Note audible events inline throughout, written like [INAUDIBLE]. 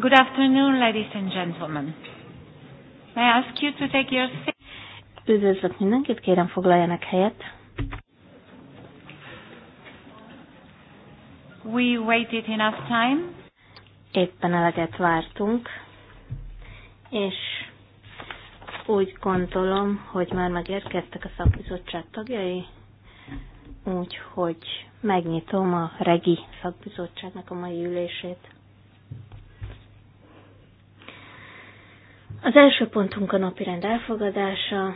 Good afternoon, ladies and gentlemen. May I ask you to take your seat? Üdvözlök mindenkit, kérem foglaljanak helyet. We waited enough time. Éppen eleget vártunk, és úgy gondolom, hogy már megérkeztek a szakbizottság tagjai, úgyhogy megnyitom a regi szakbizottságnak a mai ülését. Az első pontunk a napirend elfogadása.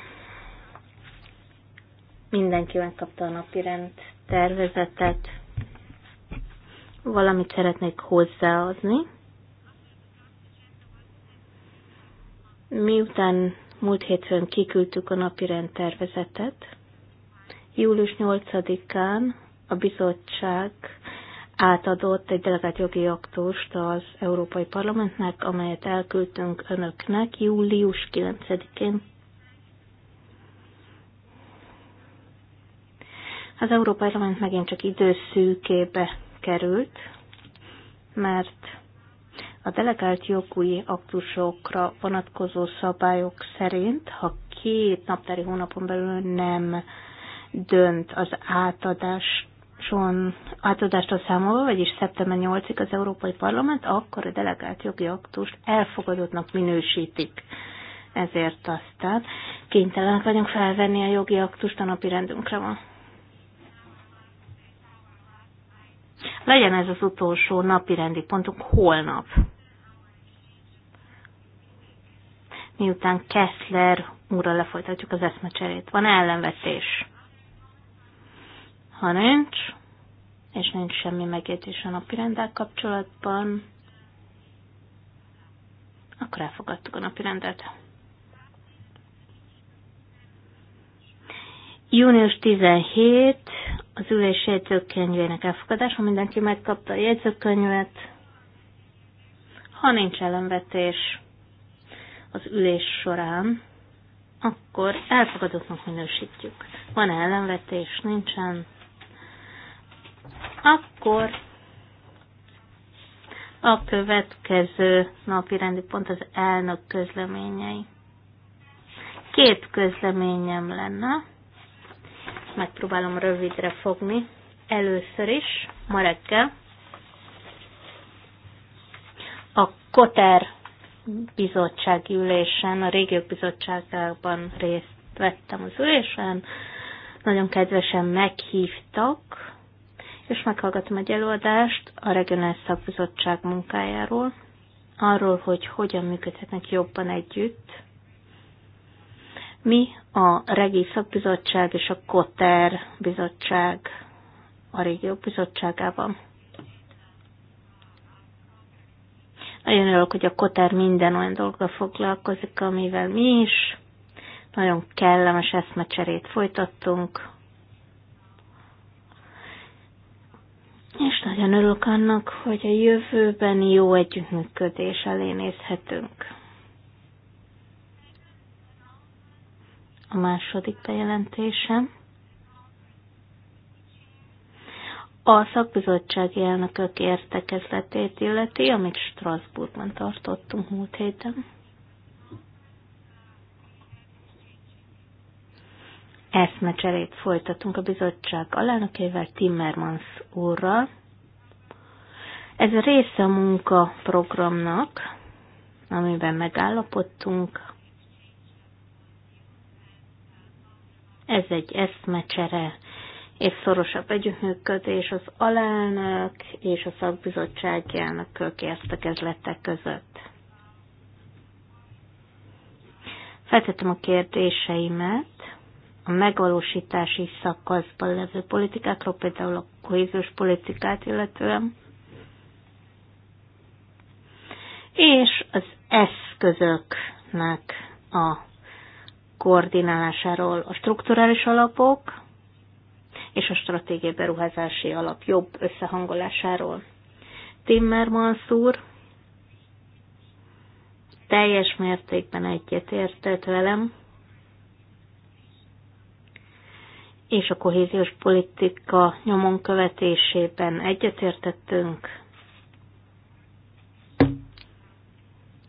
Mindenki megkapta a napirend tervezetet. Valamit szeretnék hozzáadni. Miután múlt hétfőn kiküldtük a napirend tervezetet, július 8-án a bizottság átadott egy delegált jogi aktust az Európai Parlamentnek, amelyet elküldtünk önöknek július 9-én. Az Európai Parlament megint csak időszűkébe került, mert a delegált jogúi aktusokra vonatkozó szabályok szerint, ha két naptári hónapon belül nem dönt az átadás adson átadást a számolva, vagyis szeptember 8-ig az Európai Parlament, akkor a delegált jogi aktust elfogadottnak minősítik. Ezért aztán kénytelenek vagyunk felvenni a jogi aktust a napi rendünkre van. Legyen ez az utolsó napi rendi pontunk holnap. Miután Kessler úrral lefolytatjuk az eszmecserét. Van ellenvetés. Ha nincs, és nincs semmi megjegyzés a napirendel kapcsolatban, akkor elfogadtuk a napirendet. Június 17, az ülés jegyzőkönyvének elfogadása, mindenki megkapta a jegyzőkönyvet. Ha nincs ellenvetés az ülés során, akkor elfogadottnak minősítjük. Van -e ellenvetés, nincsen, akkor a következő napi rendi pont az elnök közleményei. Két közleményem lenne, megpróbálom rövidre fogni. Először is, ma reggel, a Koter bizottsági ülésen, a régiók bizottságában részt vettem az ülésen. Nagyon kedvesen meghívtak és meghallgatom egy előadást a Regionális Szakbizottság munkájáról, arról, hogy hogyan működhetnek jobban együtt. Mi a Regi Szakbizottság és a Koter Bizottság a Régió Bizottságában. Nagyon örülök, hogy a Koter minden olyan dolga foglalkozik, amivel mi is. Nagyon kellemes eszmecserét folytattunk, És nagyon örülök annak, hogy a jövőben jó együttműködés elé nézhetünk. A második bejelentésem. A szakbizottsági elnökök értekezletét illeti, amit Strasbourgban tartottunk múlt héten. eszmecserét folytatunk a bizottság alelnökével, Timmermans úrral. Ez a része a munkaprogramnak, amiben megállapodtunk. Ez egy eszmecsere és szorosabb együttműködés az alelnök és a szakbizottsági elnökök értekezletek között. Feltettem a kérdéseimet, a megvalósítási szakaszban levő politikákról, például a kohéziós politikát illetően, és az eszközöknek a koordinálásáról a strukturális alapok és a stratégiai beruházási alap jobb összehangolásáról. Timmermans úr teljes mértékben egyetértett velem, és a kohéziós politika nyomon követésében egyetértettünk.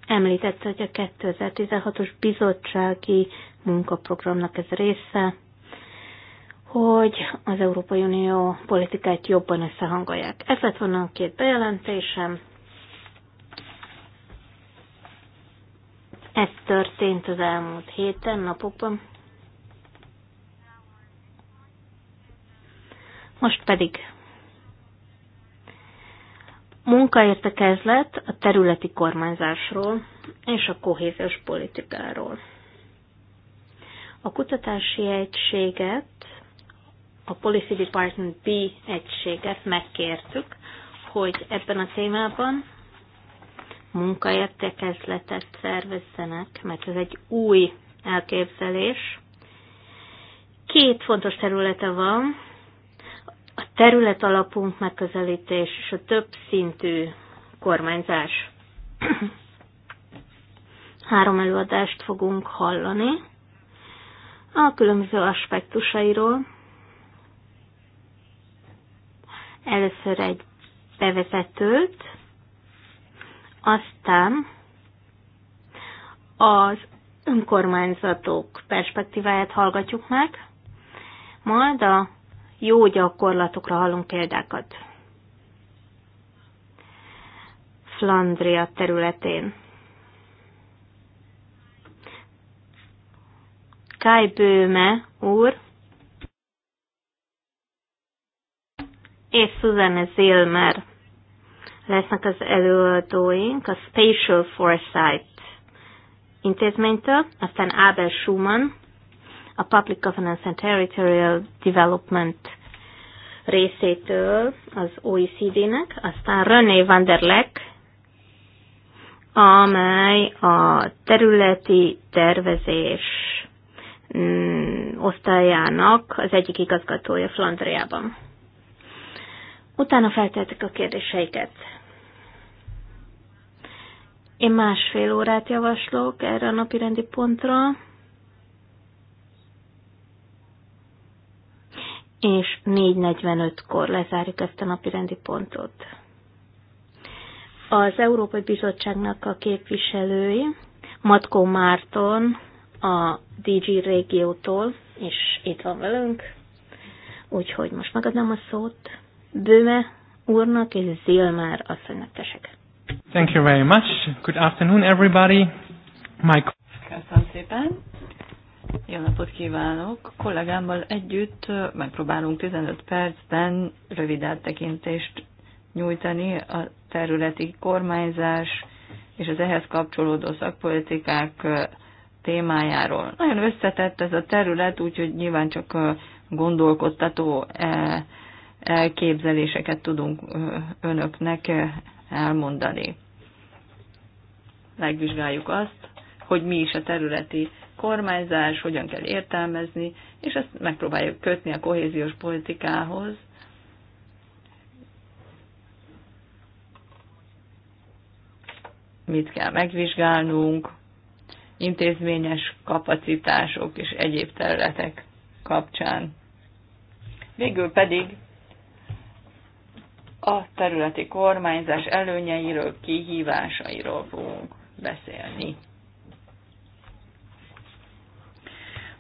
Említette, hogy a 2016-os bizottsági munkaprogramnak ez része, hogy az Európai Unió politikát jobban összehangolják. Ez lett volna a két bejelentésem. Ez történt az elmúlt héten, napokban. Most pedig munkaértekezlet a területi kormányzásról és a kohéziós politikáról. A kutatási egységet, a Policy Department B egységet megkértük, hogy ebben a témában munkaértekezletet szervezzenek, mert ez egy új elképzelés. Két fontos területe van a terület alapú megközelítés és a több szintű kormányzás. [CLEARS THROAT] Három előadást fogunk hallani a különböző aspektusairól. Először egy bevezetőt, aztán az önkormányzatok perspektíváját hallgatjuk meg, majd a jó gyakorlatokra hallunk példákat. Flandria területén. Kai Bőme úr és Susanne Zilmer lesznek az előadóink a Spatial Foresight intézménytől, aztán Abel Schumann, a Public Governance and Territorial Development részétől az OECD-nek, aztán René van der Leck, amely a területi tervezés mm, osztályának az egyik igazgatója Flandriában. Utána feltettek a kérdéseiket. Én másfél órát javaslok erre a napi rendi pontra. és 4.45-kor lezárjuk ezt a napi rendi pontot. Az Európai Bizottságnak a képviselői, Matko Márton, a DG régiótól, és itt van velünk, úgyhogy most megadnám a szót Bőme úrnak és Zilmár asszonynak tesek. Thank you very much. Good afternoon, everybody. My... Köszönöm szépen. Jó napot kívánok! Kollégámmal együtt megpróbálunk 15 percben rövid áttekintést nyújtani a területi kormányzás és az ehhez kapcsolódó szakpolitikák témájáról. Nagyon összetett ez a terület, úgyhogy nyilván csak gondolkodtató e, elképzeléseket tudunk önöknek elmondani. Megvizsgáljuk azt, hogy mi is a területi kormányzás, hogyan kell értelmezni, és ezt megpróbáljuk kötni a kohéziós politikához. Mit kell megvizsgálnunk, intézményes kapacitások és egyéb területek kapcsán. Végül pedig a területi kormányzás előnyeiről, kihívásairól fogunk beszélni.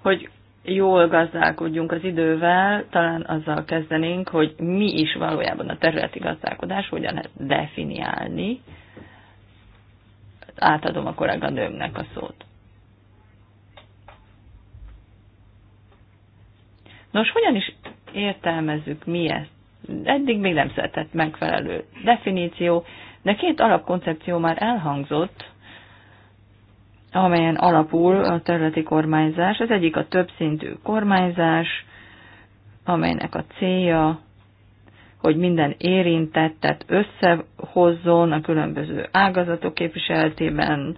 hogy jól gazdálkodjunk az idővel, talán azzal kezdenénk, hogy mi is valójában a területi gazdálkodás, hogyan lehet definiálni. Átadom a kolléganőmnek a szót. Nos, hogyan is értelmezzük mi ezt? Eddig még nem született megfelelő definíció, de két alapkoncepció már elhangzott, amelyen alapul a területi kormányzás. ez egyik a többszintű kormányzás, amelynek a célja, hogy minden érintettet összehozzon a különböző ágazatok képviseletében,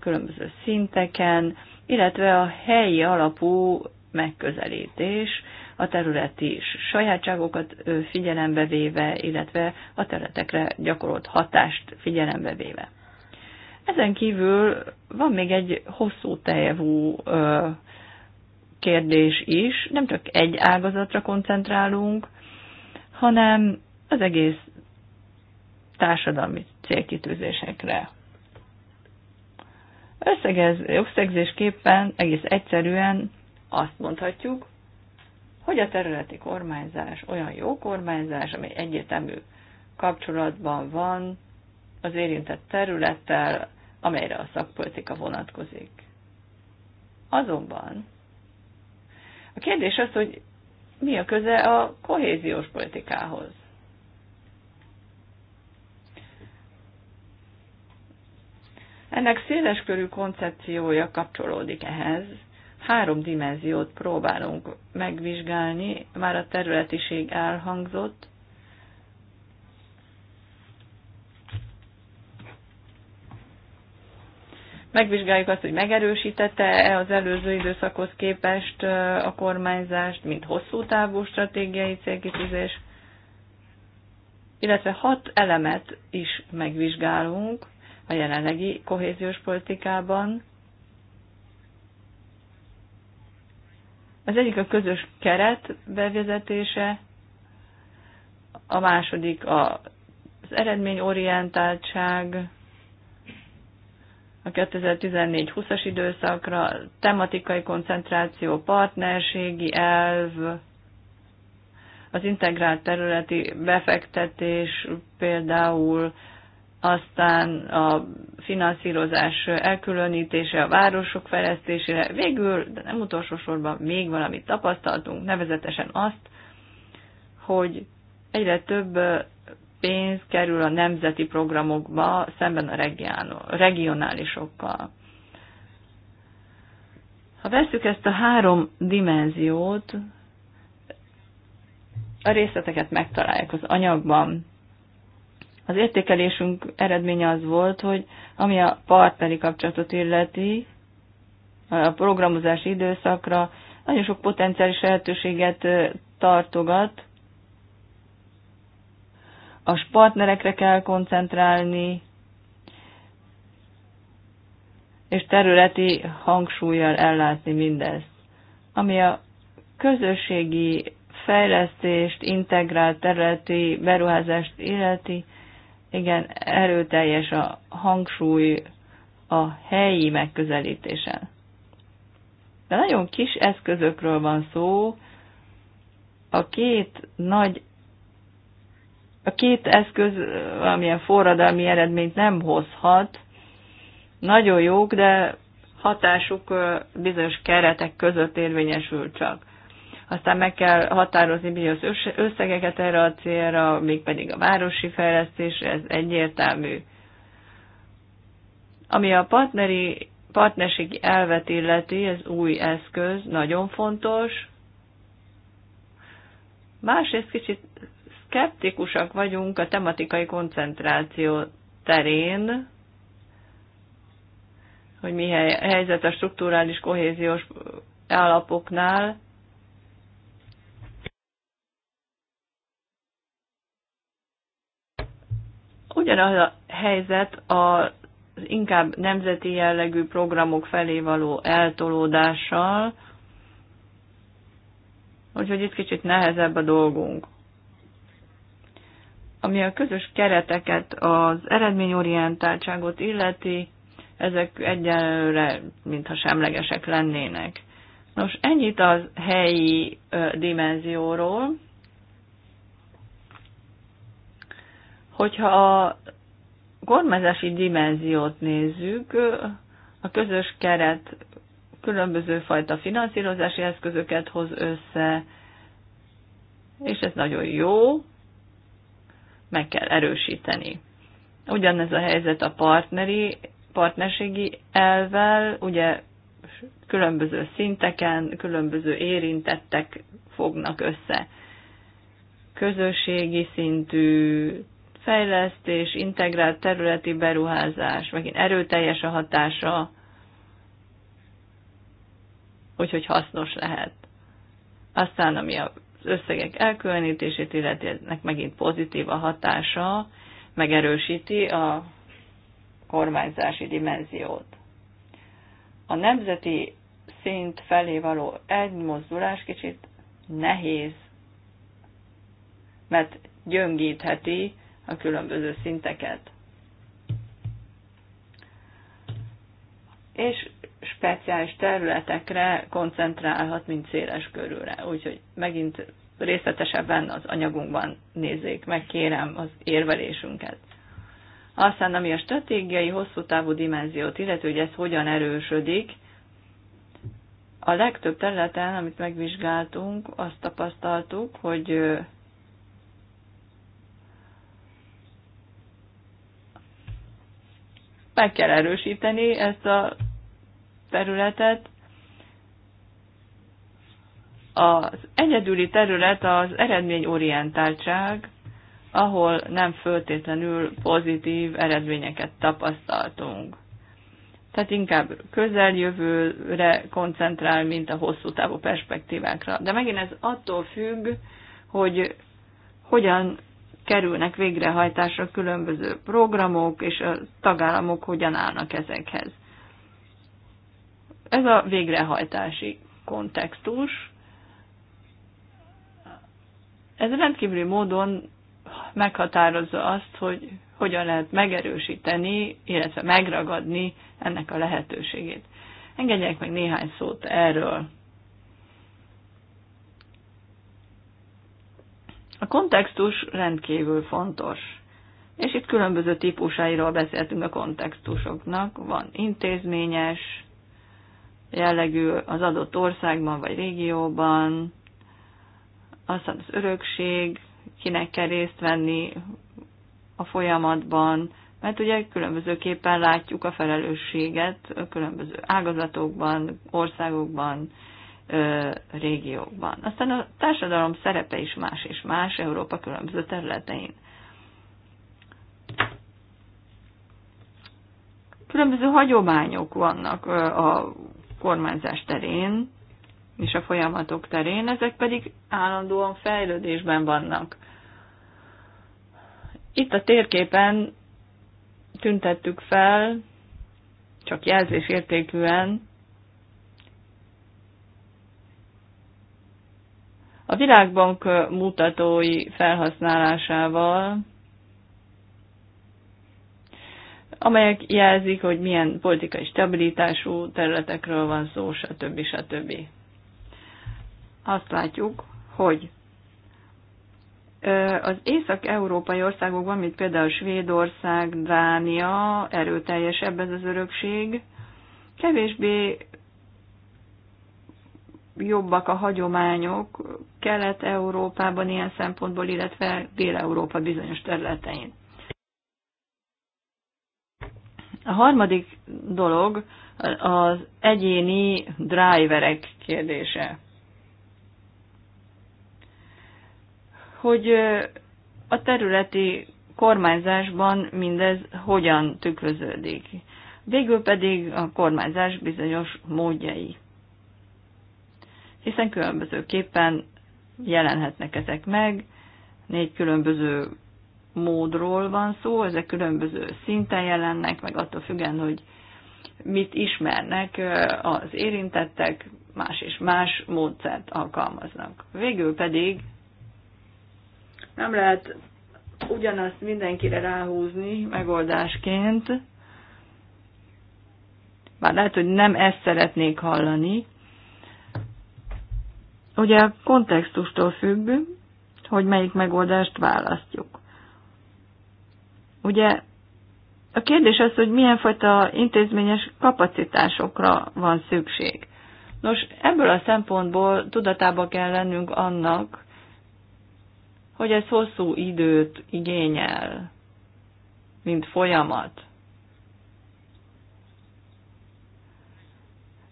különböző szinteken, illetve a helyi alapú megközelítés, a területi sajátságokat figyelembe véve, illetve a területekre gyakorolt hatást figyelembe véve. Ezen kívül van még egy hosszú tejevú kérdés is, nem csak egy ágazatra koncentrálunk, hanem az egész társadalmi célkitűzésekre. Összegez, összegzésképpen egész egyszerűen azt mondhatjuk, hogy a területi kormányzás olyan jó kormányzás, ami egyértelmű kapcsolatban van az érintett területtel, amelyre a szakpolitika vonatkozik. Azonban a kérdés az, hogy mi a köze a kohéziós politikához. Ennek széleskörű koncepciója kapcsolódik ehhez. Három dimenziót próbálunk megvizsgálni, már a területiség elhangzott, Megvizsgáljuk azt, hogy megerősítette-e az előző időszakhoz képest a kormányzást, mint hosszú távú stratégiai célkitűzés, illetve hat elemet is megvizsgálunk a jelenlegi kohéziós politikában. Az egyik a közös keret bevezetése, a második az eredményorientáltság, a 2014-20-as időszakra, tematikai koncentráció, partnerségi elv, az integrált területi befektetés például, aztán a finanszírozás elkülönítése a városok fejlesztésére, végül, de nem utolsó sorban még valamit tapasztaltunk, nevezetesen azt, hogy egyre több pénz kerül a nemzeti programokba szemben a regionálisokkal. Ha veszük ezt a három dimenziót, a részleteket megtalálják az anyagban. Az értékelésünk eredménye az volt, hogy ami a partneri kapcsolatot illeti, a programozási időszakra nagyon sok potenciális lehetőséget tartogat, a partnerekre kell koncentrálni, és területi hangsúlyjal ellátni mindezt. Ami a közösségi fejlesztést, integrált területi beruházást illeti, igen, erőteljes a hangsúly a helyi megközelítésen. De nagyon kis eszközökről van szó, a két nagy a két eszköz valamilyen forradalmi eredményt nem hozhat. Nagyon jók, de hatásuk bizonyos keretek között érvényesül csak. Aztán meg kell határozni bizonyos összegeket erre a célra, mégpedig a városi fejlesztés, ez egyértelmű. Ami a partneri, partnerségi elvet illeti, ez új eszköz, nagyon fontos. Másrészt kicsit szkeptikusak vagyunk a tematikai koncentráció terén, hogy mi helyzet a strukturális kohéziós alapoknál, ugyanaz a helyzet az inkább nemzeti jellegű programok felé való eltolódással, úgyhogy itt kicsit nehezebb a dolgunk ami a közös kereteket, az eredményorientáltságot illeti, ezek egyelőre, mintha semlegesek lennének. Nos, ennyit az helyi ö, dimenzióról. Hogyha a kormányzási dimenziót nézzük, a közös keret különböző fajta finanszírozási eszközöket hoz össze, és ez nagyon jó, meg kell erősíteni. Ugyanez a helyzet a partneri, partnerségi elvel, ugye különböző szinteken, különböző érintettek fognak össze. Közösségi szintű fejlesztés, integrált területi beruházás, megint erőteljes a hatása, úgyhogy hasznos lehet. Aztán, ami a összegek elkülönítését, illeti ennek megint pozitív a hatása, megerősíti a kormányzási dimenziót. A nemzeti szint felé való egy mozdulás kicsit nehéz, mert gyöngítheti a különböző szinteket. És speciális területekre koncentrálhat, mint széles körülre. Úgyhogy megint részletesebben az anyagunkban nézzék meg, kérem, az érvelésünket. Aztán, ami a stratégiai hosszú távú dimenziót illetve hogy ez hogyan erősödik, a legtöbb területen, amit megvizsgáltunk, azt tapasztaltuk, hogy meg kell erősíteni ezt a területet. Az egyedüli terület az eredményorientáltság, ahol nem föltétlenül pozitív eredményeket tapasztaltunk. Tehát inkább közeljövőre koncentrál, mint a hosszú távú perspektívákra. De megint ez attól függ, hogy hogyan kerülnek végrehajtásra különböző programok, és a tagállamok hogyan állnak ezekhez. Ez a végrehajtási kontextus. Ez rendkívüli módon meghatározza azt, hogy hogyan lehet megerősíteni, illetve megragadni ennek a lehetőségét. Engedjenek meg néhány szót erről. A kontextus rendkívül fontos. És itt különböző típusáiról beszéltünk a kontextusoknak. Van intézményes, jellegű az adott országban vagy régióban, aztán az örökség, kinek kell részt venni a folyamatban, mert ugye különbözőképpen látjuk a felelősséget a különböző ágazatokban, országokban, régiókban. Aztán a társadalom szerepe is más és más Európa különböző területein. Különböző hagyományok vannak a kormányzás terén és a folyamatok terén, ezek pedig állandóan fejlődésben vannak. Itt a térképen tüntettük fel, csak jelzésértékűen, a Világbank mutatói felhasználásával amelyek jelzik, hogy milyen politikai stabilitású területekről van szó, stb. stb. Azt látjuk, hogy az észak-európai országokban, mint például Svédország, Dánia, erőteljesebb ez az örökség, kevésbé jobbak a hagyományok Kelet-Európában ilyen szempontból, illetve Dél-Európa bizonyos területein. A harmadik dolog az egyéni driverek kérdése. Hogy a területi kormányzásban mindez hogyan tükröződik. Végül pedig a kormányzás bizonyos módjai. Hiszen különbözőképpen jelenhetnek ezek meg, négy különböző módról van szó, ezek különböző szinten jelennek, meg attól függen, hogy mit ismernek az érintettek, más és más módszert alkalmaznak. Végül pedig nem lehet ugyanazt mindenkire ráhúzni megoldásként, bár lehet, hogy nem ezt szeretnék hallani. Ugye a kontextustól függ, hogy melyik megoldást választjuk. Ugye a kérdés az, hogy milyen fajta intézményes kapacitásokra van szükség. Nos, ebből a szempontból tudatába kell lennünk annak, hogy ez hosszú időt igényel, mint folyamat.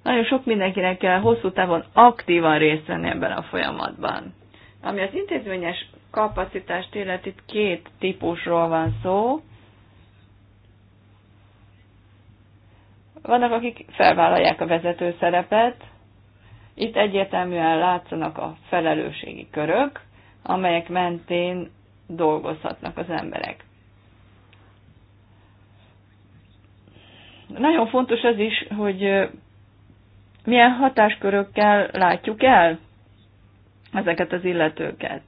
Nagyon sok mindenkinek kell hosszú távon aktívan részt venni ebben a folyamatban. Ami az intézményes kapacitást itt két típusról van szó. Vannak, akik felvállalják a vezető szerepet, itt egyértelműen látszanak a felelősségi körök, amelyek mentén dolgozhatnak az emberek. Nagyon fontos az is, hogy milyen hatáskörökkel látjuk el ezeket az illetőket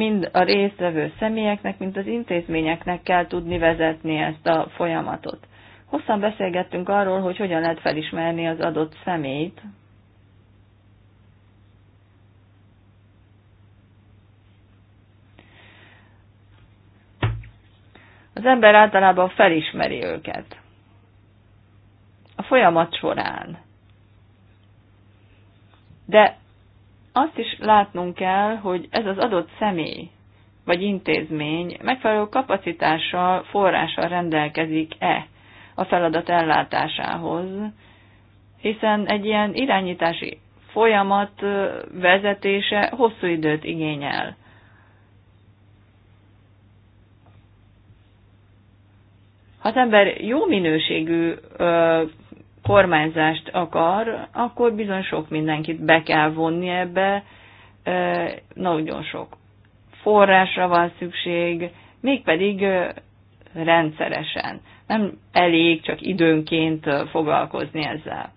mind a résztvevő személyeknek, mind az intézményeknek kell tudni vezetni ezt a folyamatot. Hosszan beszélgettünk arról, hogy hogyan lehet felismerni az adott személyt. Az ember általában felismeri őket. A folyamat során. De azt is látnunk kell, hogy ez az adott személy vagy intézmény megfelelő kapacitással, forrással rendelkezik-e a feladat ellátásához, hiszen egy ilyen irányítási folyamat vezetése hosszú időt igényel. Ha az ember jó minőségű kormányzást akar, akkor bizony sok mindenkit be kell vonni ebbe, nagyon sok forrásra van szükség, mégpedig rendszeresen. Nem elég csak időnként foglalkozni ezzel.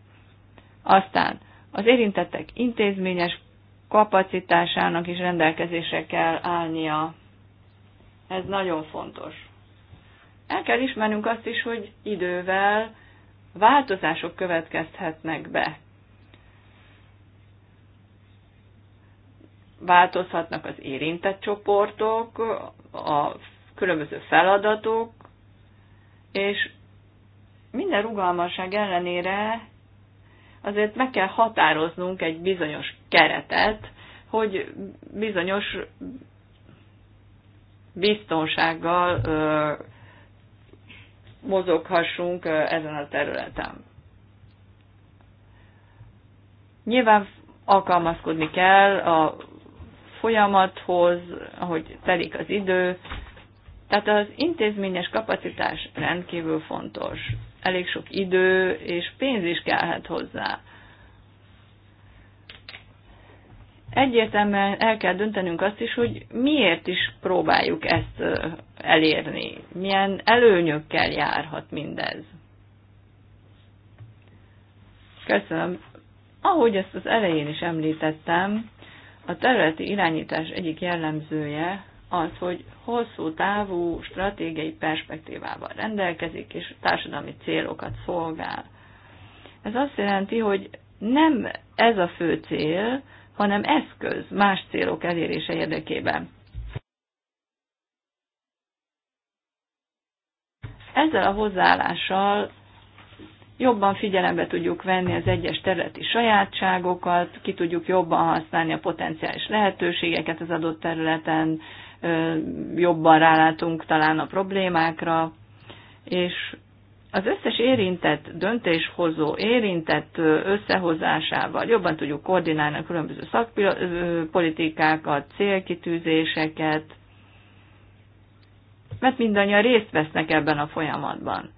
Aztán az érintettek intézményes kapacitásának is rendelkezésre kell állnia. Ez nagyon fontos. El kell ismernünk azt is, hogy idővel változások következhetnek be. Változhatnak az érintett csoportok, a különböző feladatok, és minden rugalmasság ellenére azért meg kell határoznunk egy bizonyos keretet, hogy bizonyos biztonsággal ö, mozoghassunk eh, ezen a területen. Nyilván alkalmazkodni kell a folyamathoz, ahogy telik az idő. Tehát az intézményes kapacitás rendkívül fontos. Elég sok idő és pénz is kellhet hozzá. egyértelműen el kell döntenünk azt is, hogy miért is próbáljuk ezt elérni, milyen előnyökkel járhat mindez. Köszönöm. Ahogy ezt az elején is említettem, a területi irányítás egyik jellemzője az, hogy hosszú távú stratégiai perspektívával rendelkezik, és társadalmi célokat szolgál. Ez azt jelenti, hogy nem ez a fő cél, hanem eszköz más célok elérése érdekében. Ezzel a hozzáállással jobban figyelembe tudjuk venni az egyes területi sajátságokat, ki tudjuk jobban használni a potenciális lehetőségeket az adott területen, jobban rálátunk talán a problémákra, és az összes érintett döntéshozó, érintett összehozásával jobban tudjuk koordinálni a különböző szakpolitikákat, célkitűzéseket, mert mindannyian részt vesznek ebben a folyamatban.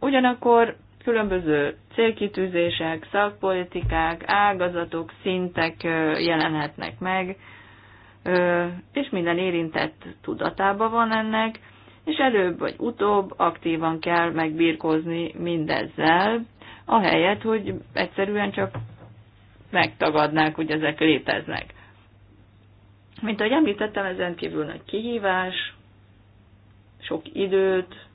Ugyanakkor különböző célkitűzések, szakpolitikák, ágazatok, szintek jelenhetnek meg, és minden érintett tudatában van ennek, és előbb vagy utóbb aktívan kell megbírkozni mindezzel, ahelyett, hogy egyszerűen csak megtagadnák, hogy ezek léteznek. Mint ahogy említettem, ez rendkívül nagy kihívás, sok időt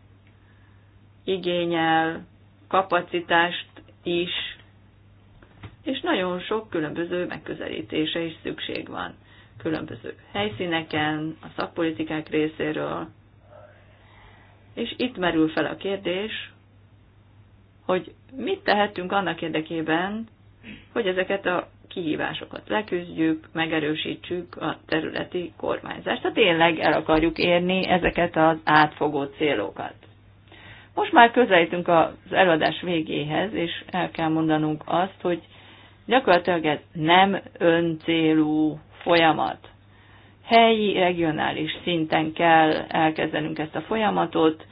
igényel, kapacitást is, és nagyon sok különböző megközelítése is szükség van. Különböző helyszíneken, a szakpolitikák részéről, és itt merül fel a kérdés, hogy mit tehetünk annak érdekében, hogy ezeket a kihívásokat leküzdjük, megerősítsük a területi kormányzást. Tehát tényleg el akarjuk érni ezeket az átfogó célokat. Most már közelítünk az előadás végéhez, és el kell mondanunk azt, hogy gyakorlatilag ez nem öncélú folyamat helyi, regionális szinten kell elkezdenünk ezt a folyamatot,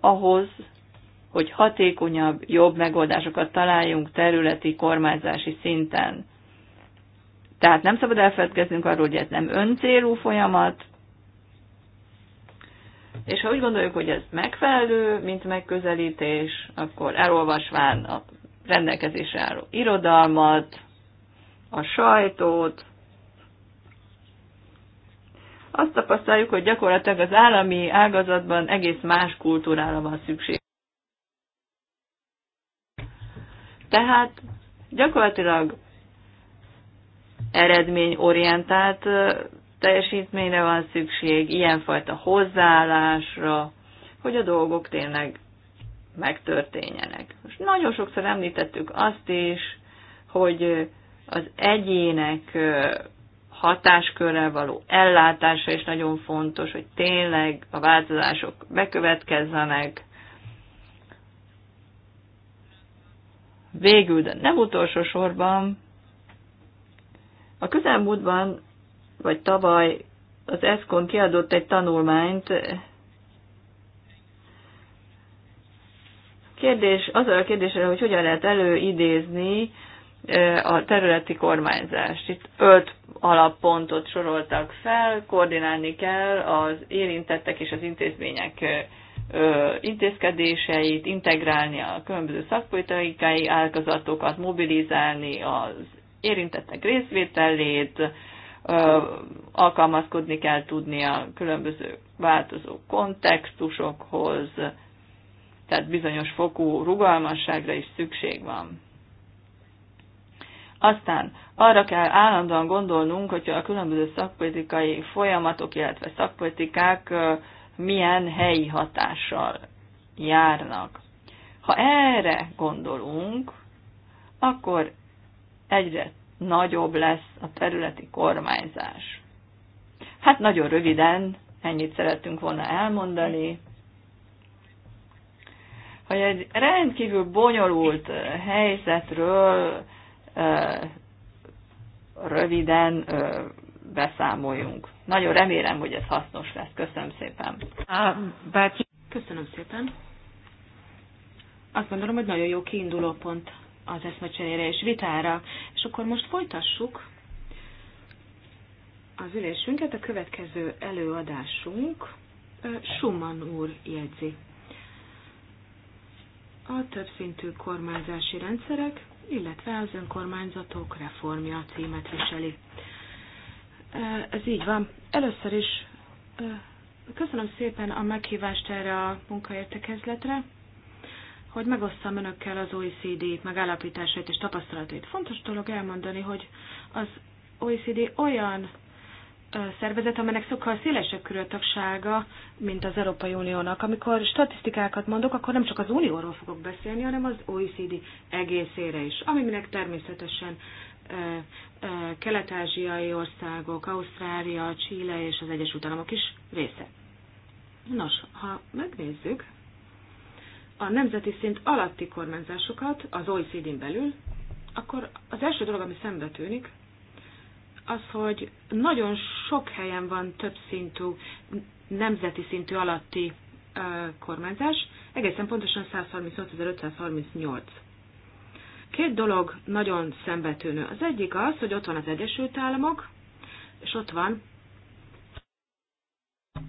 ahhoz, hogy hatékonyabb, jobb megoldásokat találjunk területi kormányzási szinten. Tehát nem szabad elfelejtkeznünk arról, hogy ez nem öncélú folyamat, és ha úgy gondoljuk, hogy ez megfelelő, mint megközelítés, akkor elolvasván a rendelkezésre álló irodalmat, a sajtót. Azt tapasztaljuk, hogy gyakorlatilag az állami ágazatban egész más kultúrára van szükség. Tehát gyakorlatilag eredményorientált teljesítményre van szükség, ilyenfajta hozzáállásra, hogy a dolgok tényleg megtörténjenek. Most nagyon sokszor említettük azt is, hogy az egyének hatáskörrel való ellátása is nagyon fontos, hogy tényleg a változások bekövetkezzenek. Végül, de nem utolsó sorban, a közelmúltban, vagy tavaly az ESZKON kiadott egy tanulmányt, Kérdés, azzal a kérdésre, hogy hogyan lehet előidézni a területi kormányzást. Itt öt alappontot soroltak fel, koordinálni kell az érintettek és az intézmények intézkedéseit, integrálni a különböző szakpolitikai ágazatokat, mobilizálni az érintettek részvételét, alkalmazkodni kell tudni a különböző változó kontextusokhoz, tehát bizonyos fokú rugalmasságra is szükség van. Aztán arra kell állandóan gondolnunk, hogy a különböző szakpolitikai folyamatok, illetve szakpolitikák milyen helyi hatással járnak. Ha erre gondolunk, akkor egyre nagyobb lesz a területi kormányzás. Hát nagyon röviden ennyit szerettünk volna elmondani, hogy egy rendkívül bonyolult helyzetről röviden beszámoljunk. Nagyon remélem, hogy ez hasznos lesz. Köszönöm szépen. Köszönöm szépen. Azt gondolom, hogy nagyon jó kiinduló pont az eszmecserére és vitára. És akkor most folytassuk az ülésünket. A következő előadásunk Schumann úr jegyzi. A többszintű kormányzási rendszerek illetve az önkormányzatok reformja címet viseli. Ez így van. Először is köszönöm szépen a meghívást erre a munkaértekezletre, hogy megosztam önökkel az OECD megállapításait és tapasztalatait. Fontos dolog elmondani, hogy az OECD olyan szervezet, amelynek sokkal szélesebb körű a tagsága, mint az Európai Uniónak. Amikor statisztikákat mondok, akkor nem csak az Unióról fogok beszélni, hanem az OECD egészére is, aminek természetesen kelet-ázsiai országok, Ausztrália, Chile és az Egyesült Államok is része. Nos, ha megnézzük a nemzeti szint alatti kormányzásokat az OECD-n belül, akkor az első dolog, ami szembe tűnik, az, hogy nagyon sok helyen van többszintű, nemzeti szintű alatti kormányzás, egészen pontosan 138.538. Két dolog nagyon szembetűnő. Az egyik az, hogy ott van az Egyesült Államok, és ott van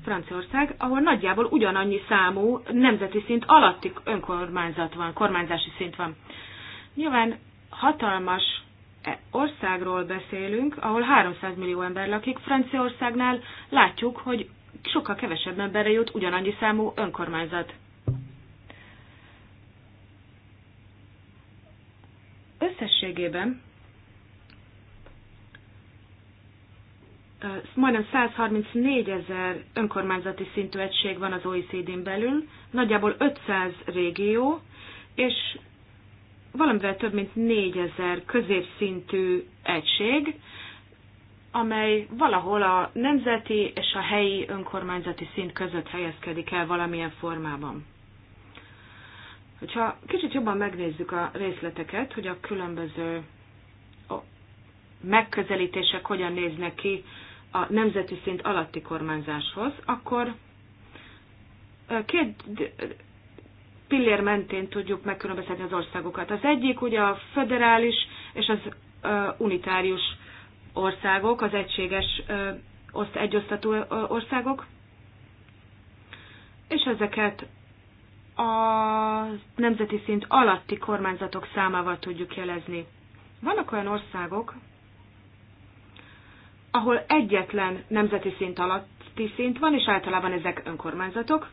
Franciaország, ahol nagyjából ugyanannyi számú nemzeti szint alatti önkormányzat van, kormányzási szint van. Nyilván hatalmas E országról beszélünk, ahol 300 millió ember lakik, Franciaországnál látjuk, hogy sokkal kevesebb emberre jut ugyanannyi számú önkormányzat. Összességében majdnem 134 ezer önkormányzati szintű egység van az OECD-n belül, nagyjából 500 régió, és valamivel több mint 4000 középszintű egység, amely valahol a nemzeti és a helyi önkormányzati szint között helyezkedik el valamilyen formában. Hogyha kicsit jobban megnézzük a részleteket, hogy a különböző megközelítések hogyan néznek ki a nemzeti szint alatti kormányzáshoz, akkor két pillér mentén tudjuk megkülönböztetni az országokat. Az egyik ugye a föderális és az unitárius országok, az egységes oszt, egyosztatú országok, és ezeket a nemzeti szint alatti kormányzatok számával tudjuk jelezni. Vannak olyan országok, ahol egyetlen nemzeti szint alatti szint van, és általában ezek önkormányzatok,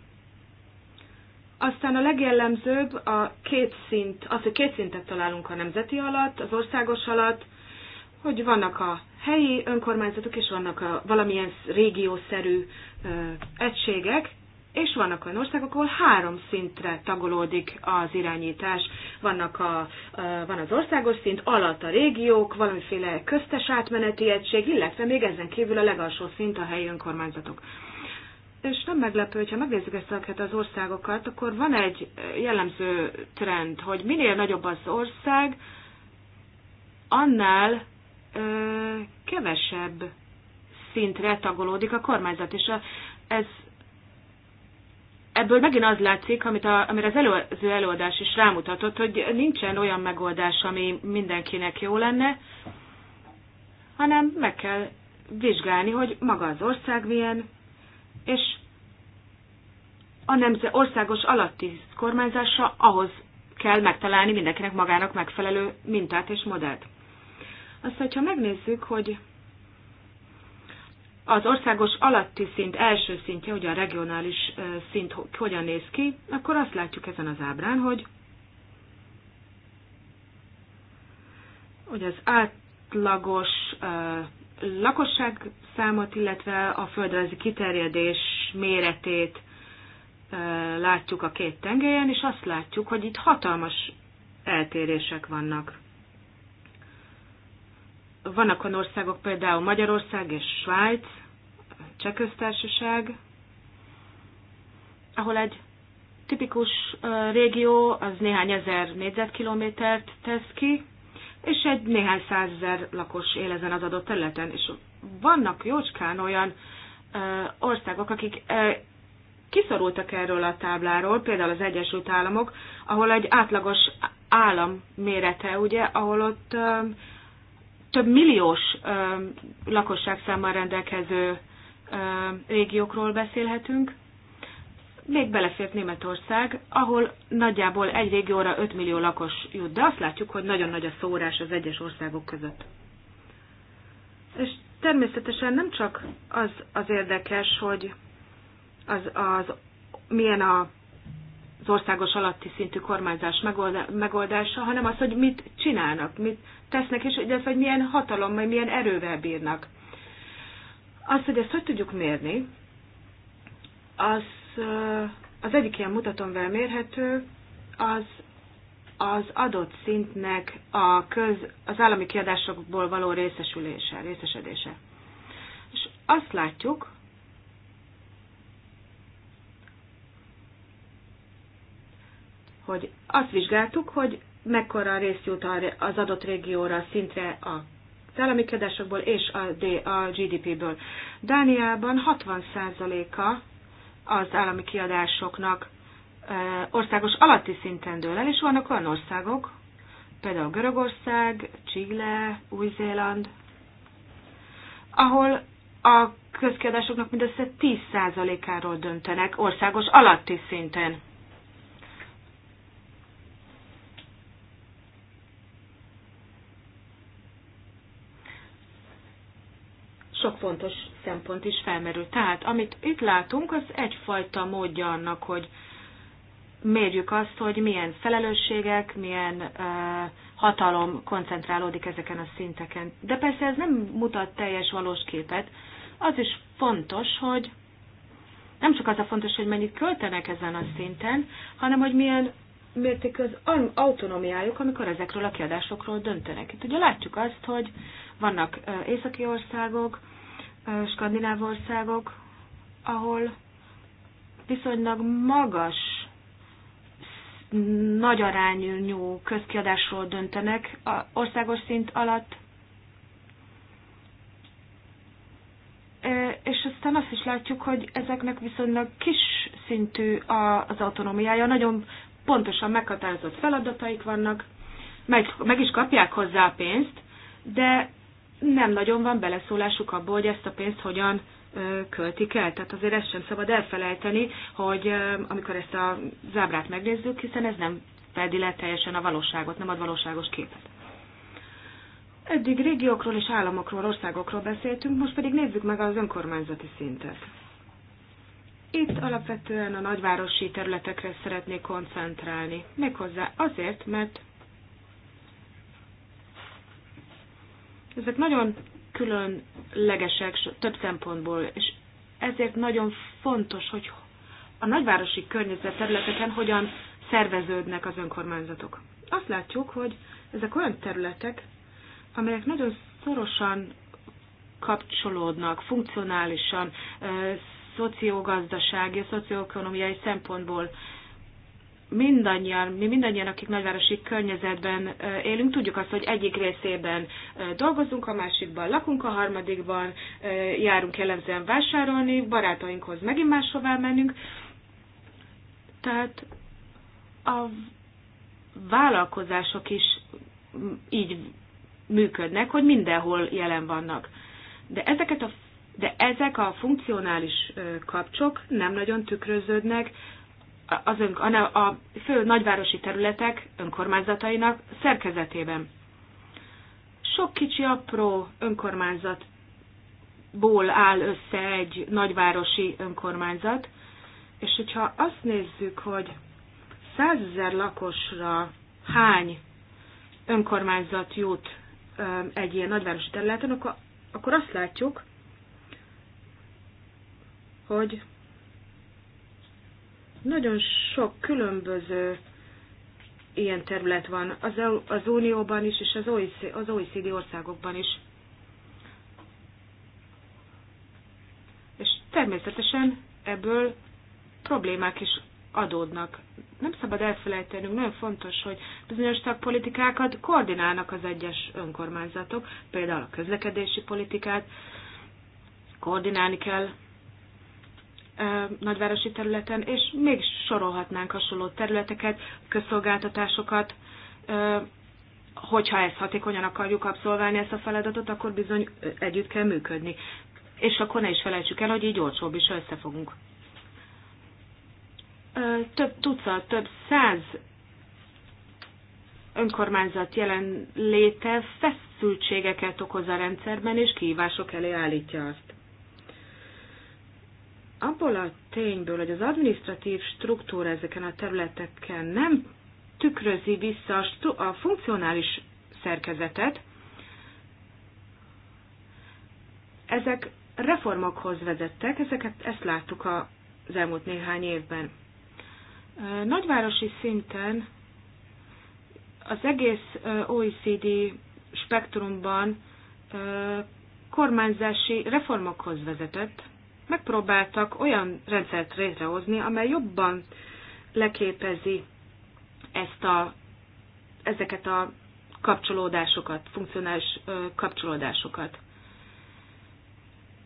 aztán a legjellemzőbb a két szint, az, hogy két szintet találunk a nemzeti alatt, az országos alatt, hogy vannak a helyi önkormányzatok, és vannak a valamilyen régiószerű ö, egységek, és vannak olyan országok, ahol három szintre tagolódik az irányítás. Vannak a, van az országos szint, alatt a régiók, valamiféle köztes átmeneti egység, illetve még ezen kívül a legalsó szint a helyi önkormányzatok. És nem meglepő, hogyha megnézzük ezeket az országokat, akkor van egy jellemző trend, hogy minél nagyobb az ország, annál ö, kevesebb szintre tagolódik a kormányzat. És a, ez, ebből megint az látszik, amit a, amire az előző előadás is rámutatott, hogy nincsen olyan megoldás, ami mindenkinek jó lenne, hanem meg kell vizsgálni, hogy maga az ország milyen, és a nemzet országos alatti kormányzása ahhoz kell megtalálni mindenkinek magának megfelelő mintát és modellt. Azt, hogyha megnézzük, hogy az országos alatti szint első szintje, ugye a regionális szint hogyan néz ki, akkor azt látjuk ezen az ábrán, hogy, hogy az átlagos lakosság számot, illetve a földrajzi kiterjedés méretét látjuk a két tengelyen, és azt látjuk, hogy itt hatalmas eltérések vannak. Vannak olyan országok, például Magyarország és Svájc, Csehköztársaság, ahol egy tipikus régió az néhány ezer négyzetkilométert tesz ki, és egy néhány százezer lakos él ezen az adott területen, és vannak jócskán olyan országok, akik kiszorultak erről a tábláról, például az Egyesült Államok, ahol egy átlagos állam mérete, ugye, ahol ott több milliós lakosságszámmal rendelkező régiókról beszélhetünk. Még belefért Németország, ahol nagyjából egy régióra 5 millió lakos jut, de azt látjuk, hogy nagyon nagy a szórás az egyes országok között. És természetesen nem csak az az érdekes, hogy az, az milyen a az országos alatti szintű kormányzás megoldása, hanem az, hogy mit csinálnak, mit tesznek, és ez, hogy milyen hatalom, vagy milyen erővel bírnak. Azt, hogy ezt hogy tudjuk mérni, az, az egyik ilyen mutatomvel mérhető, az az adott szintnek a köz, az állami kiadásokból való részesülése, részesedése. És azt látjuk, hogy azt vizsgáltuk, hogy mekkora rész jut az adott régióra, szintre a az állami kiadásokból és a, a GDP-ből. Dániában 60%-a az állami kiadásoknak Eh, országos alatti szinten dől el, és vannak olyan országok, például Görögország, Csigle, Új-Zéland, ahol a közkiadásoknak mindössze 10%-áról döntenek országos alatti szinten. Sok fontos szempont is felmerül. Tehát, amit itt látunk, az egyfajta módja annak, hogy mérjük azt, hogy milyen felelősségek, milyen uh, hatalom koncentrálódik ezeken a szinteken. De persze ez nem mutat teljes valós képet. Az is fontos, hogy nem csak az a fontos, hogy mennyit költenek ezen a szinten, hanem hogy milyen mértékű az autonomiájuk, amikor ezekről a kiadásokról döntenek. Itt ugye látjuk azt, hogy vannak északi országok, skandináv országok, ahol viszonylag magas nagy arányú közkiadásról döntenek a országos szint alatt, és aztán azt is látjuk, hogy ezeknek viszonylag kis szintű az autonómiája, nagyon pontosan meghatározott feladataik vannak, meg, meg is kapják hozzá a pénzt, de nem nagyon van beleszólásuk abból, hogy ezt a pénzt hogyan költik el. Tehát azért ezt sem szabad elfelejteni, hogy amikor ezt a zábrát megnézzük, hiszen ez nem fedi le teljesen a valóságot, nem ad valóságos képet. Eddig régiókról és államokról, országokról beszéltünk, most pedig nézzük meg az önkormányzati szintet. Itt alapvetően a nagyvárosi területekre szeretnék koncentrálni. Méghozzá azért, mert ezek nagyon különlegesek több szempontból, és ezért nagyon fontos, hogy a nagyvárosi környezet területeken hogyan szerveződnek az önkormányzatok. Azt látjuk, hogy ezek olyan területek, amelyek nagyon szorosan kapcsolódnak, funkcionálisan, szociogazdasági, szocioekonomiai szempontból mindannyian, mi mindannyian, akik nagyvárosi környezetben élünk, tudjuk azt, hogy egyik részében dolgozunk, a másikban lakunk, a harmadikban járunk jellemzően vásárolni, barátainkhoz megint máshová mennünk. Tehát a vállalkozások is így működnek, hogy mindenhol jelen vannak. De ezeket a de ezek a funkcionális kapcsok nem nagyon tükröződnek az ön, a, a fő nagyvárosi területek önkormányzatainak szerkezetében. Sok kicsi apró önkormányzatból áll össze egy nagyvárosi önkormányzat, és hogyha azt nézzük, hogy százezer lakosra hány önkormányzat jut egy ilyen nagyvárosi területen, akkor, akkor azt látjuk, hogy nagyon sok különböző ilyen terület van az, az Unióban is, és az OECD, az OECD országokban is. És természetesen ebből problémák is adódnak. Nem szabad elfelejtenünk, nagyon fontos, hogy bizonyos szakpolitikákat koordinálnak az egyes önkormányzatok, például a közlekedési politikát koordinálni kell nagyvárosi területen, és még sorolhatnánk hasonló területeket, közszolgáltatásokat, hogyha ezt hatékonyan akarjuk abszolválni ezt a feladatot, akkor bizony együtt kell működni. És akkor ne is felejtsük el, hogy így olcsóbb is összefogunk. Több tucat, több száz önkormányzat jelenléte feszültségeket okoz a rendszerben, és kihívások elé állítja azt abból a tényből, hogy az administratív struktúra ezeken a területeken nem tükrözi vissza a, a funkcionális szerkezetet, ezek reformokhoz vezettek, ezeket ezt láttuk az elmúlt néhány évben. Nagyvárosi szinten az egész OECD spektrumban kormányzási reformokhoz vezetett, megpróbáltak olyan rendszert létrehozni, amely jobban leképezi ezt a, ezeket a kapcsolódásokat, funkcionális kapcsolódásokat.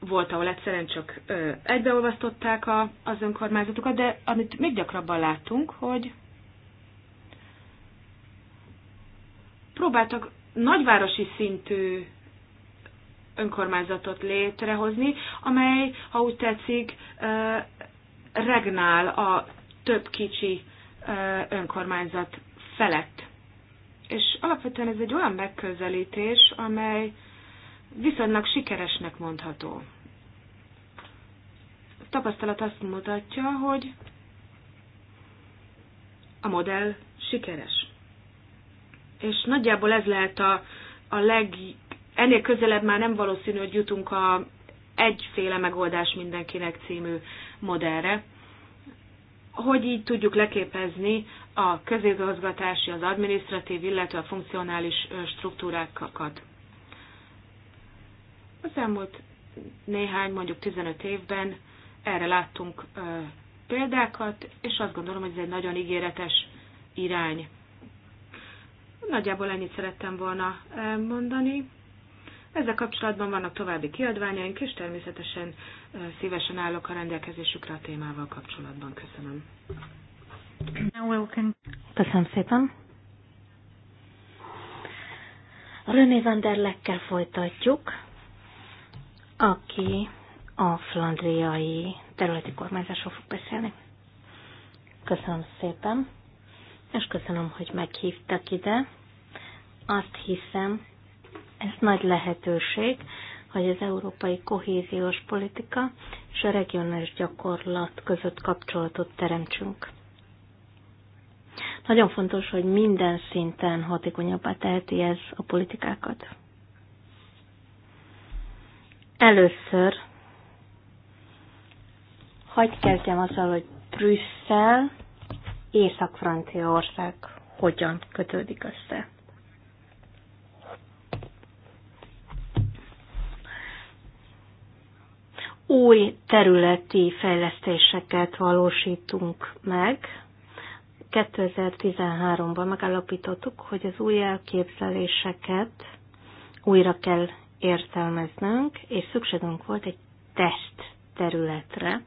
Volt, ahol egyszerűen csak egybeolvasztották a, az önkormányzatokat, de amit még gyakrabban láttunk, hogy próbáltak nagyvárosi szintű önkormányzatot létrehozni, amely, ha úgy tetszik, regnál a több kicsi önkormányzat felett. És alapvetően ez egy olyan megközelítés, amely viszonylag sikeresnek mondható. A tapasztalat azt mutatja, hogy a modell sikeres. És nagyjából ez lehet a, a leg, ennél közelebb már nem valószínű, hogy jutunk a egyféle megoldás mindenkinek című modellre. Hogy így tudjuk leképezni a közigazgatási, az administratív, illetve a funkcionális struktúrákat. Az elmúlt néhány, mondjuk 15 évben erre láttunk példákat, és azt gondolom, hogy ez egy nagyon ígéretes irány. Nagyjából ennyit szerettem volna mondani. Ezzel kapcsolatban vannak további kiadványaink, és természetesen szívesen állok a rendelkezésükre a témával kapcsolatban. Köszönöm. Köszönöm szépen. René van der Leckkel folytatjuk, aki a flandriai területi kormányzásról fog beszélni. Köszönöm szépen, és köszönöm, hogy meghívtak ide. Azt hiszem, ez nagy lehetőség, hogy az európai kohéziós politika és a regionális gyakorlat között kapcsolatot teremtsünk. Nagyon fontos, hogy minden szinten hatékonyabbá teheti ez a politikákat. Először hogy kezdjem azzal, hogy Brüsszel, Észak-Franciaország hogyan kötődik össze. új területi fejlesztéseket valósítunk meg. 2013-ban megállapítottuk, hogy az új elképzeléseket újra kell értelmeznünk, és szükségünk volt egy test területre.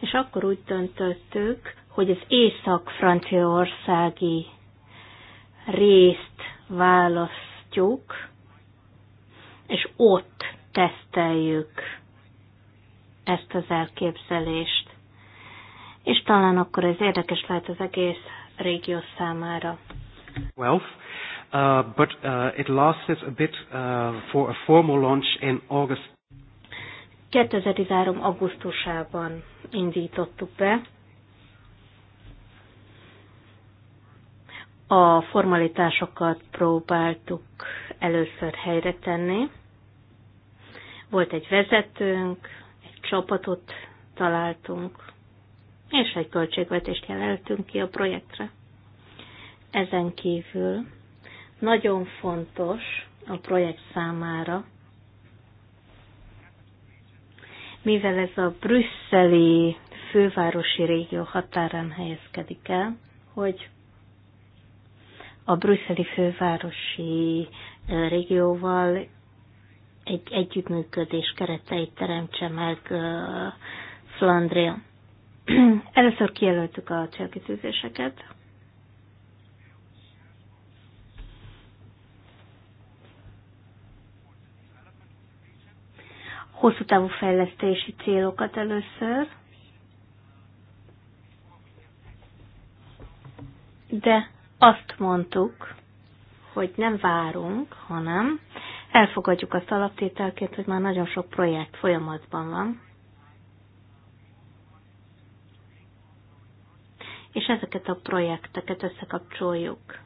És akkor úgy döntöttük, hogy az észak-franciaországi részt választjuk, és ott teszteljük ezt az elképzelést. És talán akkor ez érdekes lehet az egész régió számára. Well, uh, but uh, it lasted a bit uh, for a formal launch in August. 2013. augusztusában indítottuk be. A formalitásokat próbáltuk először helyre tenni. Volt egy vezetőnk, egy csapatot találtunk, és egy költségvetést jelöltünk ki a projektre. Ezen kívül nagyon fontos a projekt számára, mivel ez a brüsszeli fővárosi régió határán helyezkedik el, hogy a brüsszeli fővárosi régióval egy együttműködés kereteit teremtse meg Flandria. [CLEARS THROAT] Először kijelöltük a célkitűzéseket. Hosszú távú fejlesztési célokat először, de azt mondtuk, hogy nem várunk, hanem elfogadjuk azt alaptételként, hogy már nagyon sok projekt folyamatban van, és ezeket a projekteket összekapcsoljuk.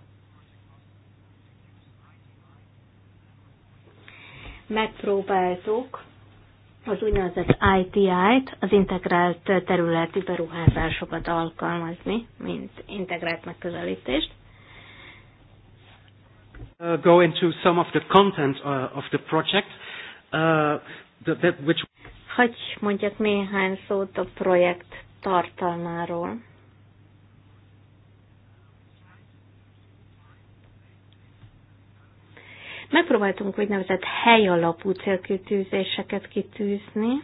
Megpróbáltuk az úgynevezett ITI-t, az integrált területi beruházásokat alkalmazni, mint integrált megközelítést uh, go into some of the content uh, of the project, uh, that, that which... Hogy mondjak néhány szót a projekt tartalmáról. Megpróbáltunk úgynevezett helyalapú célkitűzéseket kitűzni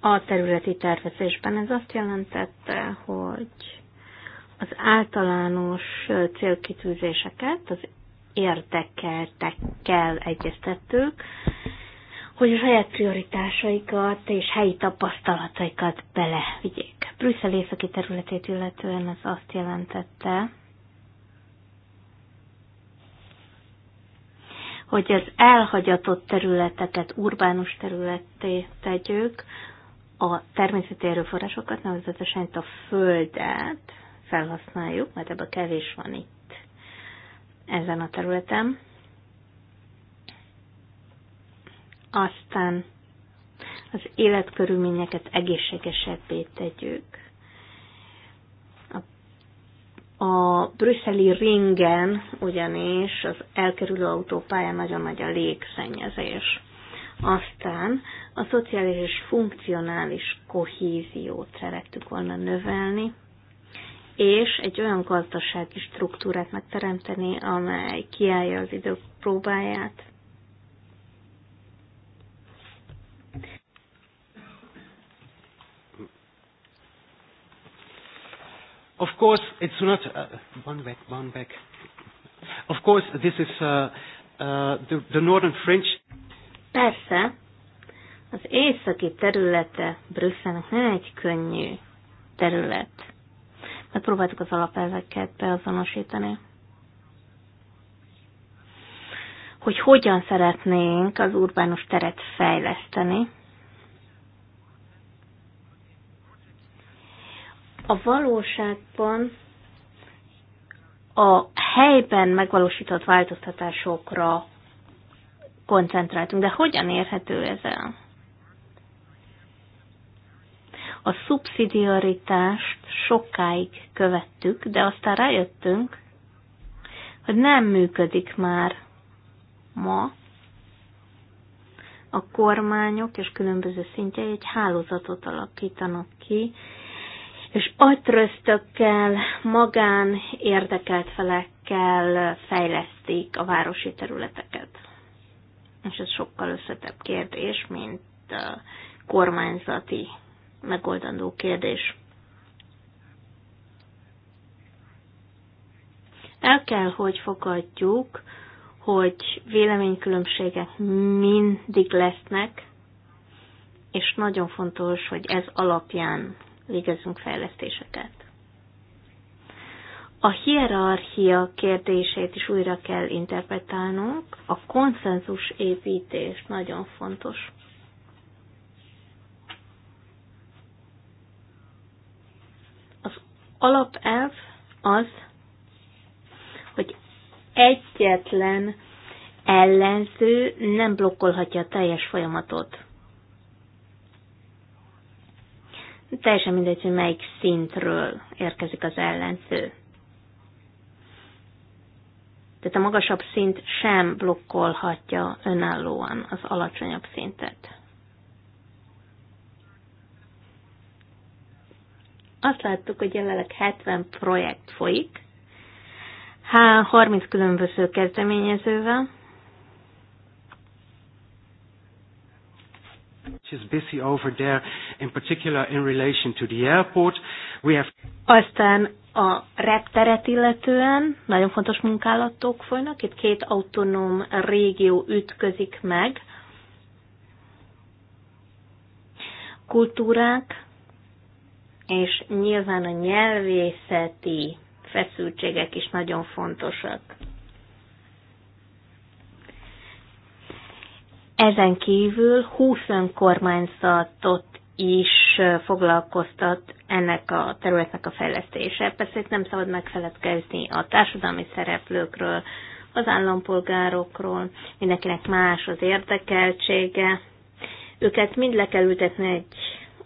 a területi tervezésben. Ez azt jelentette, hogy az általános célkitűzéseket az érdekeltekkel egyeztettük, hogy a saját prioritásaikat és helyi tapasztalataikat belevigyék. Brüsszel északi területét illetően ez azt jelentette, hogy az elhagyatott területeket urbánus területté tegyük, a természeti erőforrásokat, nevezetesen a földet, felhasználjuk, mert ebben kevés van itt ezen a területen. Aztán az életkörülményeket egészségesebbé tegyük. A, a brüsszeli ringen ugyanis az elkerülő autópályán nagyon nagy a légszennyezés. Aztán a szociális és funkcionális kohéziót szerettük volna növelni, és egy olyan gazdasági struktúrát megteremteni, amely kiállja az idők próbáját. Of course, it's not uh, one back, one back. Of course, this is uh, uh, the, the northern French. Persze, az északi területe Brüsszelnek nem egy könnyű terület próbáltuk az alapelveket beazonosítani. Hogy hogyan szeretnénk az urbánus teret fejleszteni, a valóságban a helyben megvalósított változtatásokra koncentráltunk, de hogyan érhető ez el? A szubszidiaritást sokáig követtük, de aztán rájöttünk, hogy nem működik már ma a kormányok és különböző szintje egy hálózatot alakítanak ki, és agytröztökkel, magán érdekelt felekkel fejlesztik a városi területeket. És ez sokkal összetebb kérdés, mint uh, kormányzati megoldandó kérdés. El kell, hogy fogadjuk, hogy véleménykülönbségek mindig lesznek, és nagyon fontos, hogy ez alapján végezzünk fejlesztéseket. A hierarchia kérdését is újra kell interpretálnunk, a konszenzus építés nagyon fontos. alapelv az, hogy egyetlen ellenző nem blokkolhatja a teljes folyamatot. Teljesen mindegy, hogy melyik szintről érkezik az ellenző. Tehát a magasabb szint sem blokkolhatja önállóan az alacsonyabb szintet. azt láttuk, hogy jelenleg 70 projekt folyik, 30 különböző kezdeményezővel. is busy over there, in particular in relation to the airport. We have Aztán a repteret illetően nagyon fontos munkálatok folynak, itt két autonóm régió ütközik meg. Kultúrák, és nyilván a nyelvészeti feszültségek is nagyon fontosak. Ezen kívül 20 önkormányzatot is foglalkoztat ennek a területnek a fejlesztése. Persze itt nem szabad megfeledkezni a társadalmi szereplőkről, az állampolgárokról, mindenkinek más az érdekeltsége. Őket mind le kell ültetni egy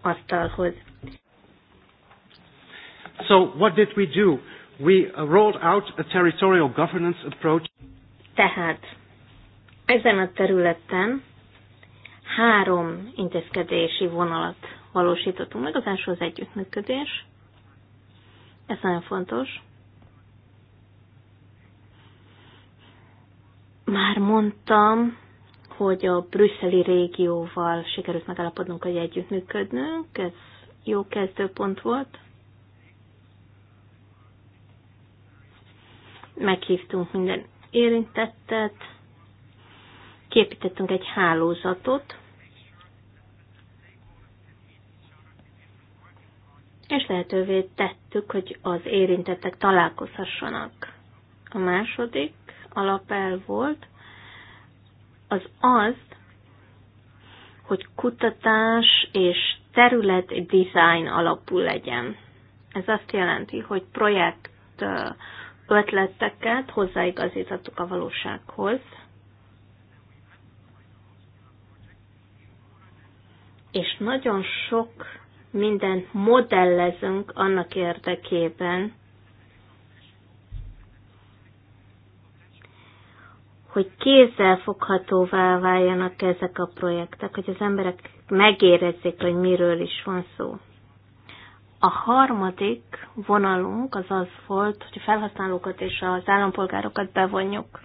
asztalhoz. So what did we do? We uh, rolled out a territorial governance approach. Tehát ezen a területen három intézkedési vonalat valósítottunk meg. Az első az együttműködés. Ez nagyon fontos. Már mondtam, hogy a brüsszeli régióval sikerült megállapodnunk, hogy együttműködnünk. Ez jó kezdőpont volt. meghívtunk minden érintettet, képítettünk egy hálózatot, és lehetővé tettük, hogy az érintettek találkozhassanak. A második alapel volt az az, hogy kutatás és terület design alapú legyen. Ez azt jelenti, hogy projekt ötleteket hozzáigazítottuk a valósághoz. És nagyon sok minden modellezünk annak érdekében, hogy kézzelfoghatóvá váljanak ezek a projektek, hogy az emberek megérezzék, hogy miről is van szó. A harmadik vonalunk az az volt, hogy a felhasználókat és az állampolgárokat bevonjuk.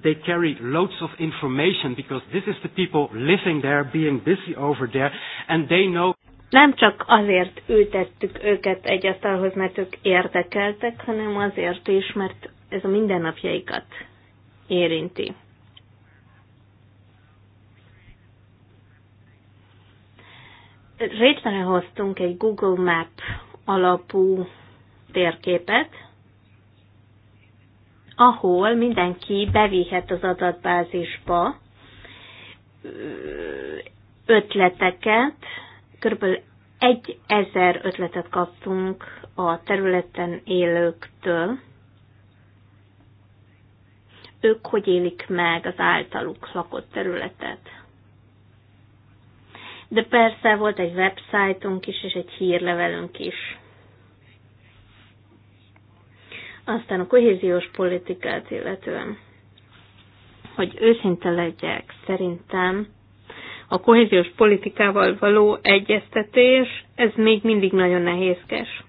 They carry loads of information because this is the people living there, being busy over there, and they know. Nem csak azért ültettük őket egy asztalhoz, mert ők érdekeltek, hanem azért is, mert ez a mindennapjaikat érinti. hoztunk egy Google Map alapú térképet, ahol mindenki bevihet az adatbázisba ötleteket, kb. egy ezer ötletet kaptunk a területen élőktől. Ők hogy élik meg az általuk lakott területet? de persze volt egy websájtunk is, és egy hírlevelünk is. Aztán a kohéziós politikát illetően, hogy őszinte legyek, szerintem a kohéziós politikával való egyeztetés, ez még mindig nagyon nehézkes.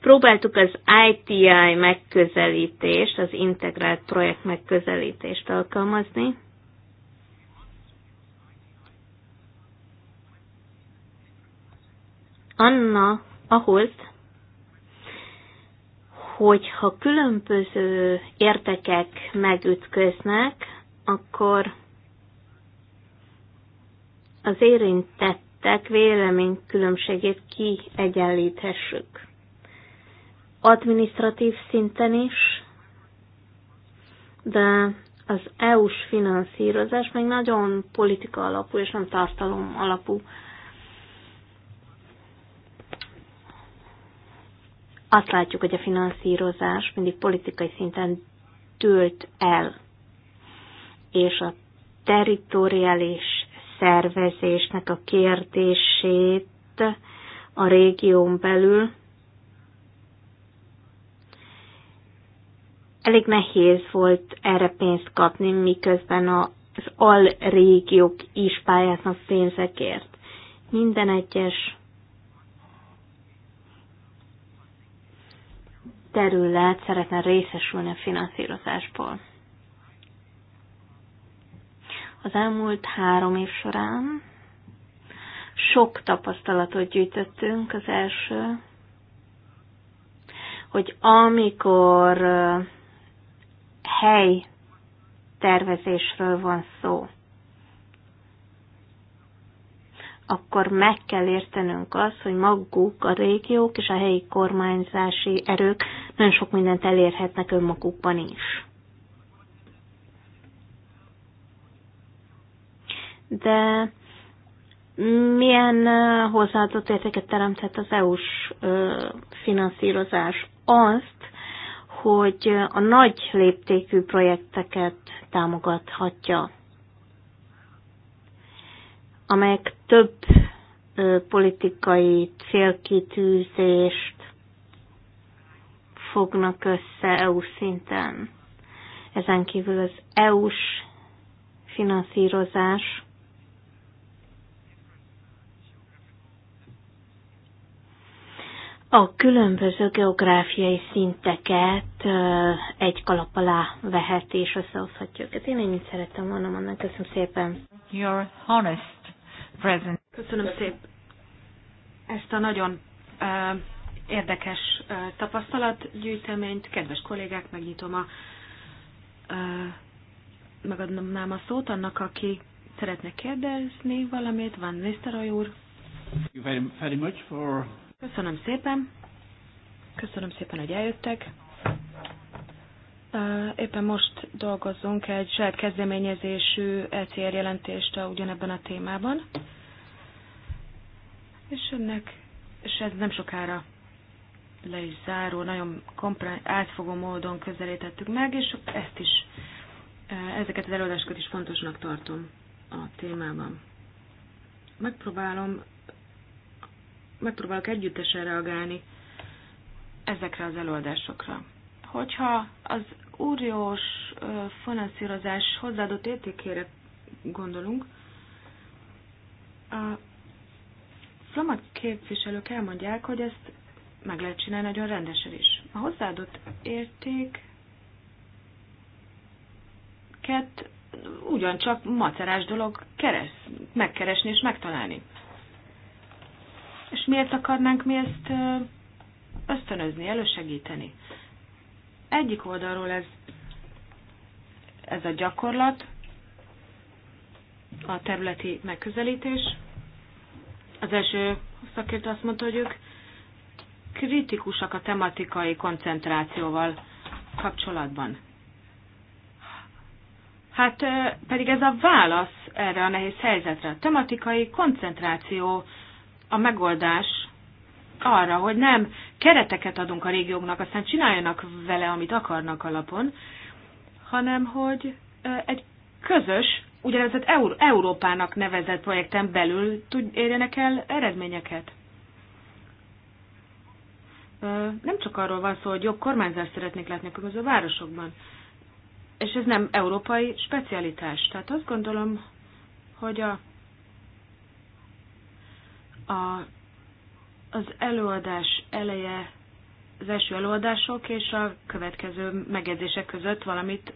Próbáltuk az ITI megközelítést, az integrált projekt megközelítést alkalmazni, Anna ahhoz, hogyha különböző értekek megütköznek, akkor az érintettek vélemény különbségét kiegyenlíthessük. Administratív szinten is, de az EU-s finanszírozás még nagyon politika alapú és nem tartalom alapú Azt látjuk, hogy a finanszírozás mindig politikai szinten tűlt el, és a territoriális szervezésnek a kérdését a régión belül elég nehéz volt erre pénzt kapni, miközben az alrégiók is pályáznak pénzekért. Minden egyes terület szeretne részesülni a finanszírozásból. Az elmúlt három év során sok tapasztalatot gyűjtöttünk. Az első, hogy amikor hely tervezésről van szó, akkor meg kell értenünk azt, hogy maguk a régiók és a helyi kormányzási erők nagyon sok mindent elérhetnek önmagukban is. De milyen hozzáadott értéket teremthet az EU-s finanszírozás? Azt, hogy a nagy léptékű projekteket támogathatja amelyek több politikai célkitűzést fognak össze EU szinten. Ezen kívül az EU-s finanszírozás a különböző geográfiai szinteket egy kalap alá vehet és összehozhatja őket. Én ennyit szerettem volna mondani. Köszönöm szépen. Your honest present. Köszönöm szépen ezt a nagyon uh, érdekes uh, tapasztalatgyűjteményt. Kedves kollégák, megnyitom a uh, megadnám a szót annak, aki szeretne kérdezni valamit. Van Nisztaroly úr. Very, very much for... Köszönöm szépen. Köszönöm szépen, hogy eljöttek. Éppen most dolgozzunk egy saját kezdeményezésű ECR jelentést ugyanebben a témában. És ennek, és ez nem sokára le is záró, nagyon kompre, átfogó módon közelítettük meg, és ezt is, ezeket az előadásokat is fontosnak tartom a témában. Megpróbálom, megpróbálok együttesen reagálni ezekre az előadásokra. Hogyha az uriós finanszírozás hozzáadott értékére gondolunk, a szamat képviselők elmondják, hogy ezt meg lehet csinálni nagyon rendesen is. A hozzáadott érték ket ugyancsak macerás dolog keres, megkeresni és megtalálni. És miért akarnánk mi ezt ösztönözni, elősegíteni? Egyik oldalról ez, ez a gyakorlat, a területi megközelítés. Az első szakértő azt mondta, hogy ők kritikusak a tematikai koncentrációval kapcsolatban. Hát pedig ez a válasz erre a nehéz helyzetre. A tematikai koncentráció a megoldás arra, hogy nem kereteket adunk a régióknak, aztán csináljanak vele, amit akarnak alapon, hanem hogy egy közös, ugyanezett Eur- Európának nevezett projekten belül tud, érjenek el eredményeket. Nem csak arról van szó, hogy jobb kormányzást szeretnék látni a különböző városokban, és ez nem európai specialitás. Tehát azt gondolom, hogy a, a az előadás eleje, az első előadások és a következő megjegyzések között valamit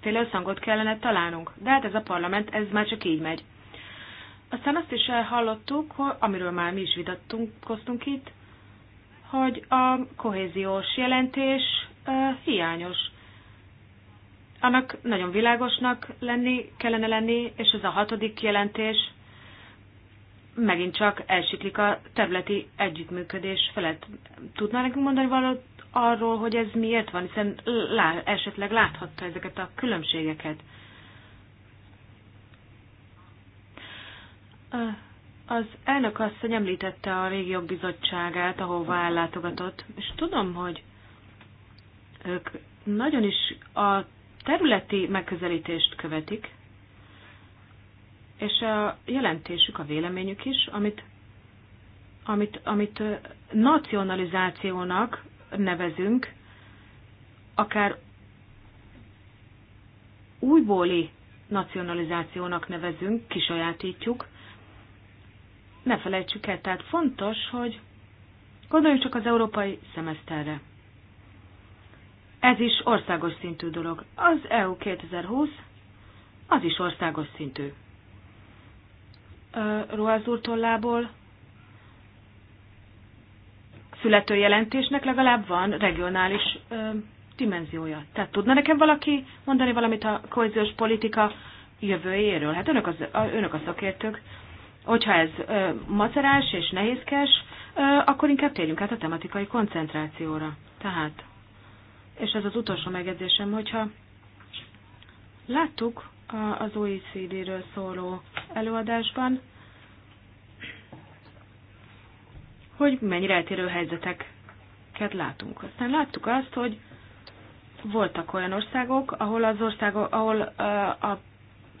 féle összhangot kellene találnunk. De hát ez a parlament, ez már csak így megy. Aztán azt is hallottuk, hogy, amiről már mi is vitatkoztunk itt, hogy a kohéziós jelentés uh, hiányos. Annak nagyon világosnak lenni, kellene lenni, és ez a hatodik jelentés, megint csak elsiklik a területi együttműködés felett. Tudná nekünk mondani valamit arról, hogy ez miért van, hiszen lá, esetleg láthatta ezeket a különbségeket? Az elnök asszony említette a régiók bizottságát, ahová ellátogatott, és tudom, hogy ők nagyon is a területi megközelítést követik, és a jelentésük, a véleményük is, amit, amit, amit nacionalizációnak nevezünk, akár újbóli nacionalizációnak nevezünk, kisajátítjuk, ne felejtsük el, tehát fontos, hogy gondoljunk csak az európai szemeszterre. Ez is országos szintű dolog. Az EU 2020 az is országos szintű. Ruház úr tollából születő jelentésnek legalább van regionális ö, dimenziója. Tehát tudna nekem valaki mondani valamit a kohéziós politika jövőjéről? Hát önök, az, a, önök a szakértők. Hogyha ez ö, macerás és nehézkes, ö, akkor inkább térjünk át a tematikai koncentrációra. Tehát, és ez az utolsó megjegyzésem, hogyha láttuk, az OECD-ről szóló előadásban, hogy mennyire eltérő helyzeteket látunk. Aztán láttuk azt, hogy voltak olyan országok, ahol az országok, ahol az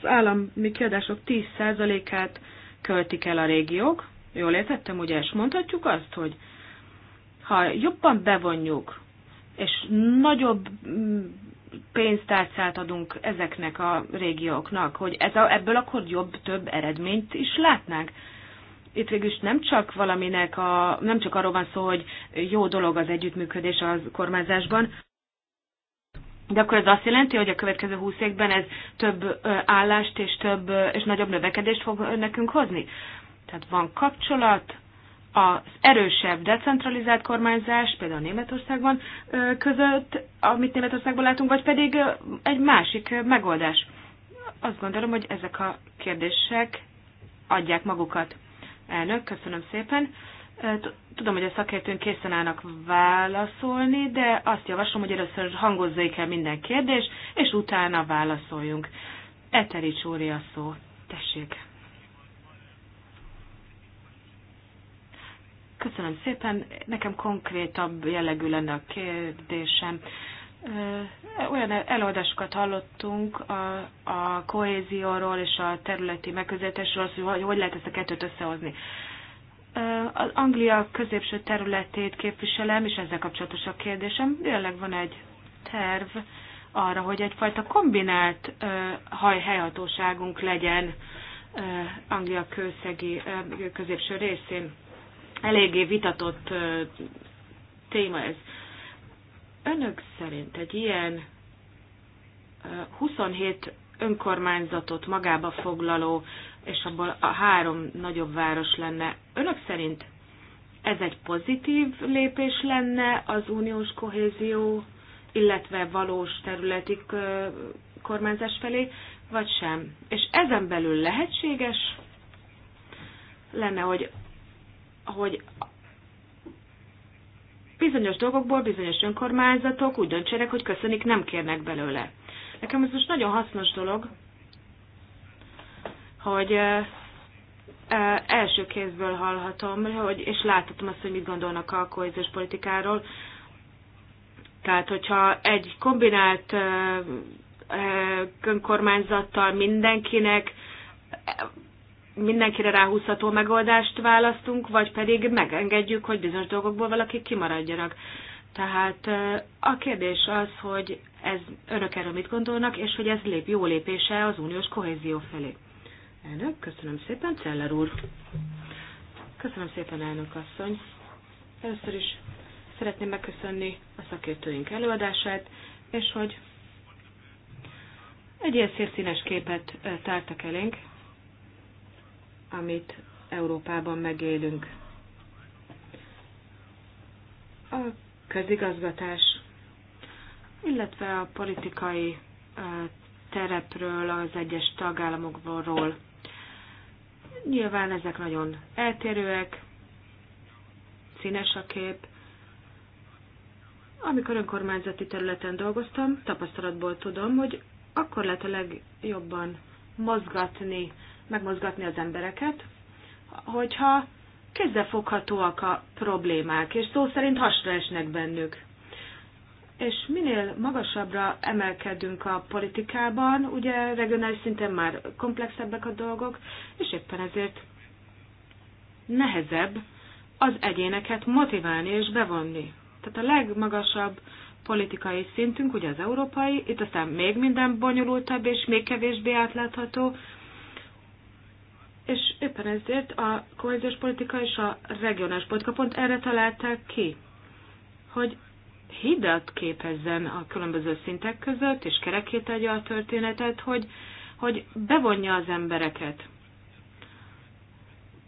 állami kiadások 10%-át költik el a régiók. Jól értettem, ugye, és mondhatjuk azt, hogy ha jobban bevonjuk, és nagyobb pénztárcát adunk ezeknek a régióknak, hogy ez a, ebből akkor jobb, több eredményt is látnánk. Itt is nem csak valaminek a, nem csak arról van szó, hogy jó dolog az együttműködés az kormányzásban, de akkor ez azt jelenti, hogy a következő húsz évben ez több állást és több és nagyobb növekedést fog nekünk hozni? Tehát van kapcsolat, az erősebb decentralizált kormányzás, például Németországban között, amit Németországban látunk, vagy pedig egy másik megoldás. Azt gondolom, hogy ezek a kérdések adják magukat. Elnök, köszönöm szépen. Tudom, hogy a szakértőnk készen állnak válaszolni, de azt javaslom, hogy először hangozzék el minden kérdés, és utána válaszoljunk. Eteri Csúri a szó. Tessék! Köszönöm szépen. Nekem konkrétabb jellegű lenne a kérdésem. Olyan előadásokat hallottunk a, a kohézióról és a területi megközelítésről, hogy hogy lehet ezt a kettőt összehozni. Az Anglia középső területét képviselem, és ezzel kapcsolatos a kérdésem. Jelenleg van egy terv arra, hogy egyfajta kombinált hajhelyhatóságunk legyen Anglia kőszegi középső részén eléggé vitatott téma ez. Önök szerint egy ilyen 27 önkormányzatot magába foglaló, és abból a három nagyobb város lenne. Önök szerint ez egy pozitív lépés lenne az uniós kohézió, illetve valós területi kormányzás felé, vagy sem? És ezen belül lehetséges lenne, hogy hogy bizonyos dolgokból bizonyos önkormányzatok úgy döntsenek, hogy köszönik, nem kérnek belőle. Nekem ez most nagyon hasznos dolog, hogy első kézből hallhatom, hogy, és láthatom azt, hogy mit gondolnak a kohéziós politikáról. Tehát, hogyha egy kombinált önkormányzattal mindenkinek mindenkire ráhúzható megoldást választunk, vagy pedig megengedjük, hogy bizonyos dolgokból valaki kimaradjanak. Tehát a kérdés az, hogy ez önök erről mit gondolnak, és hogy ez lép jó lépése az uniós kohézió felé. Elnök, köszönöm szépen, Celler úr. Köszönöm szépen, elnök asszony. Először is szeretném megköszönni a szakértőink előadását, és hogy egy ilyen szélszínes képet tártak elénk, amit Európában megélünk. A közigazgatás, illetve a politikai terepről, az egyes tagállamokról. Nyilván ezek nagyon eltérőek, színes a kép. Amikor önkormányzati területen dolgoztam, tapasztalatból tudom, hogy akkor lehet a legjobban mozgatni megmozgatni az embereket, hogyha kezdefoghatóak a problémák, és szó szerint hasra esnek bennük. És minél magasabbra emelkedünk a politikában, ugye regionális szinten már komplexebbek a dolgok, és éppen ezért nehezebb az egyéneket motiválni és bevonni. Tehát a legmagasabb politikai szintünk, ugye az európai, itt aztán még minden bonyolultabb és még kevésbé átlátható, és éppen ezért a kohéziós politika és a regionális politika pont erre találták ki, hogy hidat képezzen a különböző szintek között, és kerekét adja a történetet, hogy, hogy bevonja az embereket.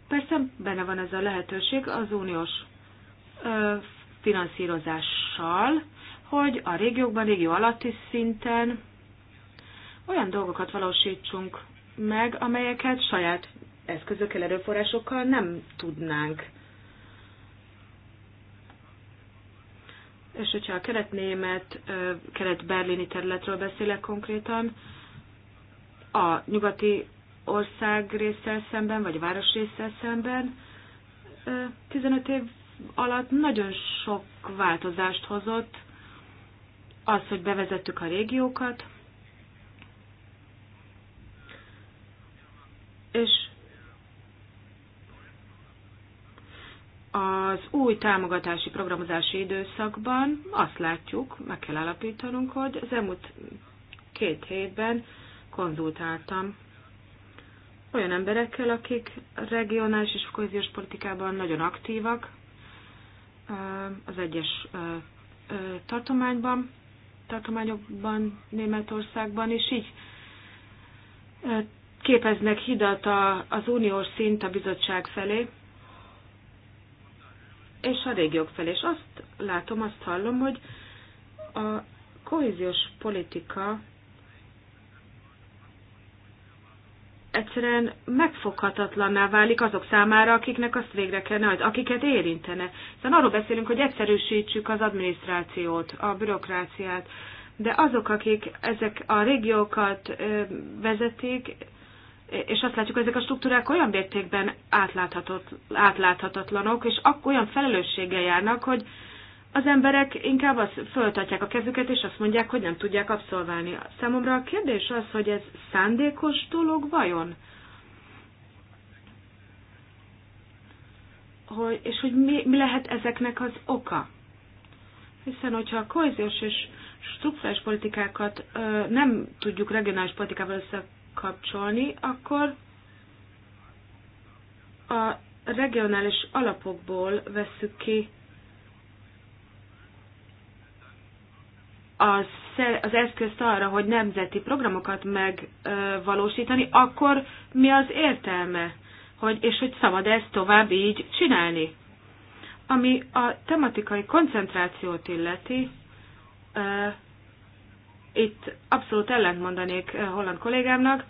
Persze benne van ez a lehetőség az uniós ö, finanszírozással, hogy a régiókban, régió alatti szinten olyan dolgokat valósítsunk meg, amelyeket saját eszközökkel, erőforrásokkal nem tudnánk. És hogyha a kelet-német, kelet-berlini területről beszélek konkrétan, a nyugati ország részsel szemben, vagy város részsel szemben 15 év alatt nagyon sok változást hozott az, hogy bevezettük a régiókat, és az új támogatási programozási időszakban azt látjuk, meg kell állapítanunk, hogy az elmúlt két hétben konzultáltam olyan emberekkel, akik regionális és kohéziós politikában nagyon aktívak az egyes tartományban, tartományokban, Németországban, és így képeznek hidat az uniós szint a bizottság felé, és a régiók felé. És azt látom, azt hallom, hogy a kohéziós politika egyszerűen megfoghatatlanná válik azok számára, akiknek azt végre kellene, akiket érintene. Szóval arról beszélünk, hogy egyszerűsítsük az adminisztrációt, a bürokráciát, de azok, akik ezek a régiókat vezetik, és azt látjuk, hogy ezek a struktúrák olyan mértékben átláthatatlanok, és akkor olyan felelősséggel járnak, hogy az emberek inkább azt föltatják a kezüket, és azt mondják, hogy nem tudják abszolválni. Számomra a kérdés az, hogy ez szándékos dolog vajon? Hogy, és hogy mi, mi lehet ezeknek az oka? Hiszen, hogyha a kohéziós és struktúrális politikákat ö, nem tudjuk regionális politikával össze kapcsolni, akkor a regionális alapokból vesszük ki az, eszközt arra, hogy nemzeti programokat megvalósítani, akkor mi az értelme? Hogy, és hogy szabad ezt tovább így csinálni? Ami a tematikai koncentrációt illeti, itt abszolút ellent mondanék eh, holland kollégámnak,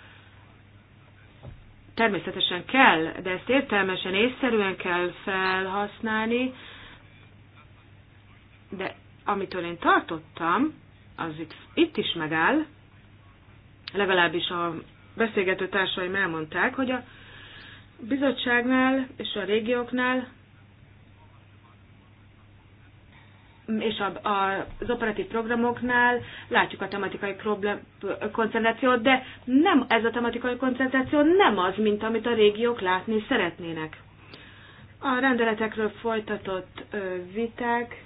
természetesen kell, de ezt értelmesen, észszerűen kell felhasználni, de amitől én tartottam, az itt, itt is megáll, legalábbis a beszélgető társaim elmondták, hogy a bizottságnál és a régióknál és a, a, az operatív programoknál látjuk a tematikai problém koncentrációt, de nem ez a tematikai koncentráció nem az, mint amit a régiók látni szeretnének. A rendeletekről folytatott ö, viták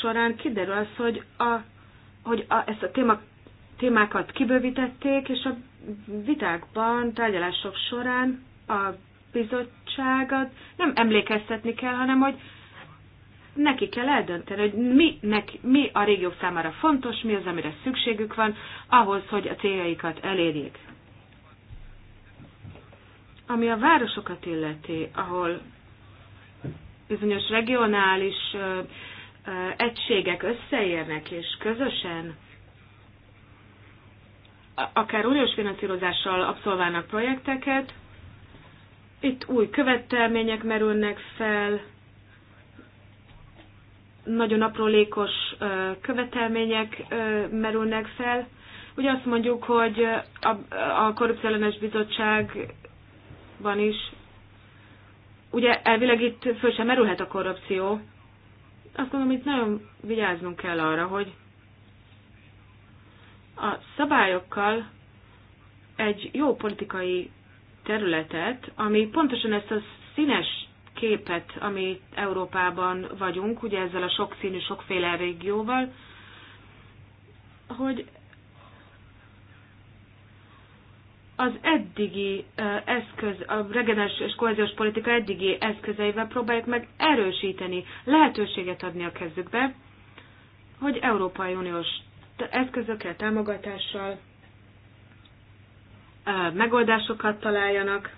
során kiderül az, hogy, a, hogy a, ezt a téma, témákat kibővítették, és a vitákban, tárgyalások során a bizottságot nem emlékeztetni kell, hanem hogy neki kell eldönteni, hogy mi, neki, mi a régió számára fontos, mi az, amire szükségük van, ahhoz, hogy a céljaikat elérjék. Ami a városokat illeti, ahol bizonyos regionális ö, ö, egységek összeérnek, és közösen akár uniós finanszírozással abszolválnak projekteket, itt új követelmények merülnek fel, nagyon aprólékos követelmények merülnek fel. Ugye azt mondjuk, hogy a, a Korrupciellenes Bizottságban is, ugye elvileg itt föl sem merülhet a korrupció. Azt gondolom, itt nagyon vigyáznunk kell arra, hogy a szabályokkal egy jó politikai területet, ami pontosan ezt a színes képet, ami Európában vagyunk, ugye ezzel a sokszínű, sokféle régióval, hogy az eddigi eszköz, a regenerációs és kohéziós politika eddigi eszközeivel próbáljuk meg erősíteni, lehetőséget adni a kezükbe, hogy Európai Uniós eszközökkel, támogatással megoldásokat találjanak,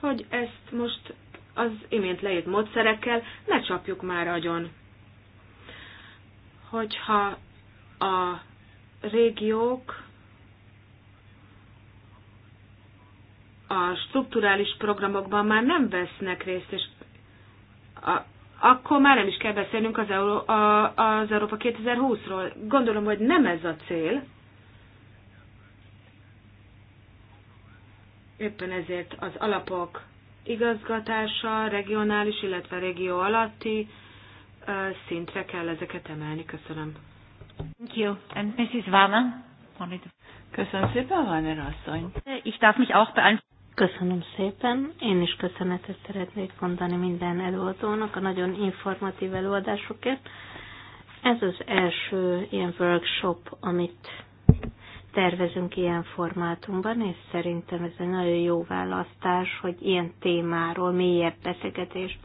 hogy ezt most az imént leírt módszerekkel ne csapjuk már agyon. Hogyha a régiók a strukturális programokban már nem vesznek részt, és a, akkor már nem is kell beszélnünk az, Euró, a, az Európa 2020-ról. Gondolom, hogy nem ez a cél, Éppen ezért az alapok igazgatása, regionális, illetve régió alatti szintre kell ezeket emelni. Köszönöm. Thank you. And Mrs. Warner? Köszönöm szépen, Warner asszony. Ich darf mich auch Köszönöm szépen. Én is köszönetet szeretnék mondani minden előadónak a nagyon informatív előadásokért. Ez az első ilyen workshop, amit tervezünk ilyen formátumban, és szerintem ez egy nagyon jó választás, hogy ilyen témáról mélyebb beszélgetést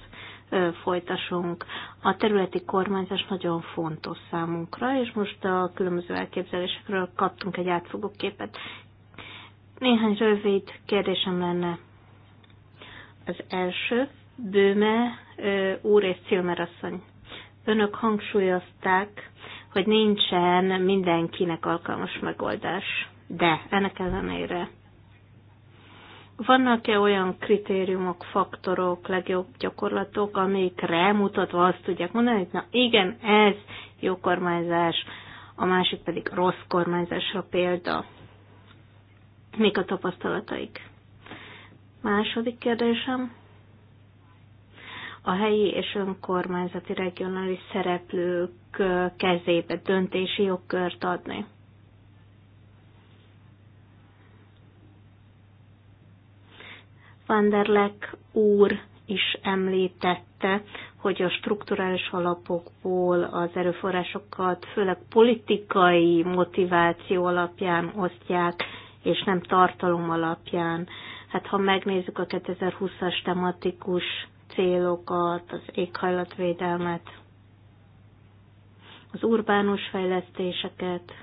folytassunk. A területi kormányzás nagyon fontos számunkra, és most a különböző elképzelésekről kaptunk egy átfogó képet. Néhány rövid kérdésem lenne. Az első, Bőme úr és Cilmerasszony. Önök hangsúlyozták, hogy nincsen mindenkinek alkalmas megoldás, de ennek ellenére vannak-e olyan kritériumok, faktorok, legjobb gyakorlatok, amikre mutatva azt tudják mondani, hogy na igen, ez jó kormányzás, a másik pedig rossz kormányzásra példa. Mik a tapasztalataik? Második kérdésem a helyi és önkormányzati regionális szereplők kezébe döntési jogkört adni. Vanderlek úr is említette, hogy a strukturális alapokból az erőforrásokat főleg politikai motiváció alapján osztják, és nem tartalom alapján. Hát ha megnézzük a 2020-as tematikus célokat, az éghajlatvédelmet, az urbánus fejlesztéseket,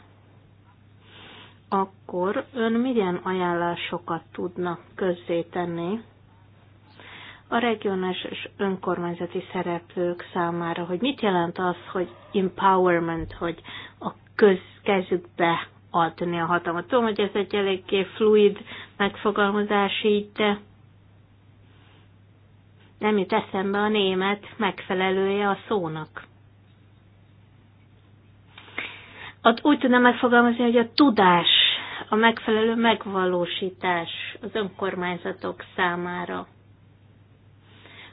akkor ön milyen ajánlásokat tudna közzétenni a regionális és önkormányzati szereplők számára, hogy mit jelent az, hogy empowerment, hogy a köz, kezükbe adni a hatalmat. Tudom, hogy ez egy eléggé fluid megfogalmazás így, de nem jut eszembe a német megfelelője a szónak. Ott úgy tudnám megfogalmazni, hogy a tudás, a megfelelő megvalósítás az önkormányzatok számára,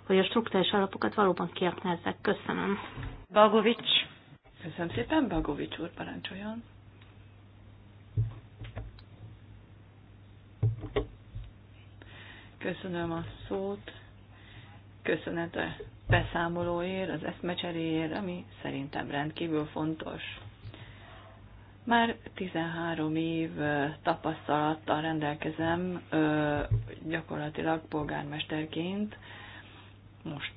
hogy a struktúrás alapokat valóban kiaknázzák. Köszönöm. Bagovics. Köszönöm szépen, Bagovics úr, parancsoljon. Köszönöm a szót köszönet a beszámolóért, az eszmecseréért, ami szerintem rendkívül fontos. Már 13 év tapasztalattal rendelkezem gyakorlatilag polgármesterként, most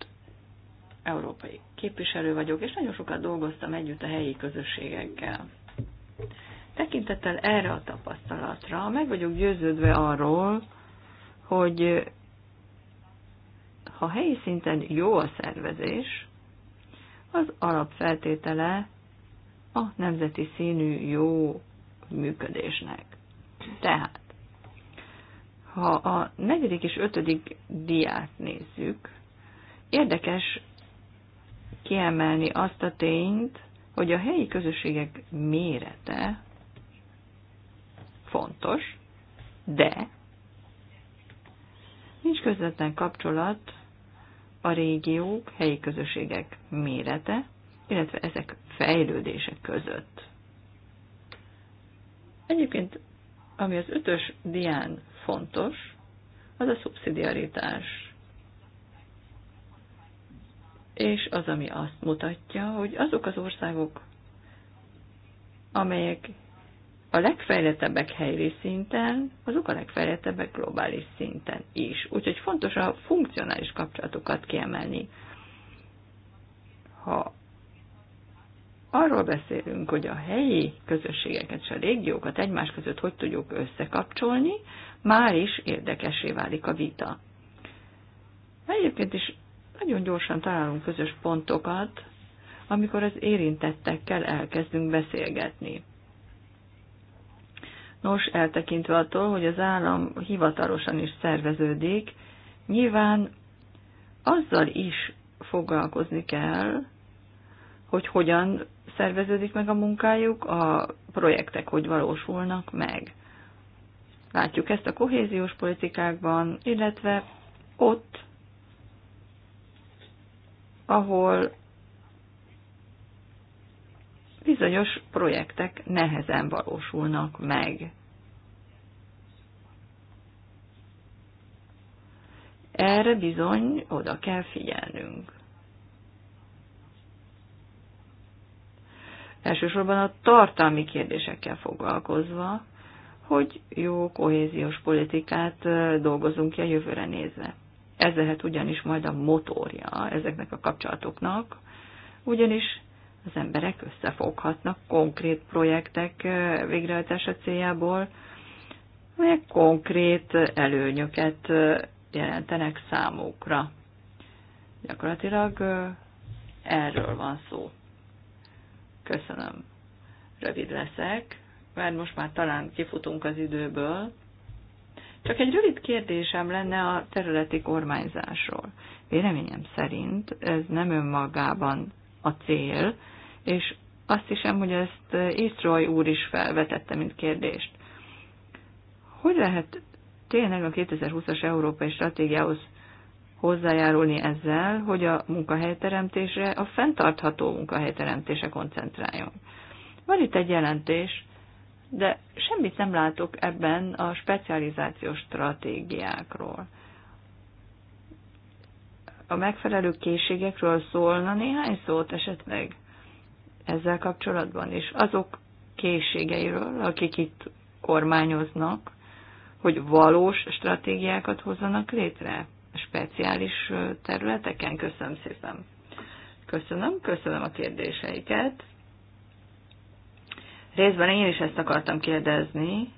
európai képviselő vagyok, és nagyon sokat dolgoztam együtt a helyi közösségekkel. Tekintettel erre a tapasztalatra meg vagyok győződve arról, hogy ha helyi szinten jó a szervezés, az alapfeltétele a nemzeti színű jó működésnek. Tehát, ha a negyedik és ötödik diát nézzük, érdekes kiemelni azt a tényt, hogy a helyi közösségek mérete fontos, de nincs közvetlen kapcsolat a régiók, helyi közösségek mérete, illetve ezek fejlődése között. Egyébként, ami az ötös dián fontos, az a szubszidiaritás. És az, ami azt mutatja, hogy azok az országok, amelyek a legfejlettebbek helyi szinten, azok a legfejlettebbek globális szinten is. Úgyhogy fontos a funkcionális kapcsolatokat kiemelni. Ha arról beszélünk, hogy a helyi közösségeket és a régiókat egymás között hogy tudjuk összekapcsolni, már is érdekesé válik a vita. Egyébként is nagyon gyorsan találunk közös pontokat, amikor az érintettekkel elkezdünk beszélgetni. Nos, eltekintve attól, hogy az állam hivatalosan is szerveződik, nyilván azzal is foglalkozni kell, hogy hogyan szerveződik meg a munkájuk, a projektek hogy valósulnak meg. Látjuk ezt a kohéziós politikákban, illetve ott, ahol bizonyos projektek nehezen valósulnak meg. Erre bizony oda kell figyelnünk. Elsősorban a tartalmi kérdésekkel foglalkozva, hogy jó kohéziós politikát dolgozunk ki a jövőre nézve. Ez lehet ugyanis majd a motorja ezeknek a kapcsolatoknak, ugyanis az emberek összefoghatnak konkrét projektek végrehajtása céljából, melyek konkrét előnyöket jelentenek számukra. Gyakorlatilag erről van szó. Köszönöm. Rövid leszek, mert most már talán kifutunk az időből. Csak egy rövid kérdésem lenne a területi kormányzásról. Véleményem szerint ez nem önmagában a cél, és azt hiszem, hogy ezt eh, Észroly úr is felvetette, mint kérdést. Hogy lehet tényleg a 2020-as európai stratégiához hozzájárulni ezzel, hogy a munkahelyteremtésre, a fenntartható munkahelyteremtése koncentráljon? Van itt egy jelentés, de semmit nem látok ebben a specializációs stratégiákról. A megfelelő készségekről szólna néhány szót esetleg? ezzel kapcsolatban, és azok készségeiről, akik itt kormányoznak, hogy valós stratégiákat hozzanak létre speciális területeken. Köszönöm szépen. Köszönöm, köszönöm a kérdéseiket. Részben én is ezt akartam kérdezni,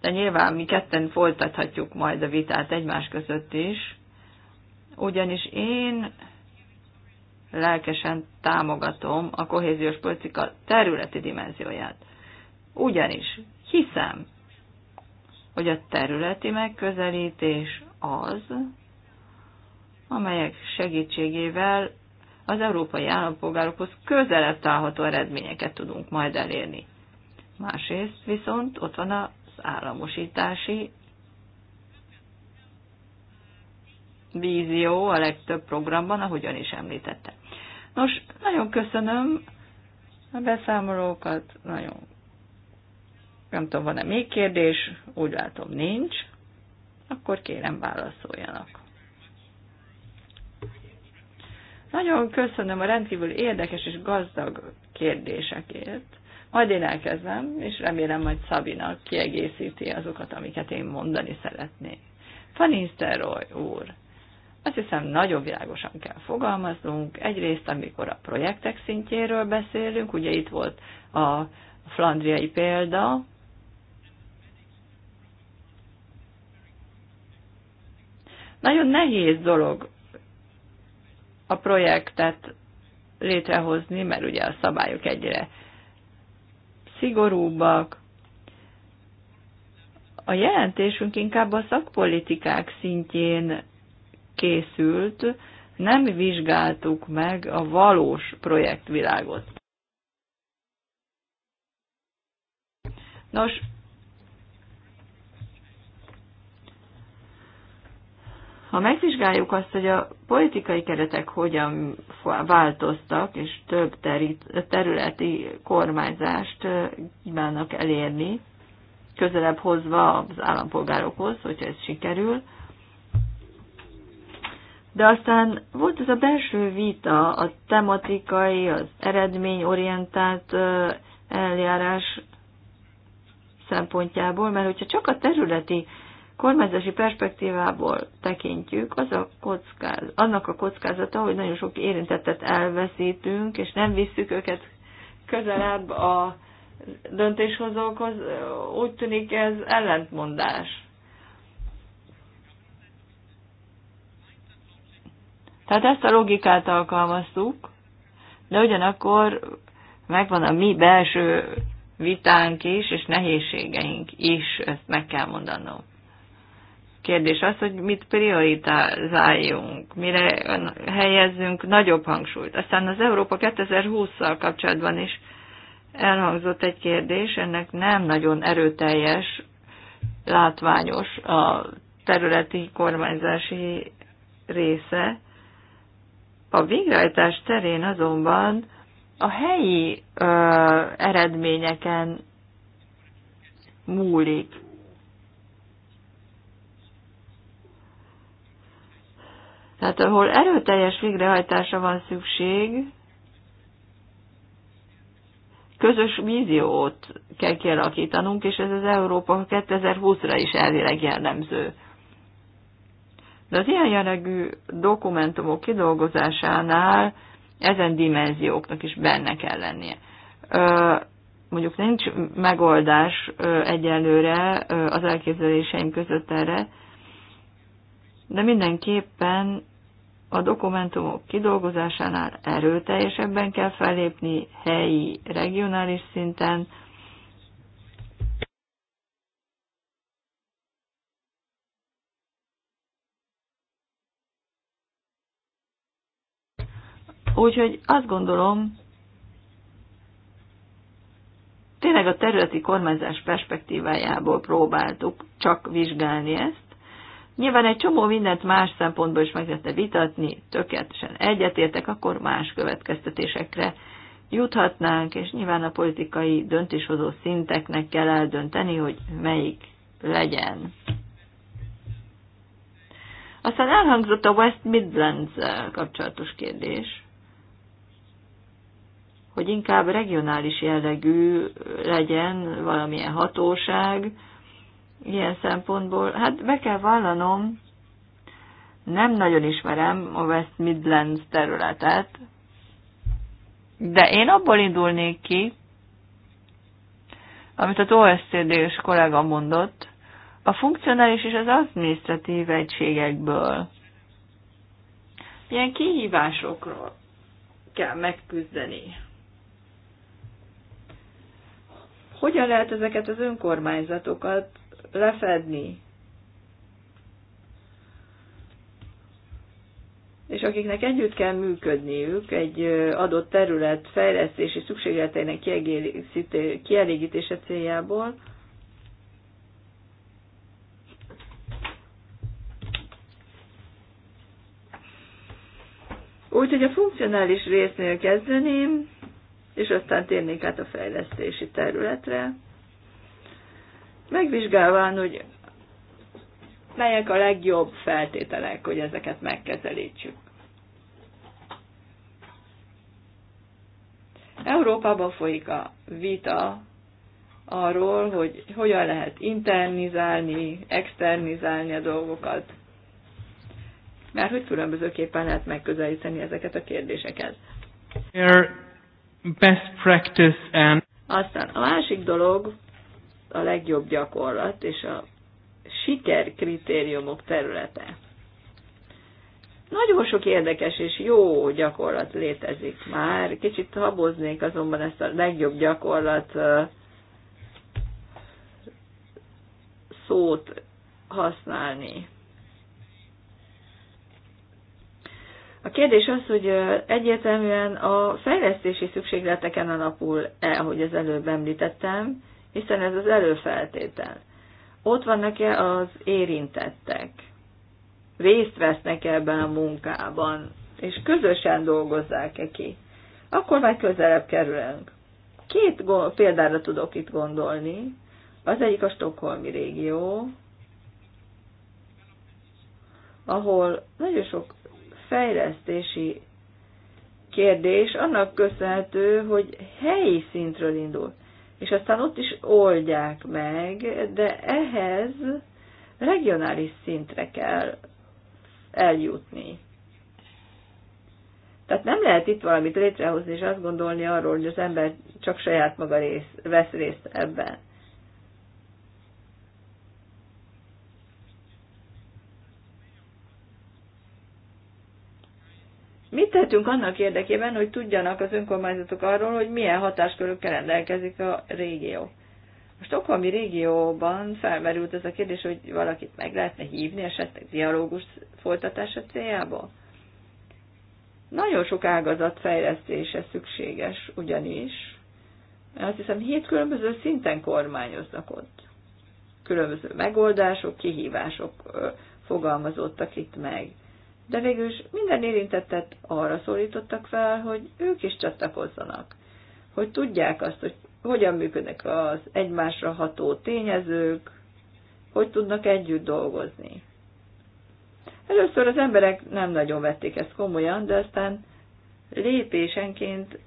de nyilván mi ketten folytathatjuk majd a vitát egymás között is, ugyanis én lelkesen támogatom a kohéziós politika területi dimenzióját. Ugyanis hiszem, hogy a területi megközelítés az, amelyek segítségével az európai állampolgárokhoz közelebb található eredményeket tudunk majd elérni. Másrészt viszont ott van az államosítási vízió a legtöbb programban, ahogyan is említettem. Nos, nagyon köszönöm a beszámolókat, nagyon nem tudom, van-e még kérdés, úgy látom nincs, akkor kérem válaszoljanak. Nagyon köszönöm a rendkívül érdekes és gazdag kérdésekért. Majd én elkezdem, és remélem majd Szabina kiegészíti azokat, amiket én mondani szeretnék. Van Roy úr, azt hiszem, nagyon világosan kell fogalmaznunk. Egyrészt, amikor a projektek szintjéről beszélünk, ugye itt volt a flandriai példa, Nagyon nehéz dolog a projektet létrehozni, mert ugye a szabályok egyre szigorúbbak. A jelentésünk inkább a szakpolitikák szintjén készült, nem vizsgáltuk meg a valós projektvilágot. Nos, ha megvizsgáljuk azt, hogy a politikai keretek hogyan változtak, és több területi kormányzást kívánnak elérni, közelebb hozva az állampolgárokhoz, hogyha ez sikerül, de aztán volt ez a belső vita, a tematikai, az eredményorientált eljárás szempontjából, mert hogyha csak a területi kormányzási perspektívából tekintjük, az a kockáz, annak a kockázata, hogy nagyon sok érintettet elveszítünk, és nem visszük őket közelebb a döntéshozókhoz, úgy tűnik ez ellentmondás. Tehát ezt a logikát alkalmaztuk, de ugyanakkor megvan a mi belső vitánk is, és nehézségeink is, ezt meg kell mondanom. Kérdés az, hogy mit prioritázáljunk, mire helyezzünk nagyobb hangsúlyt. Aztán az Európa 2020-szal kapcsolatban is elhangzott egy kérdés, ennek nem nagyon erőteljes, látványos a területi kormányzási része, a végrehajtás terén azonban a helyi ö, eredményeken múlik. Tehát ahol erőteljes végrehajtása van szükség, közös víziót kell kialakítanunk, és ez az Európa 2020-ra is elvileg jellemző. De az ilyen jellegű dokumentumok kidolgozásánál ezen dimenzióknak is benne kell lennie. Mondjuk nincs megoldás egyelőre az elképzeléseim között erre, de mindenképpen a dokumentumok kidolgozásánál erőteljesebben kell fellépni helyi, regionális szinten, Úgyhogy azt gondolom, tényleg a területi kormányzás perspektívájából próbáltuk csak vizsgálni ezt. Nyilván egy csomó mindent más szempontból is meg lehetne vitatni, tökéletesen egyetértek, akkor más következtetésekre juthatnánk, és nyilván a politikai döntéshozó szinteknek kell eldönteni, hogy melyik legyen. Aztán elhangzott a West Midlands kapcsolatos kérdés hogy inkább regionális jellegű legyen valamilyen hatóság ilyen szempontból. Hát be kell vallanom, nem nagyon ismerem a West Midlands területet, de én abból indulnék ki, amit az OSCD-s kollega mondott, a funkcionális és az adminisztratív egységekből. Ilyen kihívásokról kell megküzdeni. Hogyan lehet ezeket az önkormányzatokat lefedni? És akiknek együtt kell működniük egy adott terület fejlesztési szükségleteinek kielégítése céljából, Úgyhogy a funkcionális résznél kezdeném és aztán térnék át a fejlesztési területre, megvizsgálván, hogy melyek a legjobb feltételek, hogy ezeket megkezelítsük. Európában folyik a vita arról, hogy hogyan lehet internizálni, externizálni a dolgokat. Mert hogy különbözőképpen lehet megközelíteni ezeket a kérdéseket. Here best practice and aztán a másik dolog a legjobb gyakorlat és a siker kritériumok területe. Nagyon sok érdekes és jó gyakorlat létezik már. Kicsit haboznék azonban ezt a legjobb gyakorlat szót használni. A kérdés az, hogy egyértelműen a fejlesztési szükségleteken alapul-e, ahogy az előbb említettem, hiszen ez az előfeltétel. Ott vannak-e az érintettek? Részt vesznek -e ebben a munkában? És közösen dolgozzák-e ki? Akkor már közelebb kerülünk. Két példára tudok itt gondolni. Az egyik a Stockholmi régió, ahol nagyon sok fejlesztési kérdés annak köszönhető, hogy helyi szintről indul. És aztán ott is oldják meg, de ehhez regionális szintre kell eljutni. Tehát nem lehet itt valamit létrehozni, és azt gondolni arról, hogy az ember csak saját maga rész, vesz részt ebben. Mit tettünk annak érdekében, hogy tudjanak az önkormányzatok arról, hogy milyen hatáskörökkel rendelkezik a régió? A stokholmi régióban felmerült ez a kérdés, hogy valakit meg lehetne hívni esetleg dialógus folytatása céljából? Nagyon sok ágazat fejlesztése szükséges ugyanis, mert azt hiszem hét különböző szinten kormányoznak ott. Különböző megoldások, kihívások fogalmazottak itt meg de végül is minden érintettet arra szólítottak fel, hogy ők is csatlakozzanak, hogy tudják azt, hogy hogyan működnek az egymásra ható tényezők, hogy tudnak együtt dolgozni. Először az emberek nem nagyon vették ezt komolyan, de aztán lépésenként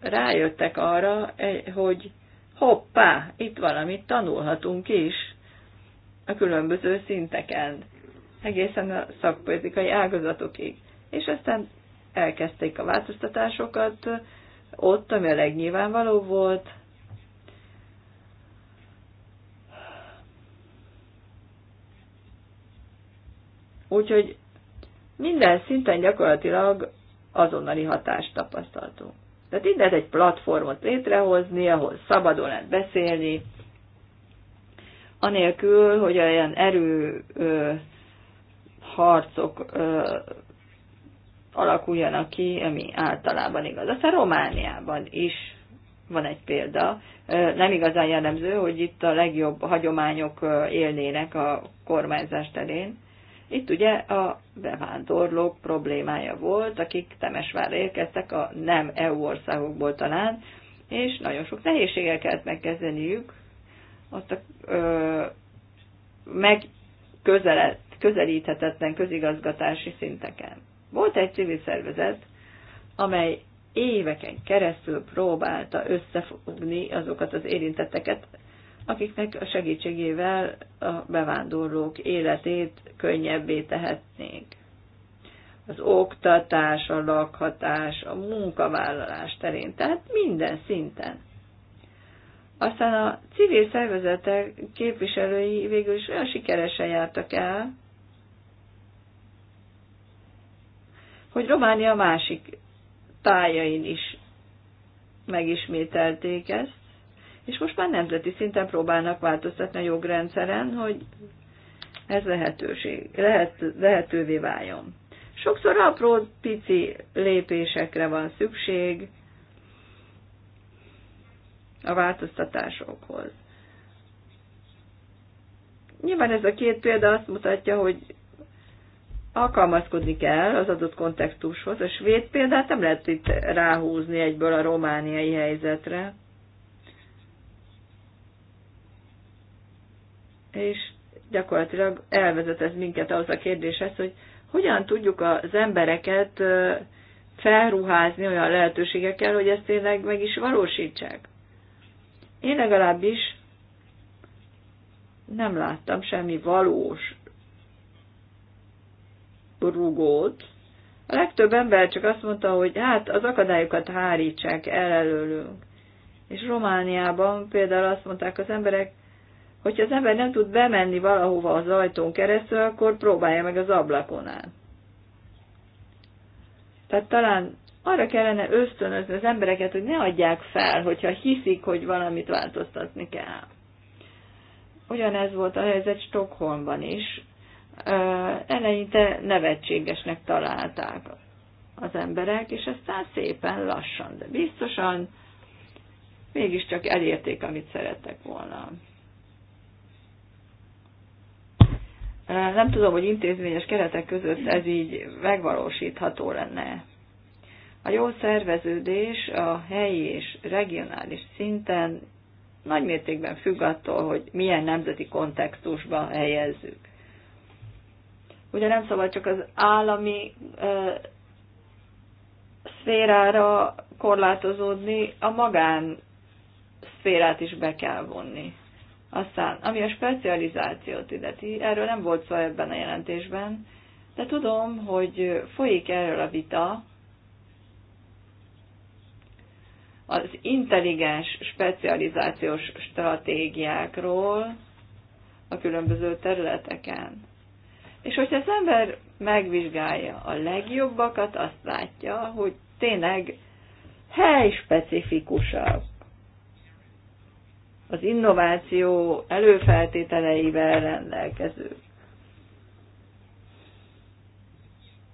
rájöttek arra, e, hogy hoppá, itt valamit tanulhatunk is a különböző szinteken egészen a szakpolitikai ágazatokig. És aztán elkezdték a változtatásokat ott, ami a legnyilvánvaló volt, Úgyhogy minden szinten gyakorlatilag azonnali hatást tapasztaltunk. Tehát így lehet egy platformot létrehozni, ahol szabadon lehet beszélni, anélkül, hogy olyan erő harcok ö, alakuljanak ki, ami általában igaz. Aztán Romániában is van egy példa. Nem igazán jellemző, hogy itt a legjobb hagyományok élnének a kormányzás terén. Itt ugye a bevándorlók problémája volt, akik Temesvárra érkeztek a nem EU országokból talán, és nagyon sok nehézséggel kellett megkezdeniük, ott a, ö, meg közele, közelíthetetlen közigazgatási szinteken. Volt egy civil szervezet, amely éveken keresztül próbálta összefogni azokat az érintetteket, akiknek a segítségével a bevándorlók életét könnyebbé tehetnék. Az oktatás, a lakhatás, a munkavállalás terén, tehát minden szinten. Aztán a civil szervezetek képviselői végül is olyan sikeresen jártak el, hogy Románia másik tájain is megismételték ezt, és most már nemzeti szinten próbálnak változtatni a jogrendszeren, hogy ez lehetőség, lehet, lehetővé váljon. Sokszor apró, pici lépésekre van szükség a változtatásokhoz. Nyilván ez a két példa azt mutatja, hogy alkalmazkodni kell az adott kontextushoz. A svéd példát nem lehet itt ráhúzni egyből a romániai helyzetre. És gyakorlatilag elvezet ez minket ahhoz a kérdéshez, hogy hogyan tudjuk az embereket felruházni olyan lehetőségekkel, hogy ezt tényleg meg is valósítsák. Én legalábbis nem láttam semmi valós rugót. A legtöbb ember csak azt mondta, hogy hát az akadályokat hárítsák el előlünk. És Romániában például azt mondták az emberek, hogyha az ember nem tud bemenni valahova az ajtón keresztül, akkor próbálja meg az ablakon át. Tehát talán arra kellene ösztönözni az embereket, hogy ne adják fel, hogyha hiszik, hogy valamit változtatni kell. Ugyanez volt a helyzet Stockholmban is eleinte nevetségesnek találták az emberek, és aztán szépen lassan, de biztosan mégiscsak elérték, amit szerettek volna. Nem tudom, hogy intézményes keretek között ez így megvalósítható lenne. A jó szerveződés a helyi és regionális szinten nagymértékben függ attól, hogy milyen nemzeti kontextusba helyezzük ugye nem szabad csak az állami szférára korlátozódni, a magán szférát is be kell vonni. Aztán, ami a specializációt illeti, erről nem volt szó ebben a jelentésben, de tudom, hogy folyik erről a vita, az intelligens specializációs stratégiákról a különböző területeken. És hogyha az ember megvizsgálja a legjobbakat, azt látja, hogy tényleg helyspecifikusak az innováció előfeltételeivel rendelkező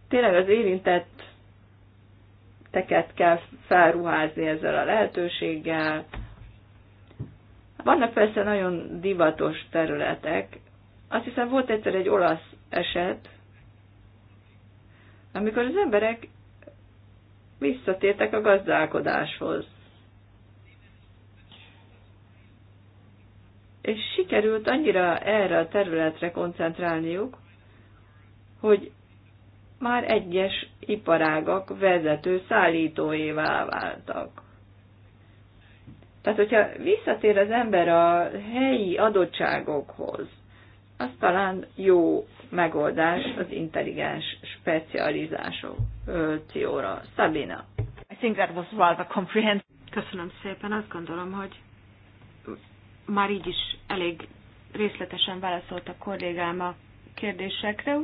Tényleg az érintett teket kell felruházni ezzel a lehetőséggel. Vannak persze nagyon divatos területek. Azt hiszem volt egyszer egy olasz eset, amikor az emberek visszatértek a gazdálkodáshoz. És sikerült annyira erre a területre koncentrálniuk, hogy már egyes iparágak vezető szállítóévá váltak. Tehát, hogyha visszatér az ember a helyi adottságokhoz, az talán jó megoldás az intelligens specializációra. Szabina. I think that was rather comprehensive. Köszönöm szépen. Azt gondolom, hogy már így is elég részletesen válaszolt a kollégám a kérdésekre,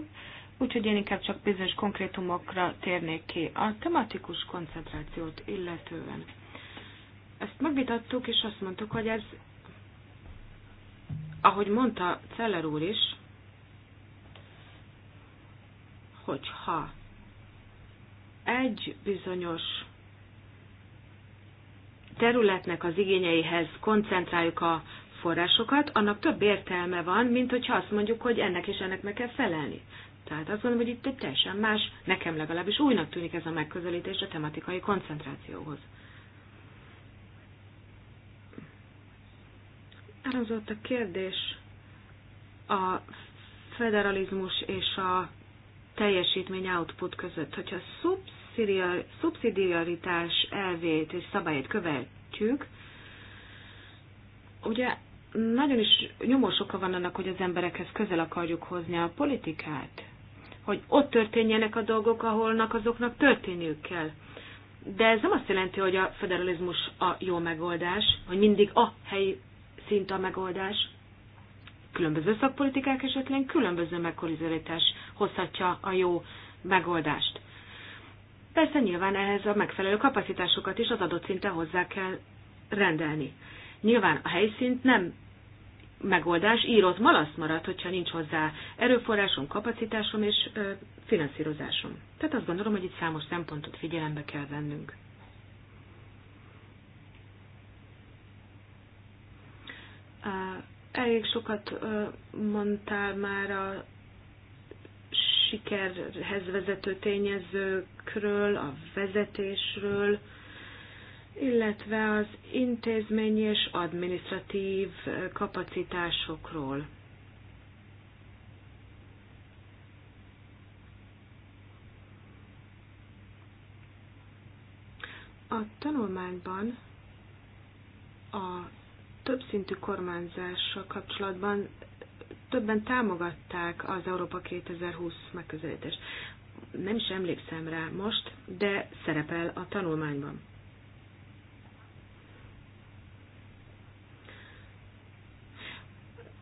úgyhogy én inkább csak bizonyos konkrétumokra térnék ki. A tematikus koncentrációt illetően. Ezt megvitattuk, és azt mondtuk, hogy ez, ahogy mondta Celler úr is, hogyha egy bizonyos területnek az igényeihez koncentráljuk a forrásokat, annak több értelme van, mint hogyha azt mondjuk, hogy ennek és ennek meg kell felelni. Tehát azt gondolom, hogy itt egy teljesen más, nekem legalábbis újnak tűnik ez a megközelítés a tematikai koncentrációhoz. Elhangzott a kérdés a federalizmus és a teljesítmény output között. Hogyha szubszidiaritás elvét és szabályt követjük, ugye nagyon is nyomós oka van annak, hogy az emberekhez közel akarjuk hozni a politikát, hogy ott történjenek a dolgok, aholnak azoknak történniük kell. De ez nem azt jelenti, hogy a federalizmus a jó megoldás, hogy mindig a helyi szint a megoldás. Különböző szakpolitikák esetleg különböző megkorizolítás hozhatja a jó megoldást. Persze nyilván ehhez a megfelelő kapacitásokat is az adott szinte hozzá kell rendelni. Nyilván a helyszínt nem megoldás, írott malasz marad, hogyha nincs hozzá erőforrásom, kapacitásom és ö, finanszírozásom. Tehát azt gondolom, hogy itt számos szempontot figyelembe kell vennünk. Elég sokat mondtál már a sikerhez vezető tényezőkről, a vezetésről, illetve az intézményi és administratív kapacitásokról. A tanulmányban a többszintű kormányzással kapcsolatban többen támogatták az Európa 2020 megközelítést. Nem is emlékszem rá most, de szerepel a tanulmányban.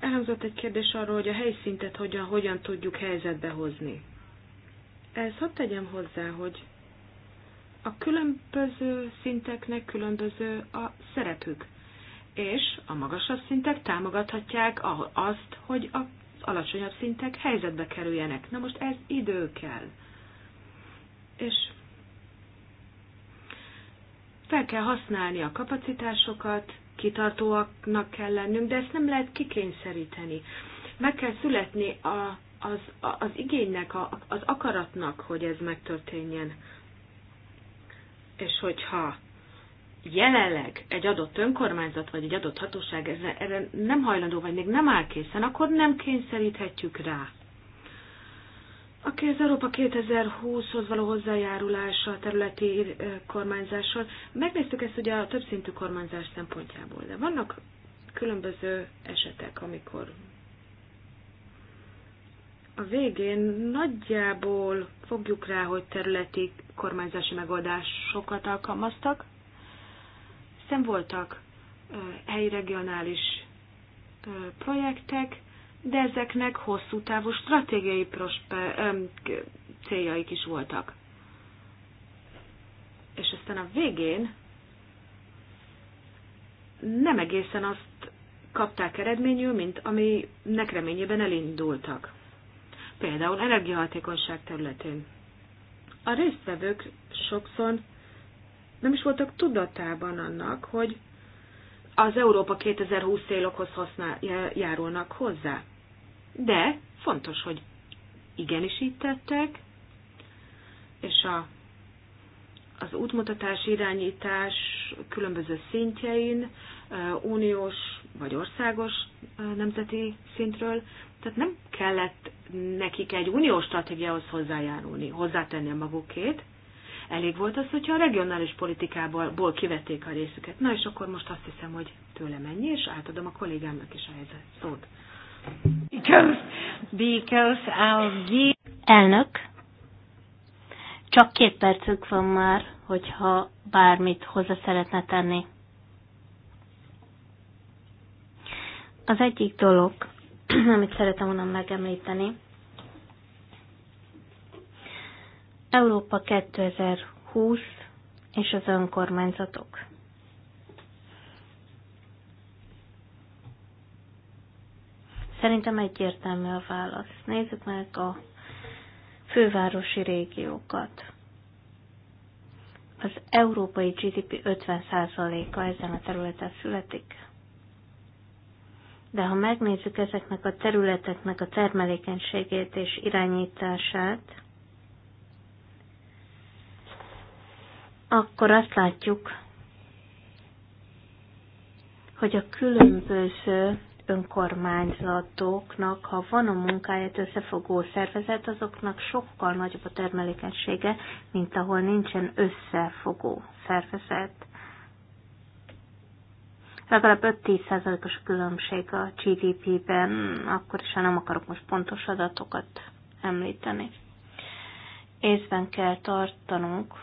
Elhangzott egy kérdés arról, hogy a helyszintet hogyan, hogyan tudjuk helyzetbe hozni. Ez hadd tegyem hozzá, hogy a különböző szinteknek különböző a szerepük és a magasabb szintek támogathatják azt, hogy az alacsonyabb szintek helyzetbe kerüljenek. Na most ez idő kell. És fel kell használni a kapacitásokat, kitartóaknak kell lennünk, de ezt nem lehet kikényszeríteni. Meg kell születni a, az, az igénynek, a, az akaratnak, hogy ez megtörténjen. És hogyha jelenleg egy adott önkormányzat vagy egy adott hatóság erre nem hajlandó, vagy még nem áll készen, akkor nem kényszeríthetjük rá. Aki az Európa 2020-hoz való hozzájárulása a területi eh, kormányzással, megnéztük ezt ugye a többszintű kormányzás szempontjából, de vannak különböző esetek, amikor a végén nagyjából fogjuk rá, hogy területi kormányzási megoldásokat alkalmaztak, hiszen voltak helyi regionális projektek, de ezeknek hosszú távú stratégiai prospe- öm, céljaik is voltak. És aztán a végén nem egészen azt kapták eredményül, mint ami reményében elindultak. Például energiahatékonyság területén. A résztvevők sokszor nem is voltak tudatában annak, hogy az Európa 2020 célokhoz használ, járulnak hozzá. De fontos, hogy igenis így tettek, és a, az útmutatás irányítás különböző szintjein, uniós vagy országos nemzeti szintről, tehát nem kellett nekik egy uniós stratégiához hozzájárulni, hozzátenni a magukét, Elég volt az, hogyha a regionális politikából kivették a részüket. Na és akkor most azt hiszem, hogy tőle mennyi, és átadom a kollégámnak is a helyzet szót. Because, because I'll give... Elnök, csak két percük van már, hogyha bármit hozzá szeretne tenni. Az egyik dolog, [CLEARS THROAT] amit szeretem volna megemlíteni, Európa 2020 és az önkormányzatok. Szerintem egyértelmű a válasz. Nézzük meg a fővárosi régiókat. Az európai GDP 50%-a ezen a területen születik. De ha megnézzük ezeknek a területeknek a termelékenységét és irányítását, akkor azt látjuk, hogy a különböző önkormányzatoknak, ha van a munkáját összefogó szervezet, azoknak sokkal nagyobb a termelékenysége, mint ahol nincsen összefogó szervezet. Legalább 5-10%-os különbség a GDP-ben, akkor is, ha nem akarok most pontos adatokat említeni. Észben kell tartanunk,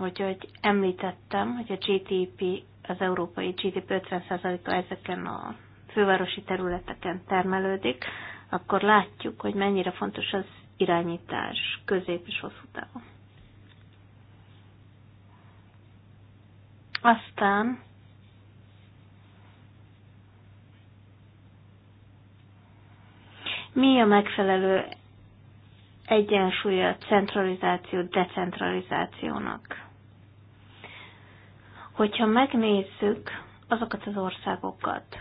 Úgyhogy említettem, hogy a GDP, az európai GDP 50%-a ezeken a fővárosi területeken termelődik, akkor látjuk, hogy mennyire fontos az irányítás közép és hosszú távon. Aztán mi a megfelelő egyensúly a centralizáció decentralizációnak? Hogyha megnézzük azokat az országokat,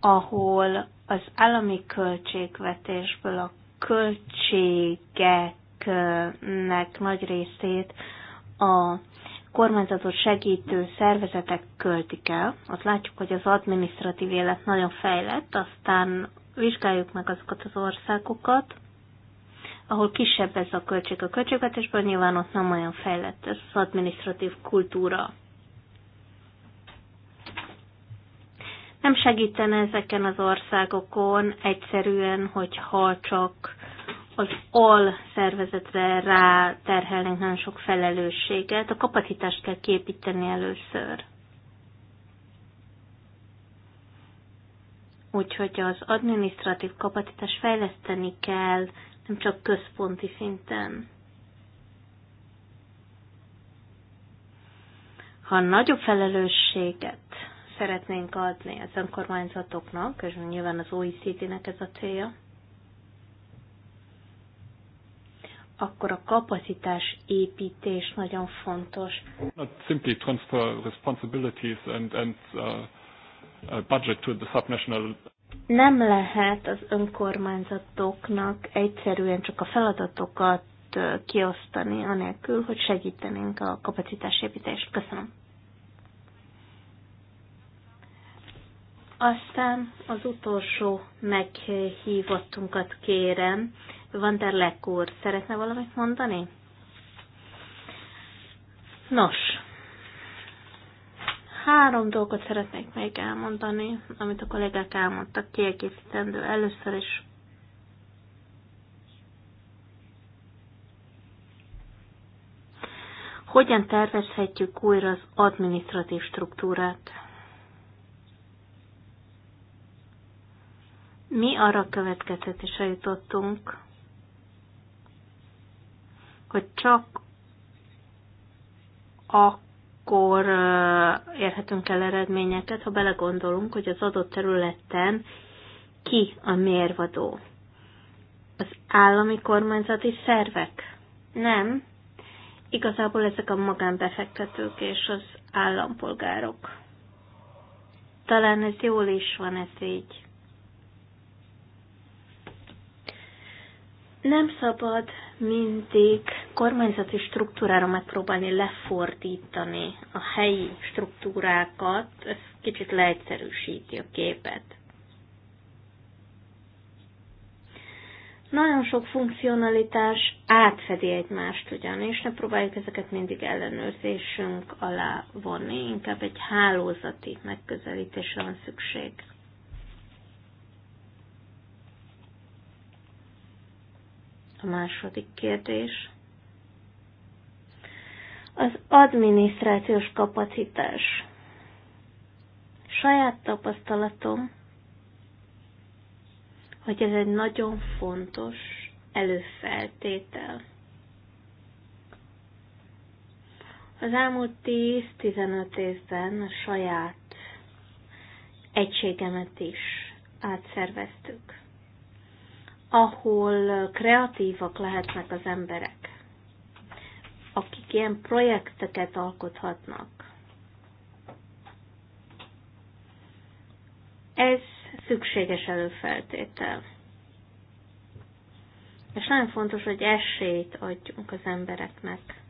ahol az állami költségvetésből a költségeknek nagy részét a kormányzatot segítő szervezetek költik el. Ott látjuk, hogy az adminisztratív élet nagyon fejlett, aztán vizsgáljuk meg azokat az országokat, ahol kisebb ez a költség a költségvetésben, nyilván ott nem olyan fejlett ez az administratív kultúra. Nem segítene ezeken az országokon egyszerűen, hogyha csak az al szervezetre terhelnénk nagyon sok felelősséget, a kapacitást kell képíteni először. Úgyhogy az administratív kapacitást fejleszteni kell nem csak központi szinten. Ha nagyobb felelősséget szeretnénk adni az önkormányzatoknak, és nyilván az OECD-nek ez a célja, akkor a kapacitás építés nagyon fontos. Not simply transfer responsibilities and, and uh, uh budget to the subnational nem lehet az önkormányzatoknak egyszerűen csak a feladatokat kiosztani, anélkül, hogy segítenénk a kapacitásépítést. Köszönöm. Aztán az utolsó meghívottunkat kérem. Van der Lekúr, szeretne valamit mondani? Nos, Három dolgot szeretnék még elmondani, amit a kollégák elmondtak kiegészítendő. Először is hogyan tervezhetjük újra az administratív struktúrát? Mi arra következtetésre jutottunk, hogy csak akkor, akkor érhetünk el eredményeket, ha belegondolunk, hogy az adott területen ki a mérvadó. Az állami kormányzati szervek? Nem. Igazából ezek a magánbefektetők és az állampolgárok. Talán ez jól is van ez így. Nem szabad mindig kormányzati struktúrára megpróbálni lefordítani a helyi struktúrákat, ez kicsit leegyszerűsíti a képet. Nagyon sok funkcionalitás átfedi egymást ugyanis, ne próbáljuk ezeket mindig ellenőrzésünk alá vonni, inkább egy hálózati megközelítésre van szükség. A második kérdés. Az adminisztrációs kapacitás. Saját tapasztalatom, hogy ez egy nagyon fontos előfeltétel. Az elmúlt 10-15 évben a saját egységemet is átszerveztük, ahol kreatívak lehetnek az emberek akik ilyen projekteket alkothatnak. Ez szükséges előfeltétel. És nagyon fontos, hogy esélyt adjunk az embereknek.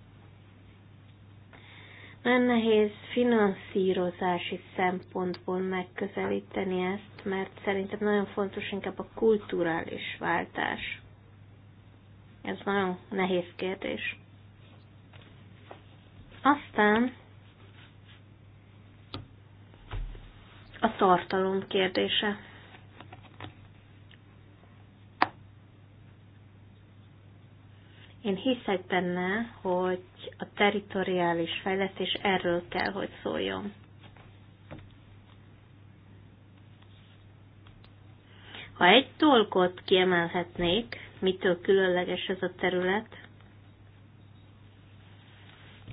Nagyon nehéz finanszírozási szempontból megközelíteni ezt, mert szerintem nagyon fontos inkább a kulturális váltás. Ez nagyon nehéz kérdés. Aztán a tartalom kérdése. Én hiszek benne, hogy a teritoriális fejlesztés erről kell, hogy szóljon. Ha egy dolgot kiemelhetnék, mitől különleges ez a terület,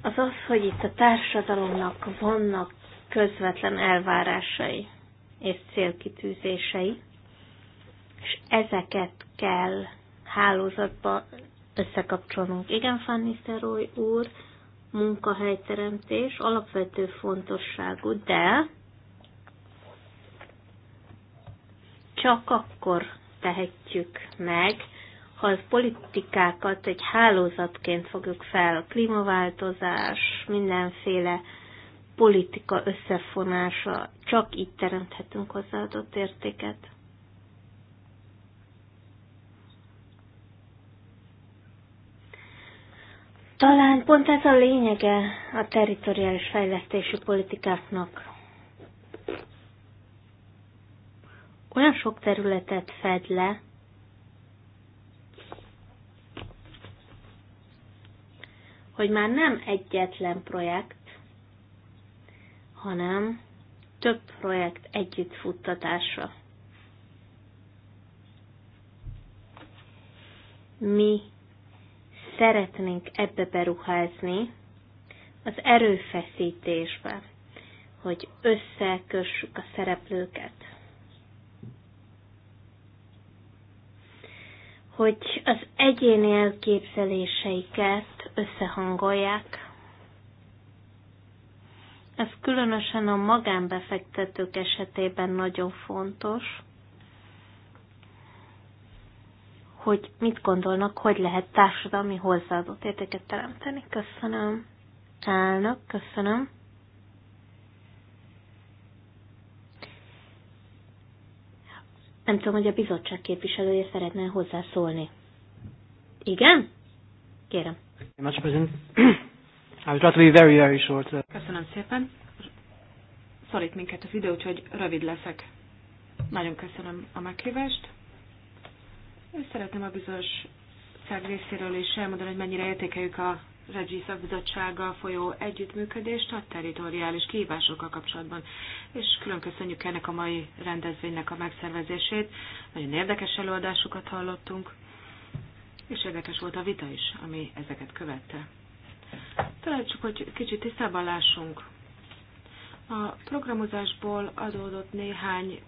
az az, hogy itt a társadalomnak vannak közvetlen elvárásai és célkitűzései, és ezeket kell hálózatba összekapcsolnunk. Igen, Fanny Szeroly úr, munkahelyteremtés alapvető fontosságú, de csak akkor tehetjük meg, ha az politikákat egy hálózatként fogjuk fel, a klímaváltozás, mindenféle politika összefonása, csak így teremthetünk hozzáadott értéket. Talán pont ez a lényege a territoriális fejlesztési politikáknak. Olyan sok területet fed le, hogy már nem egyetlen projekt, hanem több projekt együtt futtatása. Mi szeretnénk ebbe beruházni az erőfeszítésbe, hogy összekössük a szereplőket. hogy az egyéni elképzeléseiket összehangolják. Ez különösen a magánbefektetők esetében nagyon fontos, hogy mit gondolnak, hogy lehet társadalmi hozzáadott értéket teremteni. Köszönöm. Elnök, köszönöm. Nem tudom, hogy a bizottság képviselője szeretne hozzászólni. Igen? Kérem. [CLEARS THROAT] I would to be very, very short. Uh, köszönöm szépen. Szorít minket az idő, úgyhogy rövid leszek. Nagyon köszönöm a meghívást. Én szeretném a bizonyosság részéről is elmondani, hogy mennyire értékeljük a Regi szakbizottsággal folyó együttműködést a territoriális kihívásokkal kapcsolatban. És külön köszönjük ennek a mai rendezvénynek a megszervezését. Nagyon érdekes előadásokat hallottunk, és érdekes volt a vita is, ami ezeket követte. Talán csak, hogy kicsit tisztában lássunk. A programozásból adódott néhány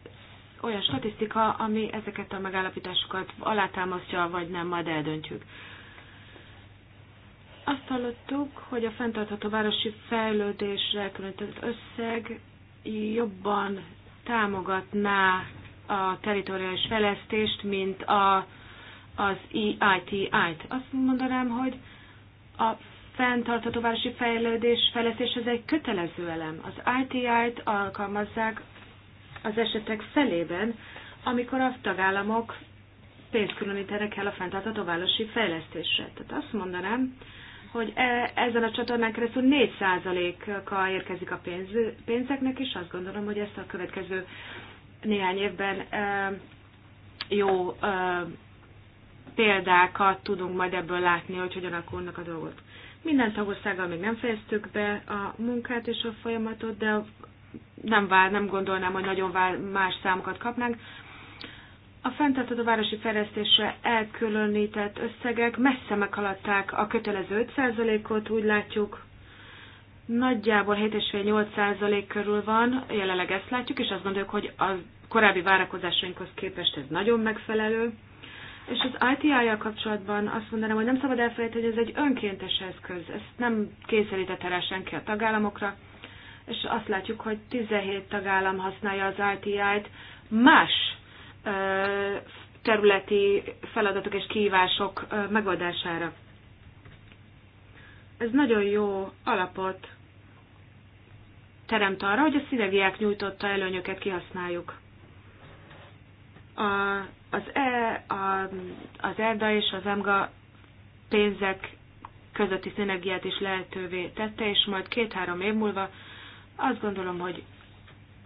olyan statisztika, ami ezeket a megállapításokat alátámasztja, vagy nem, majd eldöntjük. Azt hallottuk, hogy a fenntartható városi fejlődésre különített összeg jobban támogatná a teritoriális fejlesztést, mint a, az EITI-t. Azt mondanám, hogy a fenntartható városi fejlődés, fejlesztés az egy kötelező elem. Az ITI-t alkalmazzák az esetek felében, amikor a tagállamok pénzt különítenek el a fenntartható városi fejlesztésre. Tehát azt mondanám, hogy e, ezen a csatornán keresztül 4%-kal érkezik a pénz, pénzeknek, és azt gondolom, hogy ezt a következő néhány évben e, jó e, példákat tudunk majd ebből látni, hogy hogyan alakulnak a dolgok. Minden tagországgal még nem fejeztük be a munkát és a folyamatot, de nem, vár, nem gondolnám, hogy nagyon vár, más számokat kapnánk a fenntartató városi fejlesztésre elkülönített összegek messze meghaladták a kötelező 5%-ot, úgy látjuk, nagyjából 7,5-8% körül van, jelenleg ezt látjuk, és azt gondoljuk, hogy a korábbi várakozásainkhoz képest ez nagyon megfelelő. És az ITI-jal kapcsolatban azt mondanám, hogy nem szabad elfelejteni, hogy ez egy önkéntes eszköz, ezt nem kényszerítette rá senki a tagállamokra, és azt látjuk, hogy 17 tagállam használja az ITI-t más területi feladatok és kihívások megoldására. Ez nagyon jó alapot teremt arra, hogy a szinergiák nyújtotta előnyöket kihasználjuk. A, az, e, a, az ERDA és az EMGA pénzek közötti szinergiát is lehetővé tette, és majd két-három év múlva azt gondolom, hogy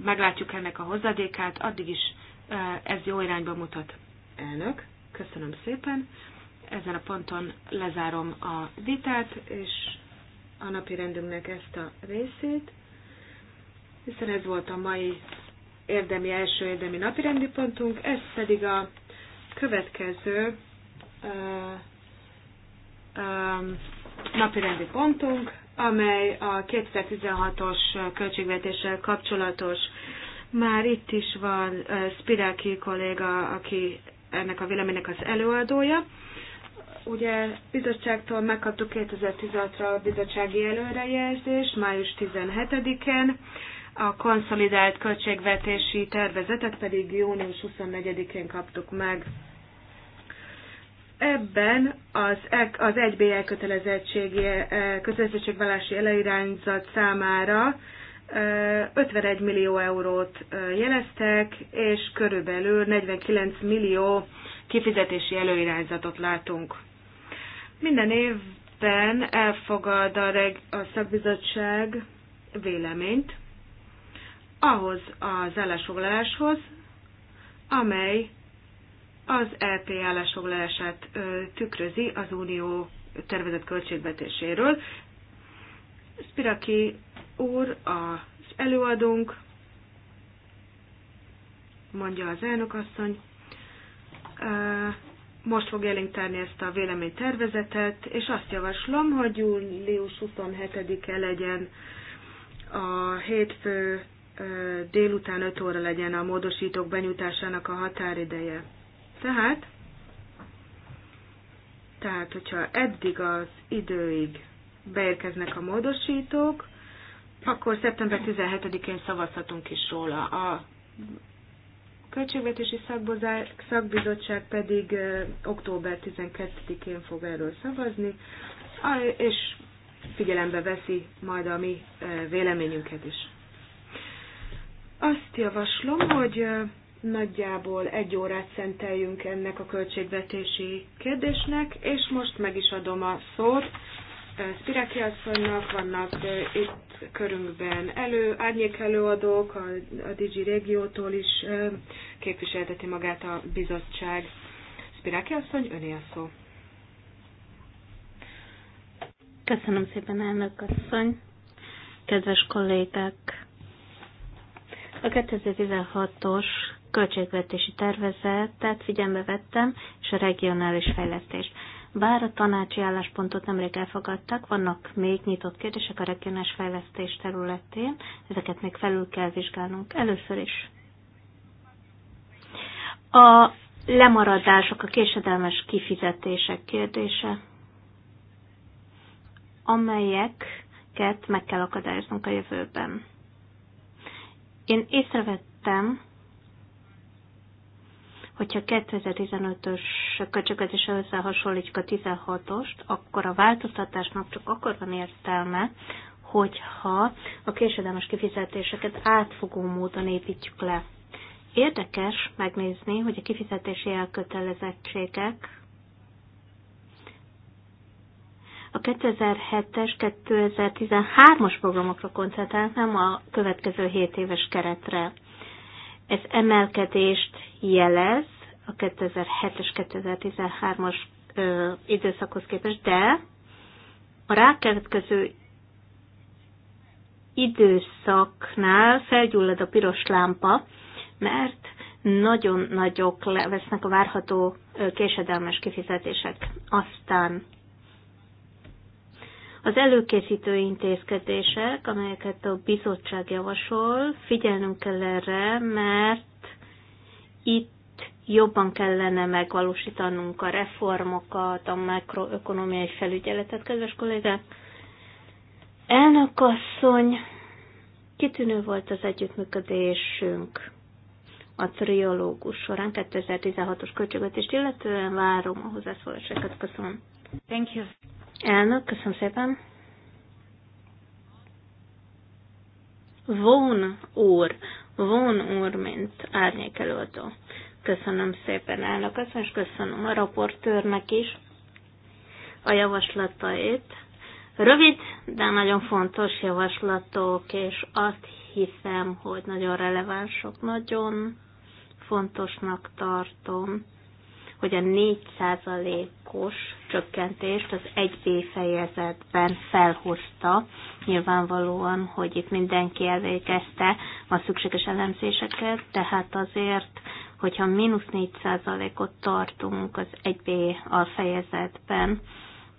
meglátjuk ennek a hozadékát, addig is Eh, ez jó irányba mutat. Elnök, köszönöm szépen. Ezen a ponton lezárom a vitát, és a napi rendünknek ezt a részét, hiszen ez volt a mai érdemi, első érdemi napirendi pontunk, ez pedig a következő uh, eh, um, napirendi pontunk, amely a 2016-os költségvetéssel kapcsolatos már itt is van Spiráki kolléga, aki ennek a véleménynek az előadója. Ugye bizottságtól megkaptuk 2016-ra a bizottsági előrejelzést, május 17-en, a konszolidált költségvetési tervezetet pedig június 24-én kaptuk meg. Ebben az, az 1B elkötelezettségi, kötelezettségvállási számára 51 millió eurót jeleztek, és körülbelül 49 millió kifizetési előirányzatot látunk. Minden évben elfogad a, reg- a szakbizottság véleményt ahhoz az állásfoglaláshoz, amely az EP állásfoglalását tükrözi az unió tervezett költségvetéséről. Spiraki úr, az előadónk, mondja az elnökasszony, most fog elénk tárni ezt a véleménytervezetet, és azt javaslom, hogy július 27-e legyen a hétfő délután 5 óra legyen a módosítók benyújtásának a határideje. Tehát, tehát hogyha eddig az időig beérkeznek a módosítók, akkor szeptember 17-én szavazhatunk is róla. A Költségvetési Szakbizottság pedig október 12-én fog erről szavazni, és figyelembe veszi majd a mi véleményünket is. Azt javaslom, hogy nagyjából egy órát szenteljünk ennek a költségvetési kérdésnek, és most meg is adom a szót Spireki asszonynak, vannak itt körünkben elő, árnyék előadók, a, a Digi Régiótól is képviselteti magát a bizottság. Spireki asszony, öné a szó. Köszönöm szépen, elnök asszony, kedves kollégák! A 2016-os költségvetési tervezetet figyelembe vettem, és a regionális fejlesztést. Bár a tanácsi álláspontot nemrég elfogadtak, vannak még nyitott kérdések a regionális fejlesztés területén, ezeket még felül kell vizsgálnunk. Először is. A lemaradások, a késedelmes kifizetések kérdése, amelyeket meg kell akadályoznunk a jövőben. Én észrevettem, hogyha 2015-ös költségvetéssel összehasonlítjuk a 16-ost, akkor a változtatásnak csak akkor van értelme, hogyha a késedelmes kifizetéseket átfogó módon építjük le. Érdekes megnézni, hogy a kifizetési elkötelezettségek a 2007-es, 2013-as programokra koncentrálnám nem a következő 7 éves keretre. Ez emelkedést jelez a 2007-es, 2013-as időszakhoz képest, de a rákevetkező időszaknál felgyullad a piros lámpa, mert nagyon nagyok lesznek a várható késedelmes kifizetések. Aztán az előkészítő intézkedések, amelyeket a bizottság javasol, figyelnünk kell erre, mert itt jobban kellene megvalósítanunk a reformokat, a makroökonomiai felügyeletet, kedves kollégák. Elnök asszony, kitűnő volt az együttműködésünk a triológus során 2016-os költségvetést, illetően várom a hozzászólásokat. Köszönöm. Thank you. Elnök, köszönöm szépen. Von úr, Von úr, mint árnyékelőtő. Köszönöm szépen elnök asszony, és köszönöm a raportőrnek is a javaslatait. Rövid, de nagyon fontos javaslatok, és azt hiszem, hogy nagyon relevánsok, nagyon fontosnak tartom hogy a 4%-os csökkentést az 1B fejezetben felhozta. Nyilvánvalóan, hogy itt mindenki elvégezte a szükséges elemzéseket, tehát azért, hogyha mínusz 4%-ot tartunk az 1B alfejezetben,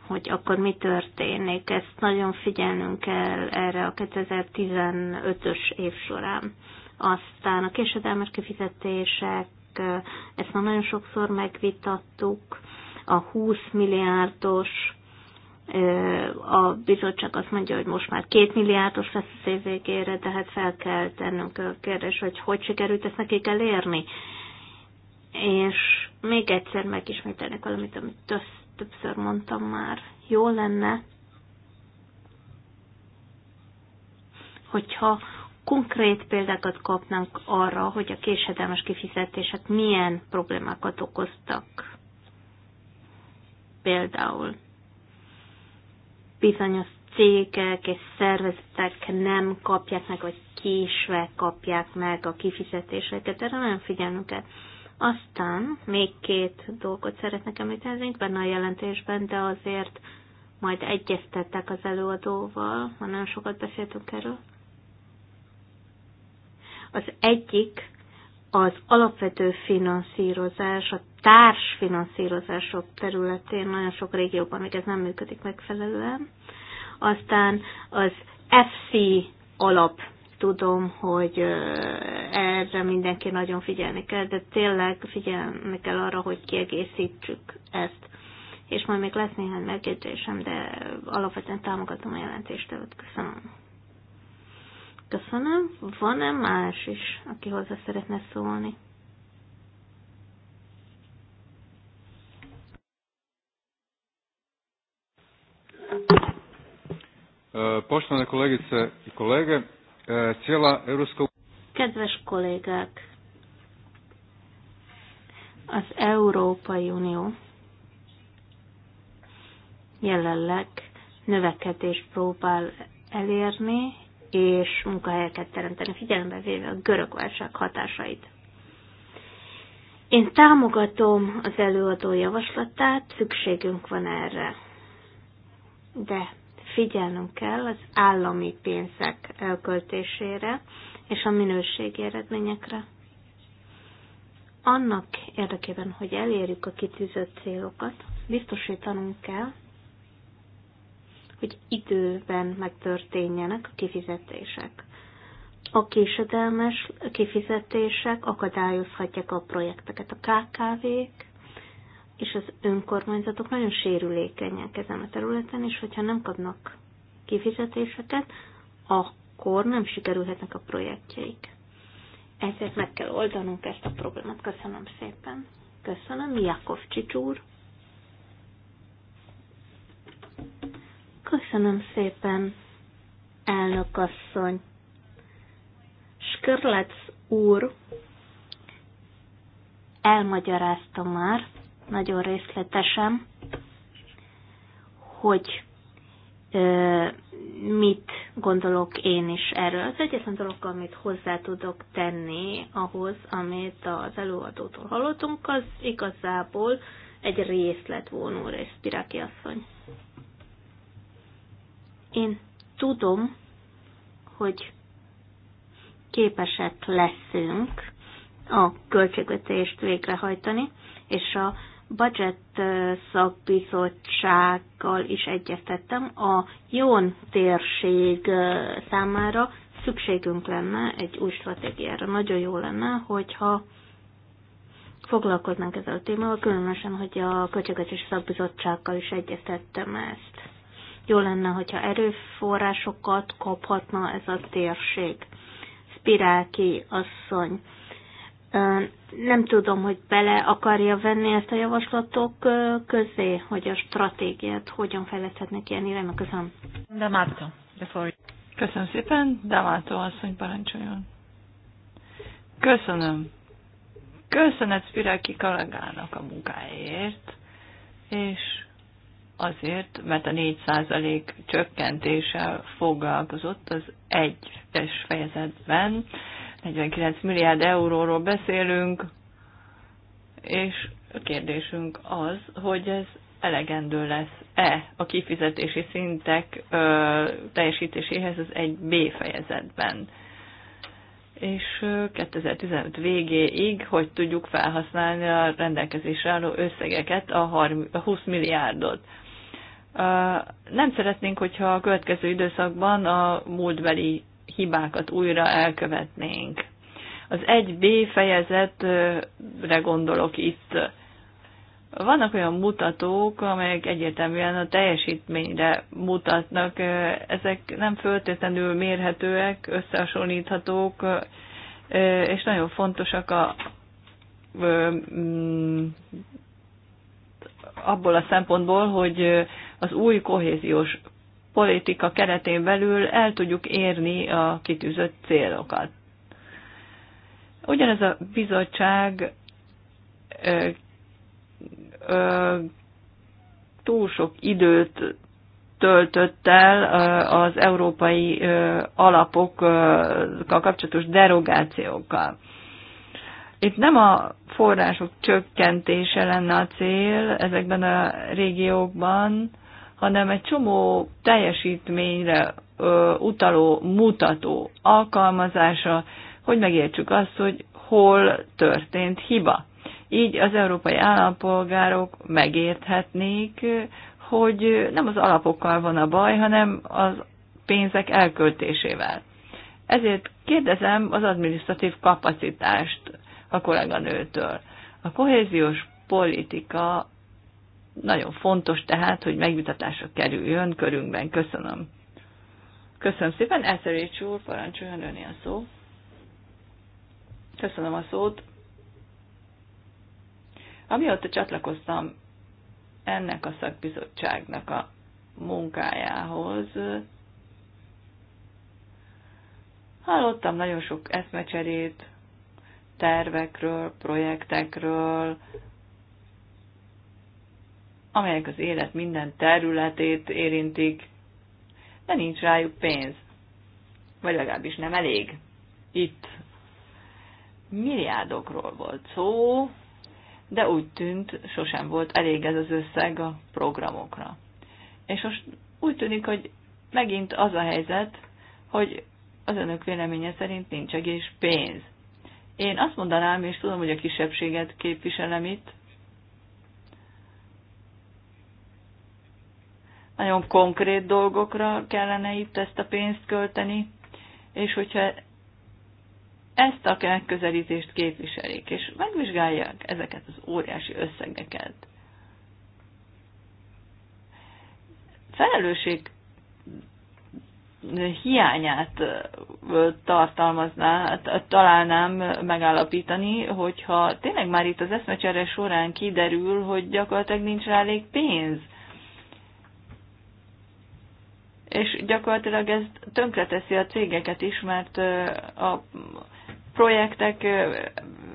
hogy akkor mi történik. Ezt nagyon figyelnünk kell erre a 2015-ös év során. Aztán a késedelmes kifizetések ezt már nagyon sokszor megvitattuk, a 20 milliárdos, a bizottság azt mondja, hogy most már 2 milliárdos lesz a év végére, de hát fel kell tennünk a kérdés, hogy hogy sikerült ezt nekik elérni. És még egyszer megismételnek valamit, amit tösz, többször mondtam már. Jó lenne, hogyha konkrét példákat kapnánk arra, hogy a késedelmes kifizetések milyen problémákat okoztak. Például bizonyos cégek és szervezetek nem kapják meg, vagy késve kapják meg a kifizetéseket. Erre nagyon figyelnünk kell. Aztán még két dolgot szeretnek említeni, benne a jelentésben, de azért majd egyeztettek az előadóval, ha nagyon sokat beszéltünk erről. Az egyik az alapvető finanszírozás, a társfinanszírozások területén nagyon sok régióban még ez nem működik megfelelően. Aztán az FC alap tudom, hogy erre mindenki nagyon figyelni kell, de tényleg figyelni kell arra, hogy kiegészítsük ezt. És majd még lesz néhány megjegyzésem, de alapvetően támogatom a jelentéstevőt. Köszönöm. Köszönöm. Van-e más is, aki hozzá szeretne szólni? E, poštovane kolegice i kolege, e, cijela Europska Kedves kolegák, az Európai Unió jelenleg növekedést próbál elérni, és munkahelyeket teremteni, figyelembe véve a görög válság hatásait. Én támogatom az előadó javaslatát, szükségünk van erre. De figyelnünk kell az állami pénzek elköltésére és a minőségi eredményekre. Annak érdekében, hogy elérjük a kitűzött célokat, biztosítanunk kell, hogy időben megtörténjenek a kifizetések. A késedelmes kifizetések akadályozhatják a projekteket. A KKV-k és az önkormányzatok nagyon sérülékenyek ezen a területen, és hogyha nem kapnak kifizetéseket, akkor nem sikerülhetnek a projektjeik. Ezért meg kell oldanunk ezt a problémát. Köszönöm szépen. Köszönöm, Jakov Csicsúr. Köszönöm szépen, elnök asszony. Skörlec úr elmagyarázta már, nagyon részletesen, hogy ö, mit gondolok én is erről. Az egyetlen dolog, amit hozzá tudok tenni ahhoz, amit az előadótól hallottunk, az igazából egy részlet volna, Spiráki asszony. Én tudom, hogy képesek leszünk a költségvetést végrehajtani, és a budget szakbizottsággal is egyeztettem, a Jón térség számára szükségünk lenne egy új stratégiára. Nagyon jó lenne, hogyha foglalkoznánk ezzel a témával, különösen, hogy a költségvetési szakbizottsággal is egyeztettem ezt. Jó lenne, hogyha erőforrásokat kaphatna ez a térség. Spiráki asszony. Nem tudom, hogy bele akarja venni ezt a javaslatok közé, hogy a stratégiát hogyan fejleszthetnek ilyen irányba. Köszönöm. De Márta, de szóval- Köszönöm szépen, Márta asszony parancsoljon. Köszönöm. Köszönet Spiráki kollégának a munkáért, és azért, mert a 4% csökkentéssel foglalkozott az egyes fejezetben. 49 milliárd euróról beszélünk, és a kérdésünk az, hogy ez elegendő lesz-e a kifizetési szintek ö, teljesítéséhez az 1B fejezetben. És 2015 végéig, hogy tudjuk felhasználni a rendelkezésre álló összegeket, a, 30, a 20 milliárdot. Nem szeretnénk, hogyha a következő időszakban a múltbeli hibákat újra elkövetnénk. Az 1B fejezetre gondolok itt. Vannak olyan mutatók, amelyek egyértelműen a teljesítményre mutatnak. Ezek nem föltétlenül mérhetőek, összehasonlíthatók, és nagyon fontosak a abból a szempontból, hogy az új kohéziós politika keretén belül el tudjuk érni a kitűzött célokat. Ugyanez a bizottság ö, ö, túl sok időt töltött el az európai alapokkal kapcsolatos derogációkkal. Itt nem a források csökkentése lenne a cél ezekben a régiókban, hanem egy csomó teljesítményre ö, utaló mutató alkalmazása, hogy megértsük azt, hogy hol történt hiba. Így az európai állampolgárok megérthetnék, hogy nem az alapokkal van a baj, hanem az pénzek elköltésével. Ezért kérdezem az adminisztratív kapacitást a kolléganőtől. A kohéziós politika nagyon fontos tehát, hogy megvitatásra kerüljön körünkben. Köszönöm. Köszönöm szépen. Eszerécs úr, parancsoljon önni a szó. Köszönöm a szót. Amióta csatlakoztam ennek a szakbizottságnak a munkájához, hallottam nagyon sok eszmecserét, tervekről, projektekről, amelyek az élet minden területét érintik, de nincs rájuk pénz. Vagy legalábbis nem elég. Itt milliárdokról volt szó, de úgy tűnt, sosem volt elég ez az összeg a programokra. És most úgy tűnik, hogy megint az a helyzet, hogy az önök véleménye szerint nincs egész pénz. Én azt mondanám, és tudom, hogy a kisebbséget képviselem itt, nagyon konkrét dolgokra kellene itt ezt a pénzt költeni, és hogyha ezt a megközelítést képviselik, és megvizsgálják ezeket az óriási összegeket. Felelősség hiányát tartalmazná, találnám megállapítani, hogyha tényleg már itt az eszmecsere során kiderül, hogy gyakorlatilag nincs rá elég pénz. És gyakorlatilag ez tönkreteszi a cégeket is, mert a projektek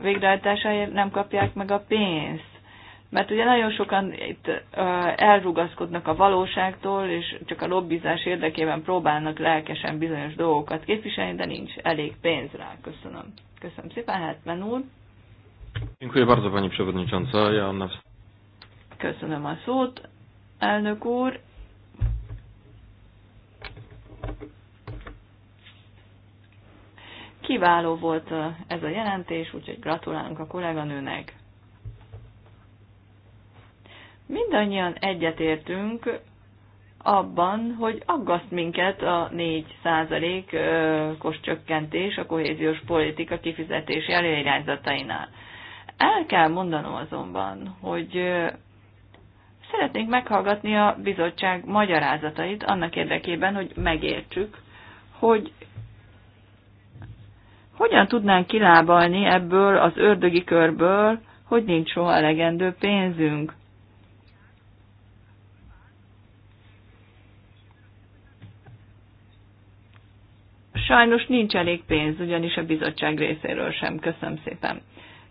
végrehajtásáért nem kapják meg a pénzt. Mert ugye nagyon sokan itt elrugaszkodnak a valóságtól, és csak a lobbizás érdekében próbálnak lelkesen bizonyos dolgokat képviselni, de nincs elég pénz rá. Köszönöm. Köszönöm szépen, Hetmen úr. Köszönöm a szót, elnök úr. Kiváló volt ez a jelentés, úgyhogy gratulálunk a kolléganőnek. Mindannyian egyetértünk abban, hogy aggaszt minket a 4%-os csökkentés a kohéziós politika kifizetési előirányzatainál. El kell mondanom azonban, hogy szeretnénk meghallgatni a bizottság magyarázatait annak érdekében, hogy megértsük, hogy hogyan tudnánk kilábalni ebből az ördögi körből, hogy nincs soha elegendő pénzünk. Sajnos nincs elég pénz, ugyanis a bizottság részéről sem. Köszönöm szépen.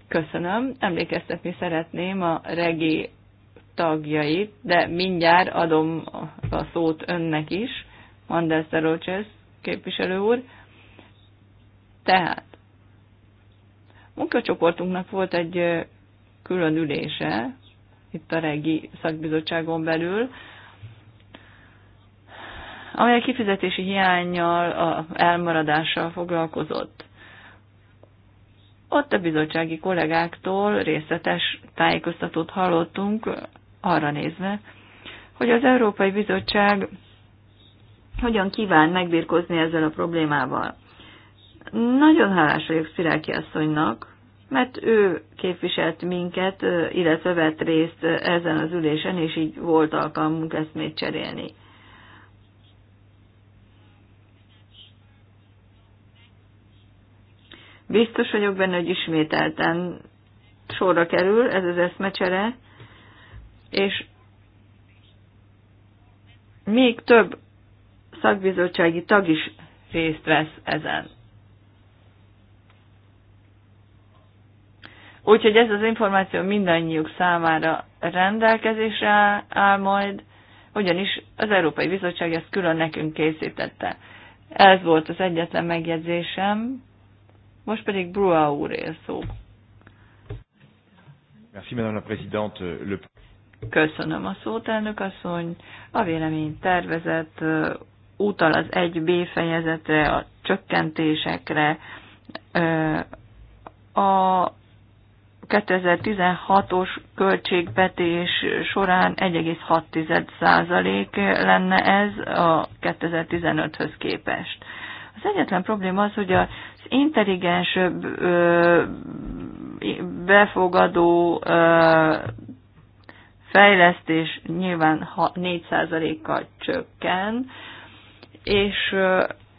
Köszönöm. Emlékeztetni szeretném a regi tagjait, de mindjárt adom a szót önnek is, Mandel Szerolcsesz képviselő úr. Tehát, munkacsoportunknak volt egy külön ülése, itt a regi szakbizottságon belül, amely a kifizetési hiányjal, a elmaradással foglalkozott. Ott a bizottsági kollégáktól részletes tájékoztatót hallottunk arra nézve, hogy az Európai Bizottság hogyan kíván megbírkozni ezzel a problémával. Nagyon hálás vagyok Sziráki asszonynak, mert ő képviselt minket, illetve vett részt ezen az ülésen, és így volt alkalmunk még cserélni. Biztos vagyok benne, hogy ismételten sorra kerül ez az eszmecsere, és még több szakbizottsági tag is részt vesz ezen. Úgyhogy ez az információ mindannyiuk számára rendelkezésre áll majd, ugyanis az Európai Bizottság ezt külön nekünk készítette. Ez volt az egyetlen megjegyzésem, most pedig Brua úr él szó. Merci, Madame la Présidente. Le... Köszönöm a szót, elnök asszony. A vélemény tervezett utal az 1B fejezetre, a csökkentésekre, a 2016-os költségvetés során 1,6% lenne ez a 2015-höz képest. Az egyetlen probléma az, hogy a intelligensebb, befogadó fejlesztés nyilván 4%-kal csökken, és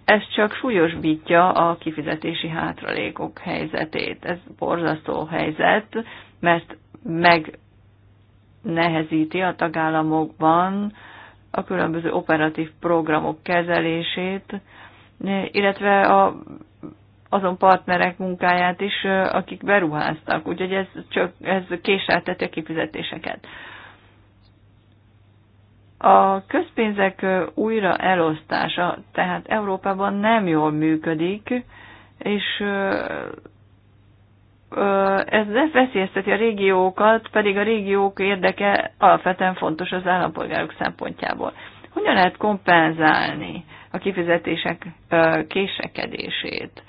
ez csak súlyosbítja a kifizetési hátralékok helyzetét. Ez borzasztó helyzet, mert megnehezíti a tagállamokban a különböző operatív programok kezelését, illetve a azon partnerek munkáját is, akik beruháztak. Úgyhogy ez, csak, ez késelteti a kifizetéseket. A közpénzek újra elosztása, tehát Európában nem jól működik, és ez veszélyezteti a régiókat, pedig a régiók érdeke alapvetően fontos az állampolgárok szempontjából. Hogyan lehet kompenzálni a kifizetések késekedését?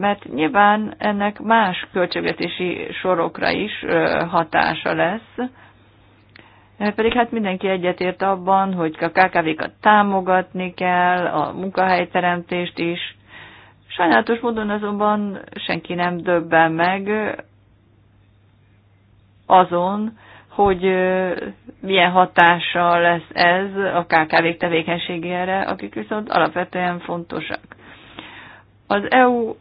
mert nyilván ennek más költségvetési sorokra is hatása lesz, pedig hát mindenki egyetért abban, hogy a KKV-kat támogatni kell, a munkahelyteremtést is. Sajnálatos módon azonban senki nem döbben meg azon, hogy milyen hatással lesz ez a KKV-k tevékenységére, akik viszont alapvetően fontosak. Az EU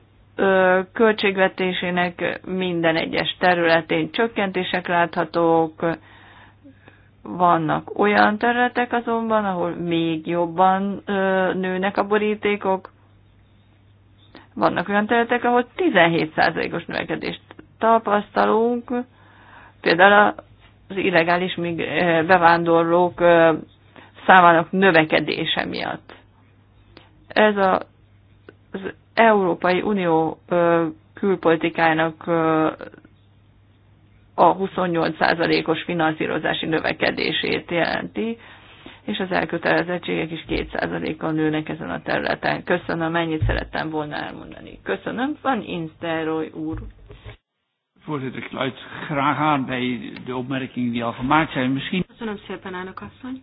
költségvetésének minden egyes területén csökkentések láthatók, vannak olyan területek azonban, ahol még jobban nőnek a borítékok, vannak olyan területek, ahol 17%-os növekedést tapasztalunk, például az illegális bevándorlók számának növekedése miatt. Ez a, az Európai Unió külpolitikájának a 28%-os finanszírozási növekedését jelenti, és az elkötelezettségek is 2%-kal nőnek ezen a területen. Köszönöm, mennyit szerettem volna elmondani. Köszönöm, van Insteroy úr. Köszönöm szépen, elnök asszony.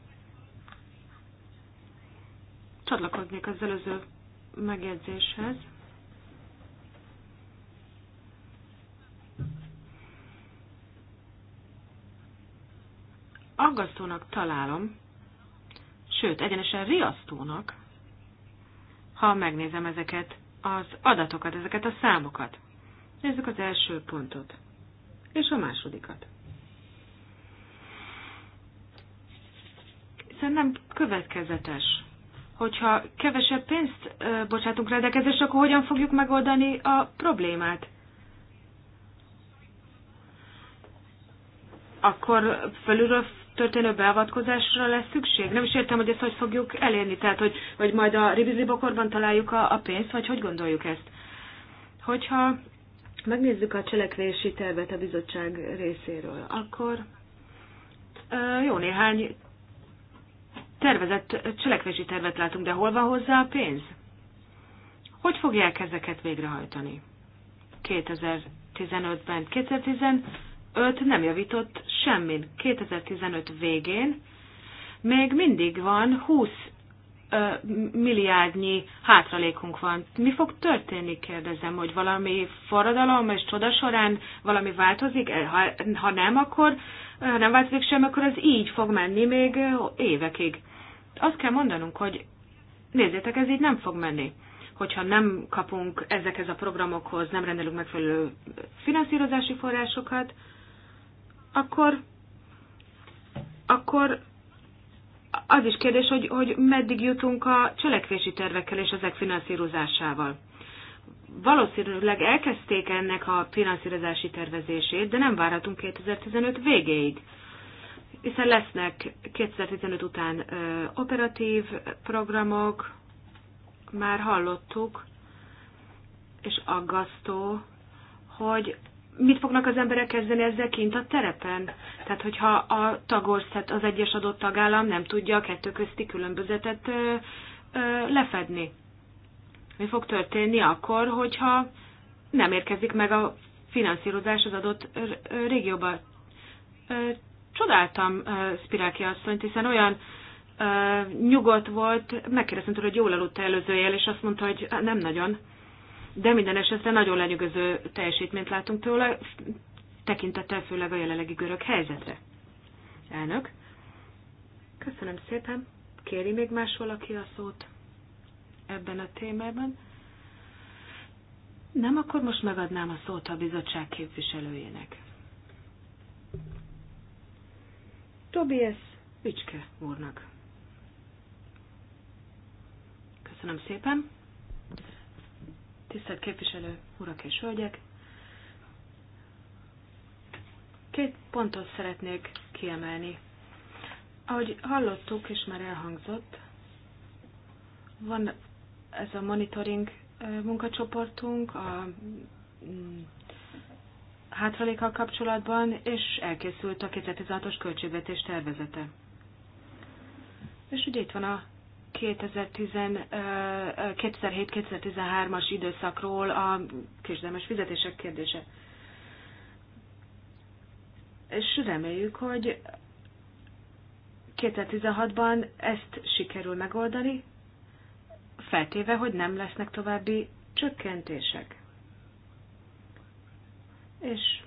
Csatlakoznék az előző megjegyzéshez. Aggasztónak találom, sőt, egyenesen riasztónak, ha megnézem ezeket az adatokat, ezeket a számokat. Nézzük az első pontot, és a másodikat. nem következetes hogyha kevesebb pénzt ö, bocsátunk rendelkezésre, akkor hogyan fogjuk megoldani a problémát? Akkor fölülről történő beavatkozásra lesz szükség? Nem is értem, hogy ezt hogy fogjuk elérni, tehát hogy, hogy majd a ribizlibokorban találjuk a, a pénzt, vagy hogy gondoljuk ezt? Hogyha megnézzük a cselekvési tervet a bizottság részéről, akkor jó néhány tervezett cselekvési tervet látunk, de hol van hozzá a pénz? Hogy fogják ezeket végrehajtani? 2015-ben. 2015 nem javított semmin. 2015 végén még mindig van 20 ö, milliárdnyi hátralékunk van. Mi fog történni, kérdezem, hogy valami forradalom és csoda során valami változik? E, ha, ha nem, akkor ha nem változik sem, akkor ez így fog menni még évekig azt kell mondanunk, hogy nézzétek, ez így nem fog menni. Hogyha nem kapunk ezekhez a programokhoz, nem rendelünk megfelelő finanszírozási forrásokat, akkor, akkor az is kérdés, hogy, hogy meddig jutunk a cselekvési tervekkel és ezek finanszírozásával. Valószínűleg elkezdték ennek a finanszírozási tervezését, de nem várhatunk 2015 végéig hiszen lesznek 2015 után operatív programok, már hallottuk, és aggasztó, hogy mit fognak az emberek kezdeni ezzel kint a terepen? Tehát, hogyha a tagország, az egyes adott tagállam nem tudja a kettő közti különbözetet ö, ö, lefedni. Mi fog történni akkor, hogyha nem érkezik meg a finanszírozás az adott régióba? csodáltam Spiráki asszonyt, hiszen olyan nyugodt volt, megkérdeztem tőle, hogy jól aludt előző él, és azt mondta, hogy nem nagyon. De minden esetre nagyon lenyűgöző teljesítményt látunk tőle, tekintettel főleg a jelenlegi görög helyzetre. Elnök. Köszönöm szépen. Kéri még más valaki a szót ebben a témában? Nem, akkor most megadnám a szót a bizottság képviselőjének. Tobias Vicske úrnak. Köszönöm szépen. Tisztelt képviselő urak és hölgyek! Két pontot szeretnék kiemelni. Ahogy hallottuk, és már elhangzott, van ez a monitoring eh, munkacsoportunk, a mm, hátralékkal kapcsolatban, és elkészült a 2016-os költségvetés tervezete. És ugye itt van a 2007-2013-as időszakról a kisdemes fizetések kérdése. És reméljük, hogy 2016-ban ezt sikerül megoldani, feltéve, hogy nem lesznek további csökkentések és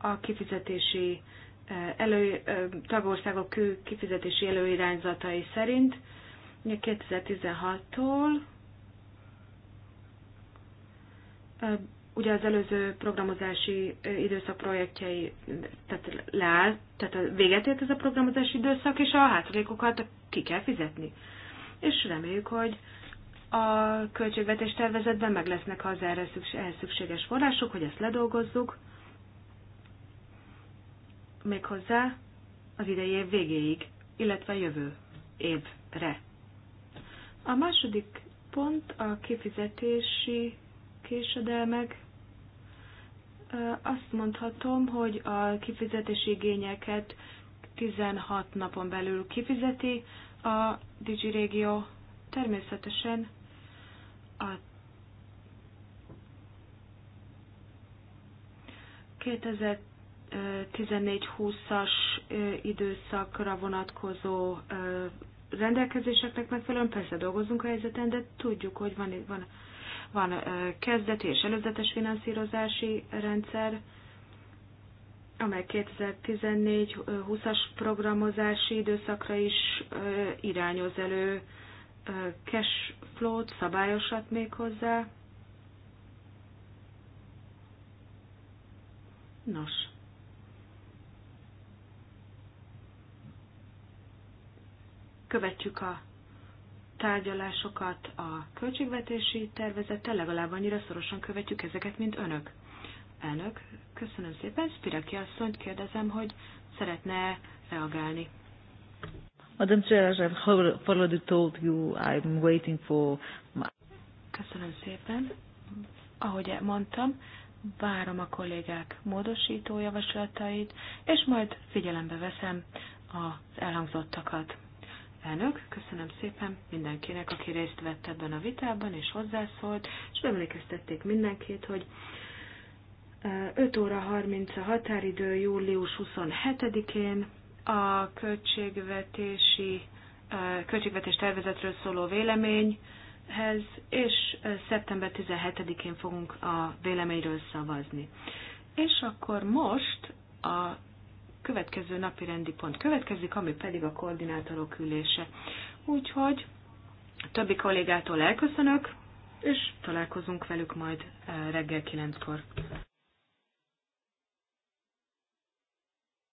a kifizetési eh, elő, eh, tagországok kifizetési előirányzatai szerint 2016-tól eh, ugye az előző programozási időszak projektjei tehát leáll, tehát véget ért ez a programozási időszak, és a hátralékokat ki kell fizetni. És reméljük, hogy a költségvetés tervezetben meg lesznek az erre szükség, ehhez szükséges források, hogy ezt ledolgozzuk, méghozzá az idei év végéig, illetve a jövő évre. A második pont a kifizetési késedelmek. Azt mondhatom, hogy a kifizetési igényeket 16 napon belül kifizeti a Digi Régió természetesen a 2014-20-as időszakra vonatkozó rendelkezéseknek megfelelően persze dolgozunk a helyzeten, de tudjuk, hogy van, van, van kezdeti és előzetes finanszírozási rendszer, amely 2014-20-as programozási időszakra is irányoz elő cash workflow szabályosat még hozzá. Nos. Követjük a tárgyalásokat a költségvetési tervezettel, legalább annyira szorosan követjük ezeket, mint önök. Elnök, köszönöm szépen. Spiraki asszonyt kérdezem, hogy szeretne reagálni. Madam Chair, as I've already told you, I'm waiting for... Köszönöm szépen. Ahogy mondtam, várom a kollégák módosító javaslatait, és majd figyelembe veszem az elhangzottakat. Elnök, köszönöm szépen mindenkinek, aki részt vett ebben a vitában, és hozzászólt, és emlékeztették mindenkit, hogy 5 óra 30 a határidő július 27-én, a költségvetési eh, költségvetés tervezetről szóló véleményhez, és eh, szeptember 17-én fogunk a véleményről szavazni. És akkor most a következő napi rendi pont következik, ami pedig a koordinátorok ülése. Úgyhogy a többi kollégától elköszönök, és találkozunk velük majd eh, reggel 9-kor.